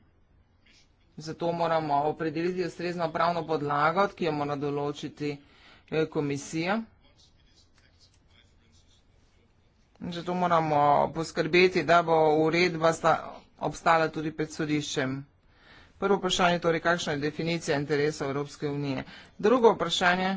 Zato moramo opredeliti ustrezno pravno podlago, ki jo mora določiti eh, komisija. Zato moramo poskrbeti, da bo uredba obstala tudi pred sodiščem. Prvo vprašanje je torej, kakšna je definicija interesa Evropske unije. Drugo vprašanje je,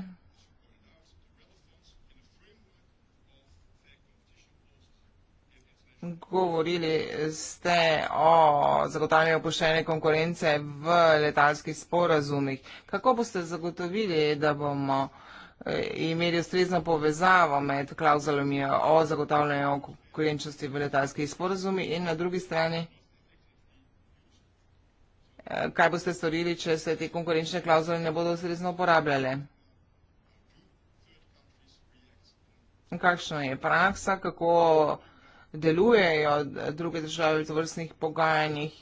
Govorili ste o zagotavljanju pošene konkurence v letalskih sporazumih. Kako boste zagotovili, da bomo eh, imeli ustrezno povezavo med klauzulami o zagotavljanju konkurenčnosti v letalskih sporazumih in na drugi strani? Eh, kaj boste storili, če se te konkurenčne klauzule ne bodo ustrezno uporabljale? Kakšna je praksa, kako delujejo druge države v tovrstnih pogajanjih.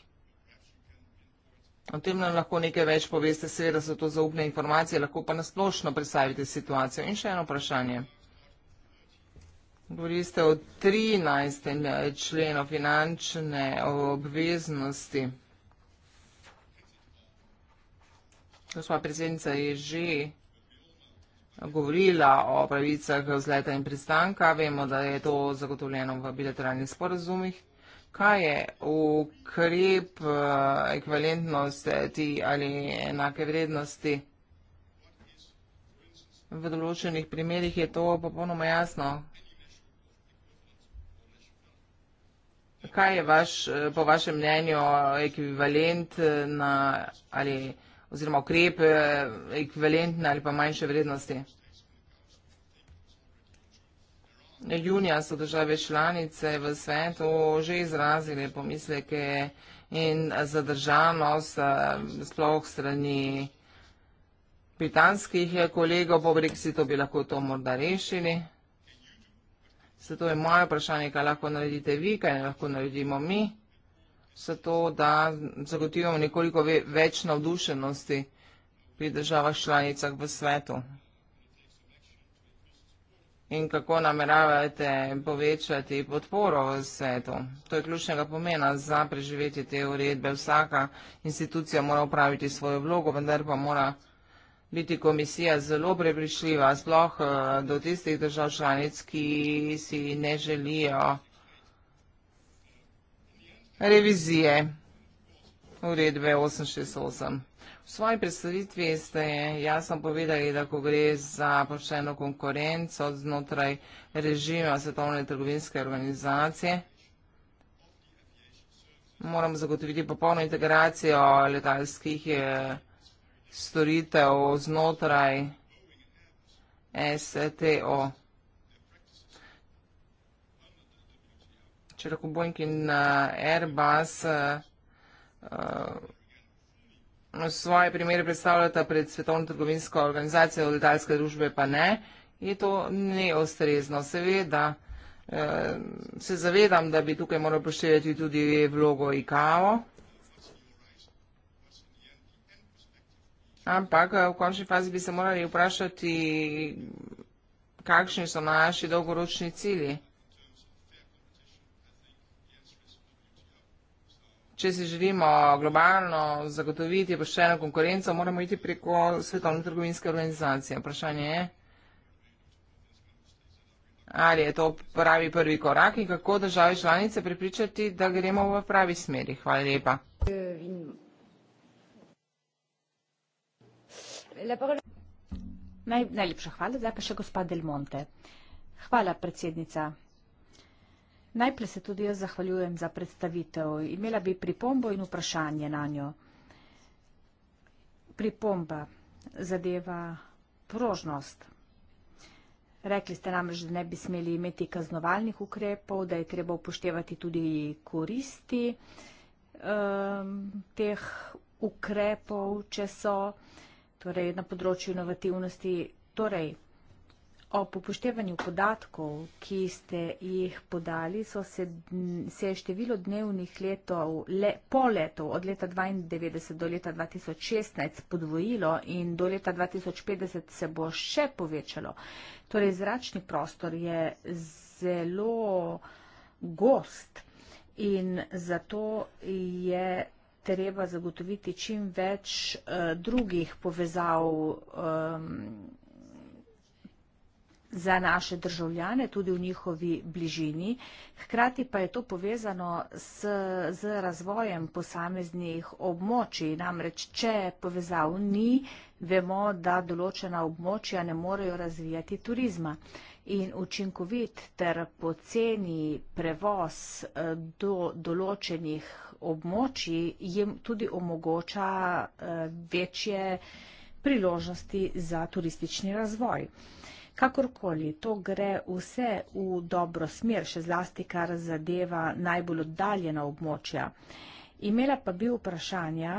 O tem nam lahko nekaj več poveste, seveda so to zaupne informacije, lahko pa nasplošno predstavite situacijo. In še eno vprašanje. Govorite o 13. Eh, členu finančne obveznosti. Gospa predsednica je že govorila o pravicah vzleta in pristanka. Vemo, da je to zagotovljeno v bilateralnih sporazumih. Kaj je ukrep eh, ekvivalentnosti eh, ali enake vrednosti? V določenih primerih je to popolnoma jasno. Kaj je vaš, eh, po vašem mnenju ekvivalent na ali ekvivalent? oziroma ukrep eh, ekvivalentne ali pa manjše vrednosti. Junija so države članice v svetu že izrazile pomisleke in zadržanost eh, sploh strani britanskih eh, kolegov po Brexitu bi lahko to morda rešili. Zato je moje vprašanje, kaj lahko naredite vi, kaj lahko naredimo mi zato da zagotivamo nekoliko več navdušenosti pri državah članicah v svetu. In kako nameravate povečati podporo v svetu? To je ključnega pomena za preživetje te uredbe. Vsaka institucija mora upraviti svojo vlogo, vendar pa mora biti komisija zelo prepričljiva, sploh eh, do tistih držav članic, ki si ne želijo vsega revizije uredbe 868. V svoji predstavitvi ste jasno povedali, da ko gre za pošteno konkurenco znotraj režima Svetovne trgovinske organizacije, moramo zagotoviti popolno integracijo letalskih eh, storitev znotraj STO. če lahko Boeing in eh, Airbus uh, svoje primere predstavljata pred svetovno trgovinsko organizacijo, letalske družbe pa ne, je to neostrezno. Seveda uh, se zavedam, da bi tukaj moral poštevati tudi vlogo IKAO. Ampak v končni fazi bi se morali vprašati, kakšni so naši dolgoročni cilji. če si želimo globalno zagotoviti pošteno konkurenco, moramo iti preko svetovne trgovinske organizacije. Vprašanje je, ali je to pravi prvi korak in kako države članice pripričati, da gremo v pravi smeri. Hvala lepa. Najlepša hvala, zdaj pa še gospod Del Monte. Hvala, predsednica. Najprej se tudi jaz zahvaljujem za predstavitev. Imela bi pripombo in vprašanje na njo. Pripomba zadeva prožnost. Rekli ste namreč, da ne bi smeli imeti kaznovalnih ukrepov, da je treba upoštevati tudi koristi um, teh ukrepov, če so torej, na področju inovativnosti. Torej, Ob upoštevanju podatkov, ki ste jih podali, so se, se je število dnevnih letov le, po letov od leta 1992 do leta 2016 podvojilo in do leta 2050 se bo še povečalo. Torej, zračni prostor je zelo gost in zato je treba zagotoviti čim več uh, drugih povezav. Um, za naše državljane, tudi v njihovi bližini. Hkrati pa je to povezano s, z razvojem posameznih območij. Namreč, če povezav ni, vemo, da določena območja ne morejo razvijati turizma. In učinkovit ter poceni prevoz eh, do določenih območij jim tudi omogoča eh, večje priložnosti za turistični razvoj. Kakorkoli to gre vse v dobro smer, še zlasti kar zadeva najbolj oddaljena območja. Imela pa bi vprašanja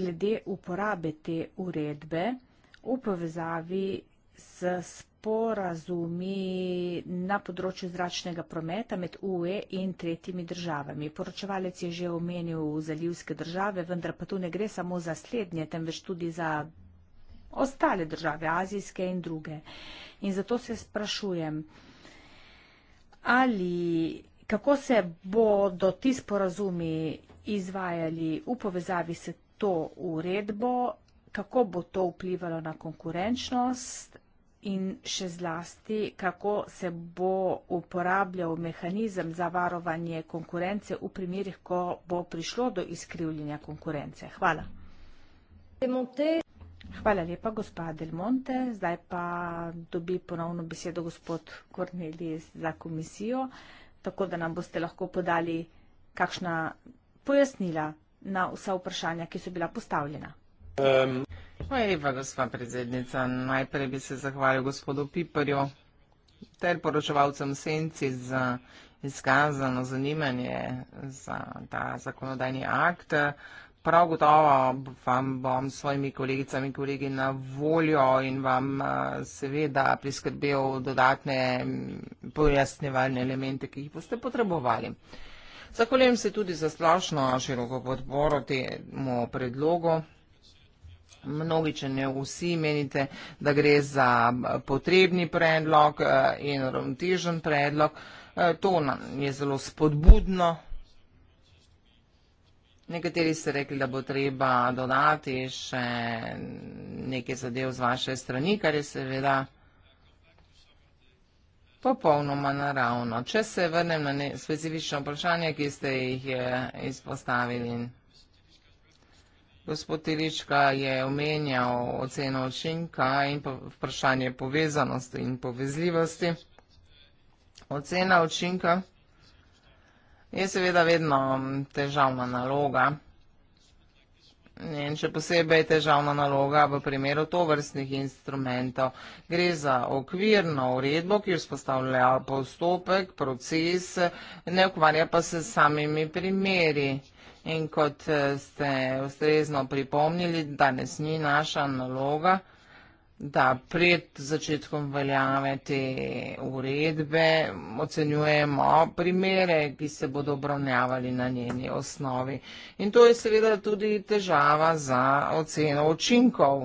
glede uporabe te uredbe v povezavi s sporazumi na področju zračnega prometa med UE in tretjimi državami. Poročevalec je že omenil zalivske države, vendar pa tu ne gre samo za slednje, temveč tudi za ostale države, azijske in druge. In zato se sprašujem, ali kako se bodo ti sporazumi izvajali v povezavi s to uredbo, kako bo to vplivalo na konkurenčnost in še zlasti, kako se bo uporabljal mehanizem za varovanje konkurence v primerih, ko bo prišlo do izkrivljenja konkurence. Hvala. Demonter. Hvala lepa, gospa Del Monte. Zdaj pa dobi ponovno besedo gospod Korneli za komisijo, tako da nam boste lahko podali kakšna pojasnila na vsa vprašanja, ki so bila postavljena. Um. Hvala lepa, gospa predsednica. Najprej bi se zahvalil gospodu Piperju ter poročevalcem Senci za izkazano zanimanje za ta zakonodajni akt. Prav gotovo vam bom s svojimi kolegicami in kolegi na voljo in vam eh, seveda priskrbel dodatne mm, pojasnevalne elemente, ki jih boste potrebovali. Zahvaljujem se tudi za splošno široko podporo temu predlogu. Mnogi, če ne vsi, menite, da gre za eh, potrebni predlog eh, in ravnotežen predlog. To je zelo spodbudno. Nekateri ste rekli, da bo treba dodati še nekaj zadev z vaše strani, kar je seveda popolnoma naravno. Če se vrnem na specifično vprašanje, ki ste jih eh, izpostavili. Gospod Tilička je omenjal oceno učinka in vprašanje povezanosti in povezljivosti. Ocena učinka je seveda vedno mm, težavna naloga. In še posebej težavna naloga v primeru tovrstnih instrumentov. Gre za okvirno uredbo, ki vzpostavlja postopek, proces, ne ukvarja pa se samimi primeri. In kot eh, ste ustrezno pripomnili, danes ni naša naloga da pred začetkom veljave te uredbe ocenjujemo primere, ki se bodo obravnavali na njeni osnovi. In to je seveda tudi težava za oceno učinkov.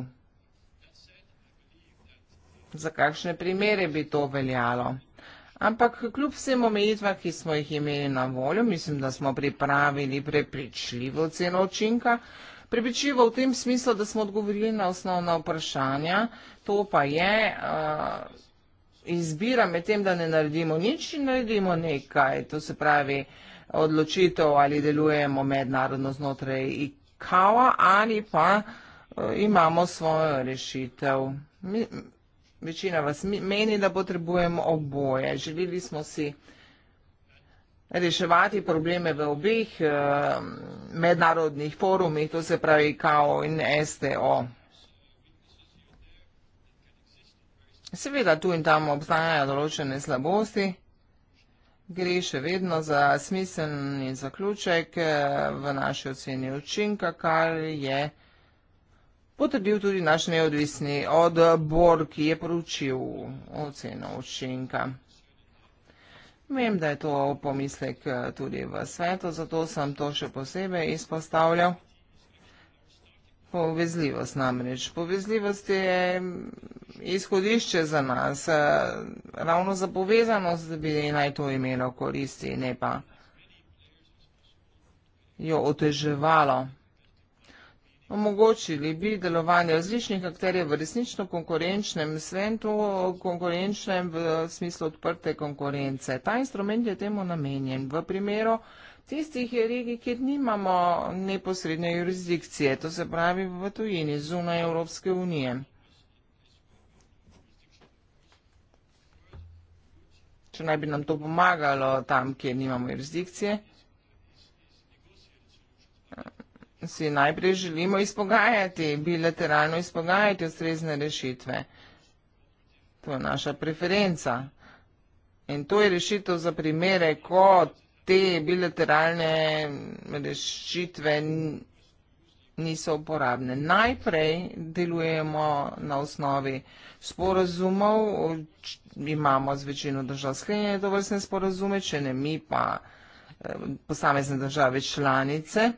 Za kakšne primere bi to veljalo? Ampak kljub vsem omejitvam, ki smo jih imeli na voljo, mislim, da smo pripravili prepričljivo ceno učinka, prepričljivo v tem smislu, da smo odgovorili na osnovna vprašanja. To pa je uh, izbira med tem, da ne naredimo nič in naredimo nekaj. To se pravi odločitev ali delujemo mednarodno znotraj IKAO ali pa uh, imamo svojo rešitev. Mi, večina vas meni, da potrebujemo oboje. Želili smo si reševati probleme v obeh eh, mednarodnih forumih, to se pravi KO in STO. Seveda tu in tam obstajajo določene slabosti, gre še vedno za smiselni zaključek eh, v naši oceni učinka, kar je potrdil tudi naš neodvisni odbor, ki je poručil oceno učinka. Vem, da je to pomislek eh, tudi v svetu, zato sem to še posebej izpostavljal. Povezljivost namreč. Povezljivost je izhodišče za nas, eh, ravno za povezanost, da bi naj to imelo koristi, ne pa jo oteževalo omogočili bi delovanje različnih akterjev v resnično konkurenčnem svetu, konkurenčnem v smislu odprte konkurence. Ta instrument je temu namenjen. V primeru tistih regij, kjer nimamo neposredne jurisdikcije, to se pravi v tujini, zunaj Evropske unije. Če naj bi nam to pomagalo tam, kjer nimamo jurisdikcije. si najprej želimo izpogajati, bilateralno izpogajati ustrezne rešitve. To je naša preferenca. In to je rešitev za primere, ko te bilateralne rešitve niso uporabne. Najprej delujemo na osnovi sporazumov, imamo z večino držav sklenjene dovoljstne sporazume, če ne mi pa eh, posamezne države članice.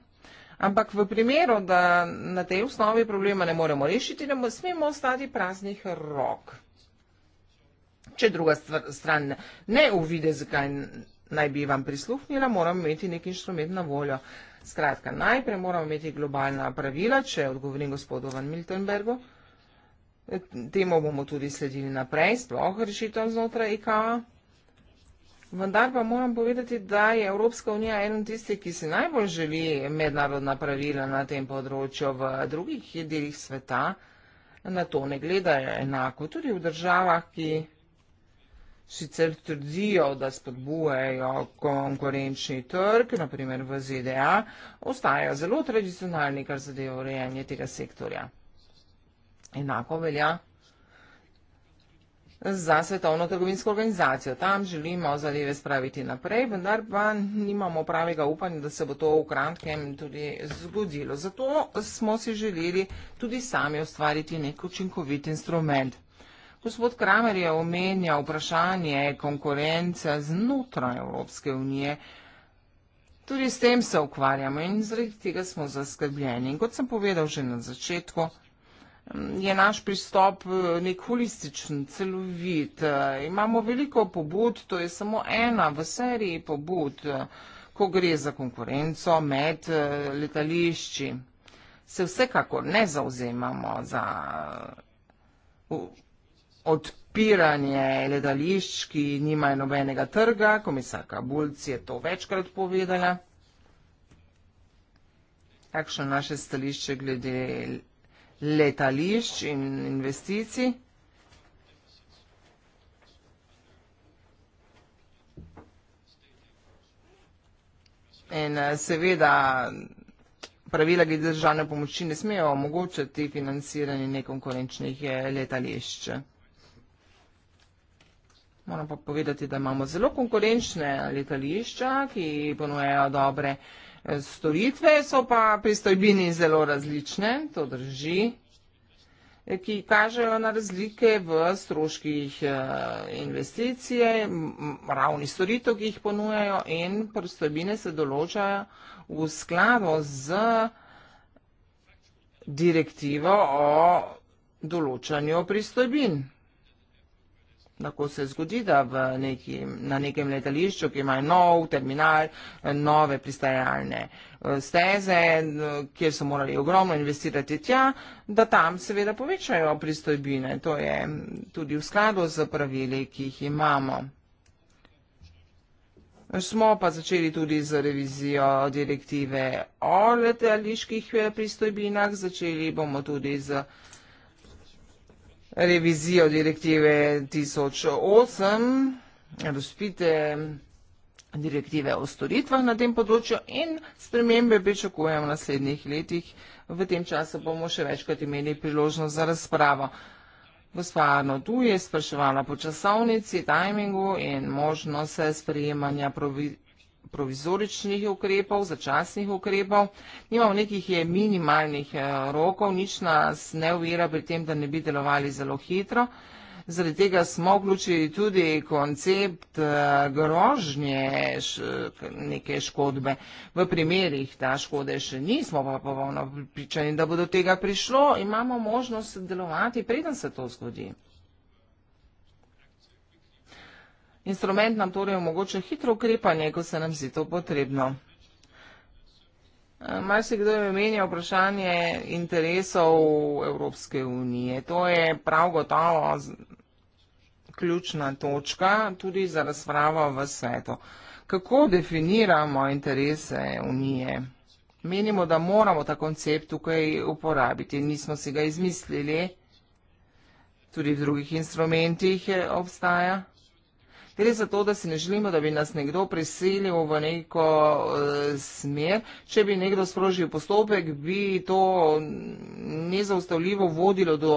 Ampak v primeru, da na tej osnovi problema ne moremo rešiti, ne smemo ostati praznih rok. Če druga stvar, stran ne uvide, zakaj naj bi vam prisluhnila, moram imeti nek inštrument na voljo. Skratka, najprej moramo imeti globalna pravila, če odgovorim gospodu Van Miltenbergu. E, temu bomo tudi sledili naprej, sploh rešitev znotraj IKA. Vendar pa moram povedati, da je Evropska unija eno tisti, ki si najbolj želi mednarodna pravila na tem področju v drugih delih sveta, na to ne gledajo enako. Tudi v državah, ki sicer trdijo, da spodbujajo konkurenčni trg, naprimer v ZDA, ostajajo zelo tradicionalni, kar zadeva urejanje tega sektorja. Enako velja za svetovno trgovinsko organizacijo. Tam želimo zadeve spraviti naprej, vendar pa nimamo pravega upanja, da se bo to v kratkem tudi zgodilo. Zato smo si želeli tudi sami ustvariti nek učinkovit instrument. Gospod Kramer je omenjal vprašanje konkurence znotraj Evropske unije. Tudi s tem se ukvarjamo in zaradi tega smo zaskrbljeni. In kot sem povedal že na začetku, je naš pristop eh, nek holističen, celovit. Eh, imamo veliko pobud, to je samo ena v seriji pobud, eh, ko gre za konkurenco med letališči. Se vsekakor ne zauzemamo za odpiranje letališč, ki nimajo nobenega trga, komisarka Bulc je to večkrat povedala. Kakšno naše stališče glede letališč in investicij. In eh, seveda pravila glede državne pomoči ne smejo omogočati financiranje nekonkurenčnih eh, letališč. Moram pa povedati, da imamo zelo konkurenčne letališča, ki ponujejo dobre letališče storitve, so pa pristojbini zelo različne, to drži, eh, ki kažejo na razlike v stroških eh, investicije, ravni storitev, ki jih ponujajo in pristojbine se določajo v skladu z direktivo o določanju pristojbin. Lahko se zgodi, da neki, na nekem letališču, ki ima nov terminal, nove pristajalne eh, steze, eh, kjer so morali ogromno investirati tja, da tam seveda povečajo pristojbine. To je mm, tudi v skladu z pravili, ki jih imamo. Smo pa začeli tudi z revizijo direktive o letaliških eh, pristojbinah. Začeli bomo tudi z revizijo direktive 1008, razpite direktive o storitvah na tem področju in spremembe pričakujem v naslednjih letih. V tem času bomo še večkrat imeli priložnost za razpravo. Gospa Arno tu je spraševala po časovnici, tajmingu in možnost sprejemanja provizij provizoričnih ukrepov, začasnih ukrepov. Nimamo nekih minimalnih eh, rokov, nič nas ne uvira pri tem, da ne bi delovali zelo hitro. Zaradi tega smo vključili tudi koncept eh, grožnje neke škodbe. V primerih ta škode še nismo pa popolno pričani, da bo do tega prišlo, imamo možnost delovati, preden se to zgodi. Instrument nam torej omogoča hitro ukrepanje, ko se nam zdi to potrebno. Eh, Mar se kdo je menja vprašanje interesov Evropske unije. To je prav gotovo ključna točka tudi za razpravo v svetu. Kako definiramo interese unije? Menimo, da moramo ta koncept tukaj uporabiti. Nismo si ga izmislili. Tudi v drugih instrumentih eh, obstaja. Gre za to, da si ne želimo, da bi nas nekdo prisilil v neko e, smer. Če bi nekdo sprožil postopek, bi to nezaustavljivo vodilo do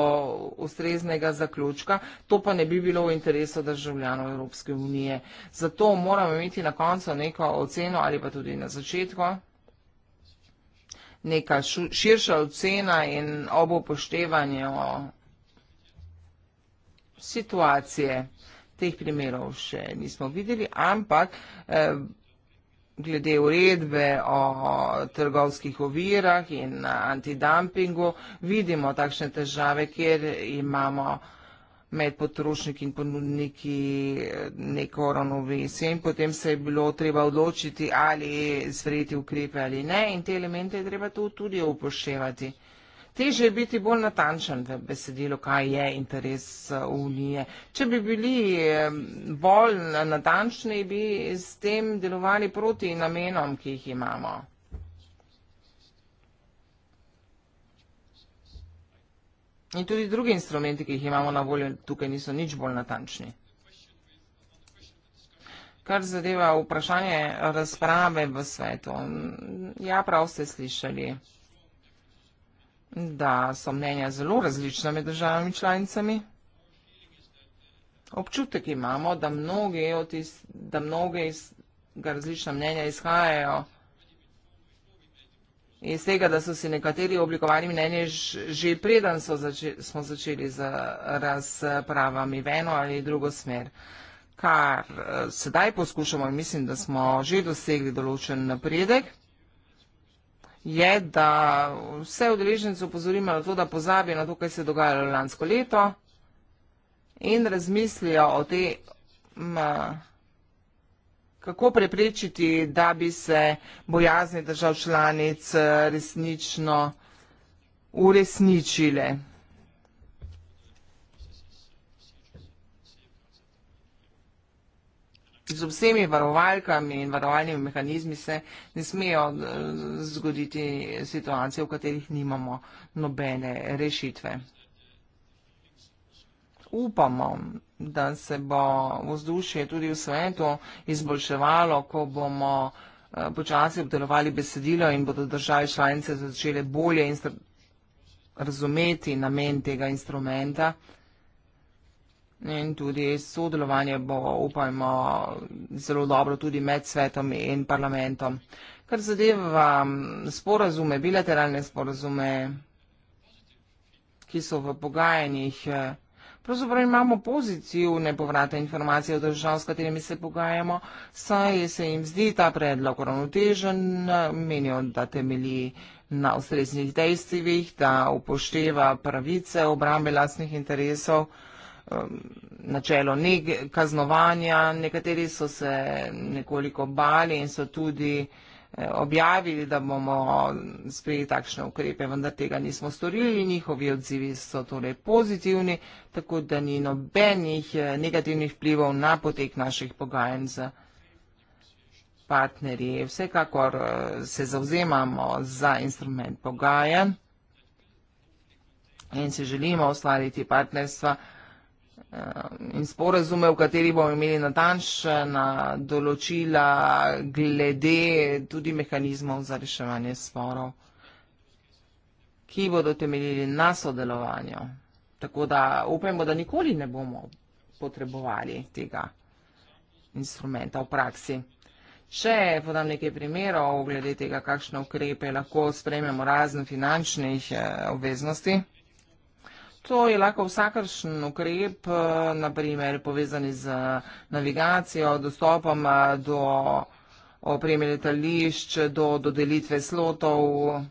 ustreznega zaključka. To pa ne bi bilo v interesu državljanov Evropske unije. Zato moramo imeti na koncu neko oceno ali pa tudi na začetku neka širša ocena in ob upoštevanju situacije teh primerov še nismo videli, ampak eh, glede uredbe o trgovskih ovirah in antidumpingu vidimo takšne težave, kjer imamo med potrošniki in ponudniki eh, neko ravnovesje in potem se je bilo treba odločiti ali sprejeti ukrepe ali ne in te elemente je treba tu tudi upoštevati. Težje je biti bolj natančen v besedilu, kaj je interes eh, Unije. Če bi bili bolj natančni, bi s tem delovali proti namenom, ki jih imamo. In tudi drugi instrumenti, ki jih imamo na voljo, tukaj niso nič bolj natančni. Kar zadeva vprašanje eh, razprave v svetu. Ja, prav ste slišali da so mnenja zelo različna med državami članicami. Občutek imamo, da mnoge, iz, da mnoge iz, da različna mnenja izhajajo iz tega, da so si nekateri oblikovali mnenje že preden zači, smo začeli z razpravami v eno ali drugo smer. Kar eh, sedaj poskušamo in mislim, da smo že dosegli določen napredek je, da vse odeležence upozorimo na to, da pozabijo na to, kaj se je dogajalo lansko leto in razmislijo o te, kako preprečiti, da bi se bojazni držav članic eh, resnično uresničile. z vsemi varovalkami in varovalnimi mehanizmi se ne smejo eh, zgoditi situacije, v katerih nimamo nobene rešitve. Upamo, da se bo vzdušje tudi v svetu izboljševalo, ko bomo eh, počasi obdelovali besedilo in bodo države članice začele bolje razumeti namen tega instrumenta. In tudi sodelovanje bo, upajmo, zelo dobro tudi med svetom in parlamentom. Kar zadeva sporazume, bilateralne sporazume, ki so v pogajanjih, eh, pravzaprav imamo pozitivne povrate informacije od držav, s katerimi se pogajamo, saj se jim zdi ta predlog ravnotežen, menijo, da temelji na ustreznih dejstvih, da upošteva pravice obrambe lastnih interesov. Um, načelo neg, kaznovanja. Nekateri so se nekoliko bali in so tudi eh, objavili, da bomo sprejeli takšne ukrepe, vendar tega nismo storili. Njihovi odzivi so torej pozitivni, tako da ni nobenih eh, negativnih vplivov na potek naših pogajanj z partnerji. Vsekakor eh, se zavzemamo za instrument pogajanj in se želimo ustvariti partnerstva. Ehm, in sporezume, v kateri bomo imeli natančna določila glede tudi mehanizmov za reševanje sporov, ki bodo temeljili na sodelovanju. Tako da upajmo, da nikoli ne bomo potrebovali tega instrumenta v praksi. Še podam nekaj primerov glede tega, kakšne ukrepe lahko sprejmemo razen finančnih eh, obveznosti. Eh, to je lahko vsakršen ukrep, eh, naprimer povezani z navigacijo, dostopom eh, do opreme letališč, do dodelitve slotov,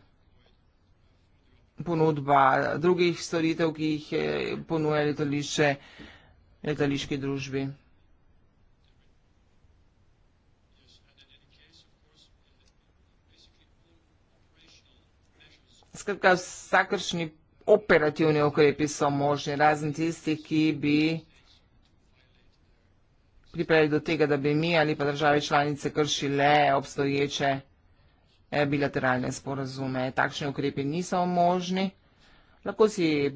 ponudba drugih storitev, ki jih eh, ponuja letališče letališki družbi. Skratka, vsakršni operativni okrepi so možni, razen tisti, ki bi pripeljali do tega, da bi mi ali pa države članice kršile obstoječe eh, bilateralne sporazume. Takšni okrepi niso možni. Lahko si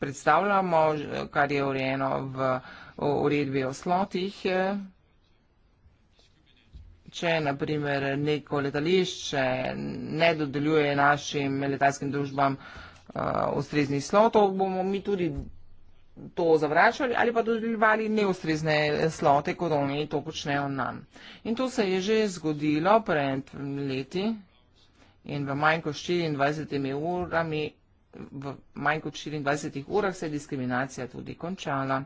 predstavljamo, kar je urejeno v uredbi o slotih. Eh. Če naprimer neko letališče ne dodeljuje našim letalskim družbam vsega, Eh, ustreznih slotov, bomo mi tudi to zavračali ali pa dodeljevali neustrezne slote, kot oni to počnejo nam. In to se je že zgodilo pred leti in v manj kot 24 urami, v manj kot 24 urah se je diskriminacija tudi končala.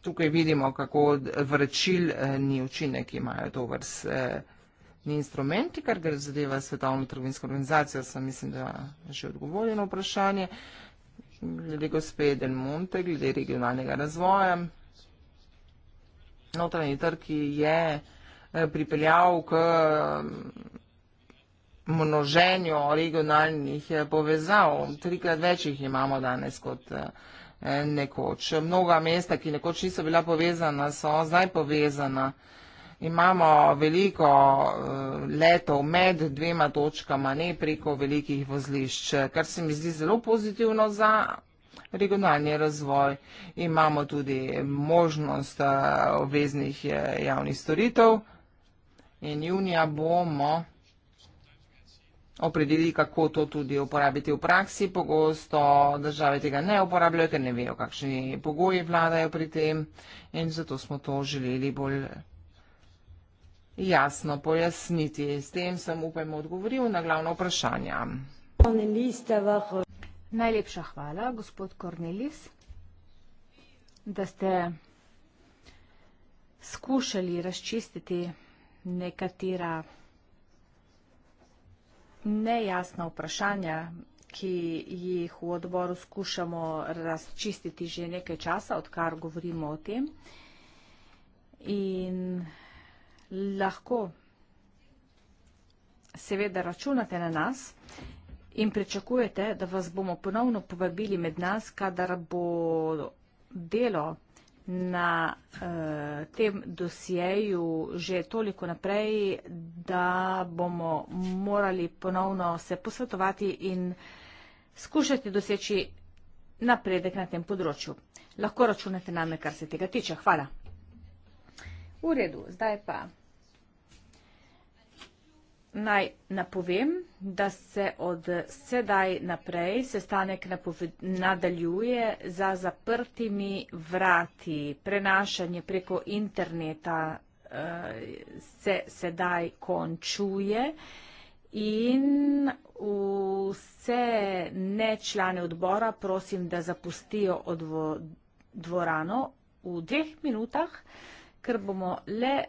Tukaj vidimo, kako vrčil eh, ni učinek, ki imajo to vrst eh, ni instrumenti, kar gre zadeva svetovno trgovinsko organizacijo, sem mislim, da že odgovorjeno vprašanje, glede gospe Del Monte, glede regionalnega razvoja. Notranji trg je eh, pripeljal k mm, množenju regionalnih eh, povezav. Trikrat večjih imamo danes kot eh, nekoč. Mnoga mesta, ki nekoč niso bila povezana, so zdaj povezana imamo veliko eh, letov med dvema točkama, ne preko velikih vozlišč, kar se mi zdi zelo pozitivno za regionalni razvoj. Imamo tudi možnost eh, obveznih eh, javnih storitev in junija bomo opredeli, kako to tudi uporabiti v praksi. Pogosto države tega ne uporabljajo, ker ne vejo, kakšni pogoji vladajo pri tem in zato smo to želeli bolj jasno pojasniti. S tem sem upajmo odgovoril na glavno vprašanje. Najlepša hvala, gospod Kornelis, da ste skušali razčistiti nekatera nejasna vprašanja, ki jih v odboru skušamo razčistiti že nekaj časa, odkar govorimo o tem. In lahko seveda računate na nas in pričakujete, da vas bomo ponovno povabili med nas, kadar bo delo na uh, tem dosjeju že toliko naprej, da bomo morali ponovno se posvetovati in skušati doseči napredek na tem področju. Lahko računate name, kar se tega tiče. Hvala. V redu, zdaj pa naj napovem, da se od sedaj naprej sestanek nadaljuje za zaprtimi vrati. Prenašanje preko interneta eh, se sedaj končuje in vse nečlane odbora prosim, da zapustijo dvorano v dveh minutah ker bomo le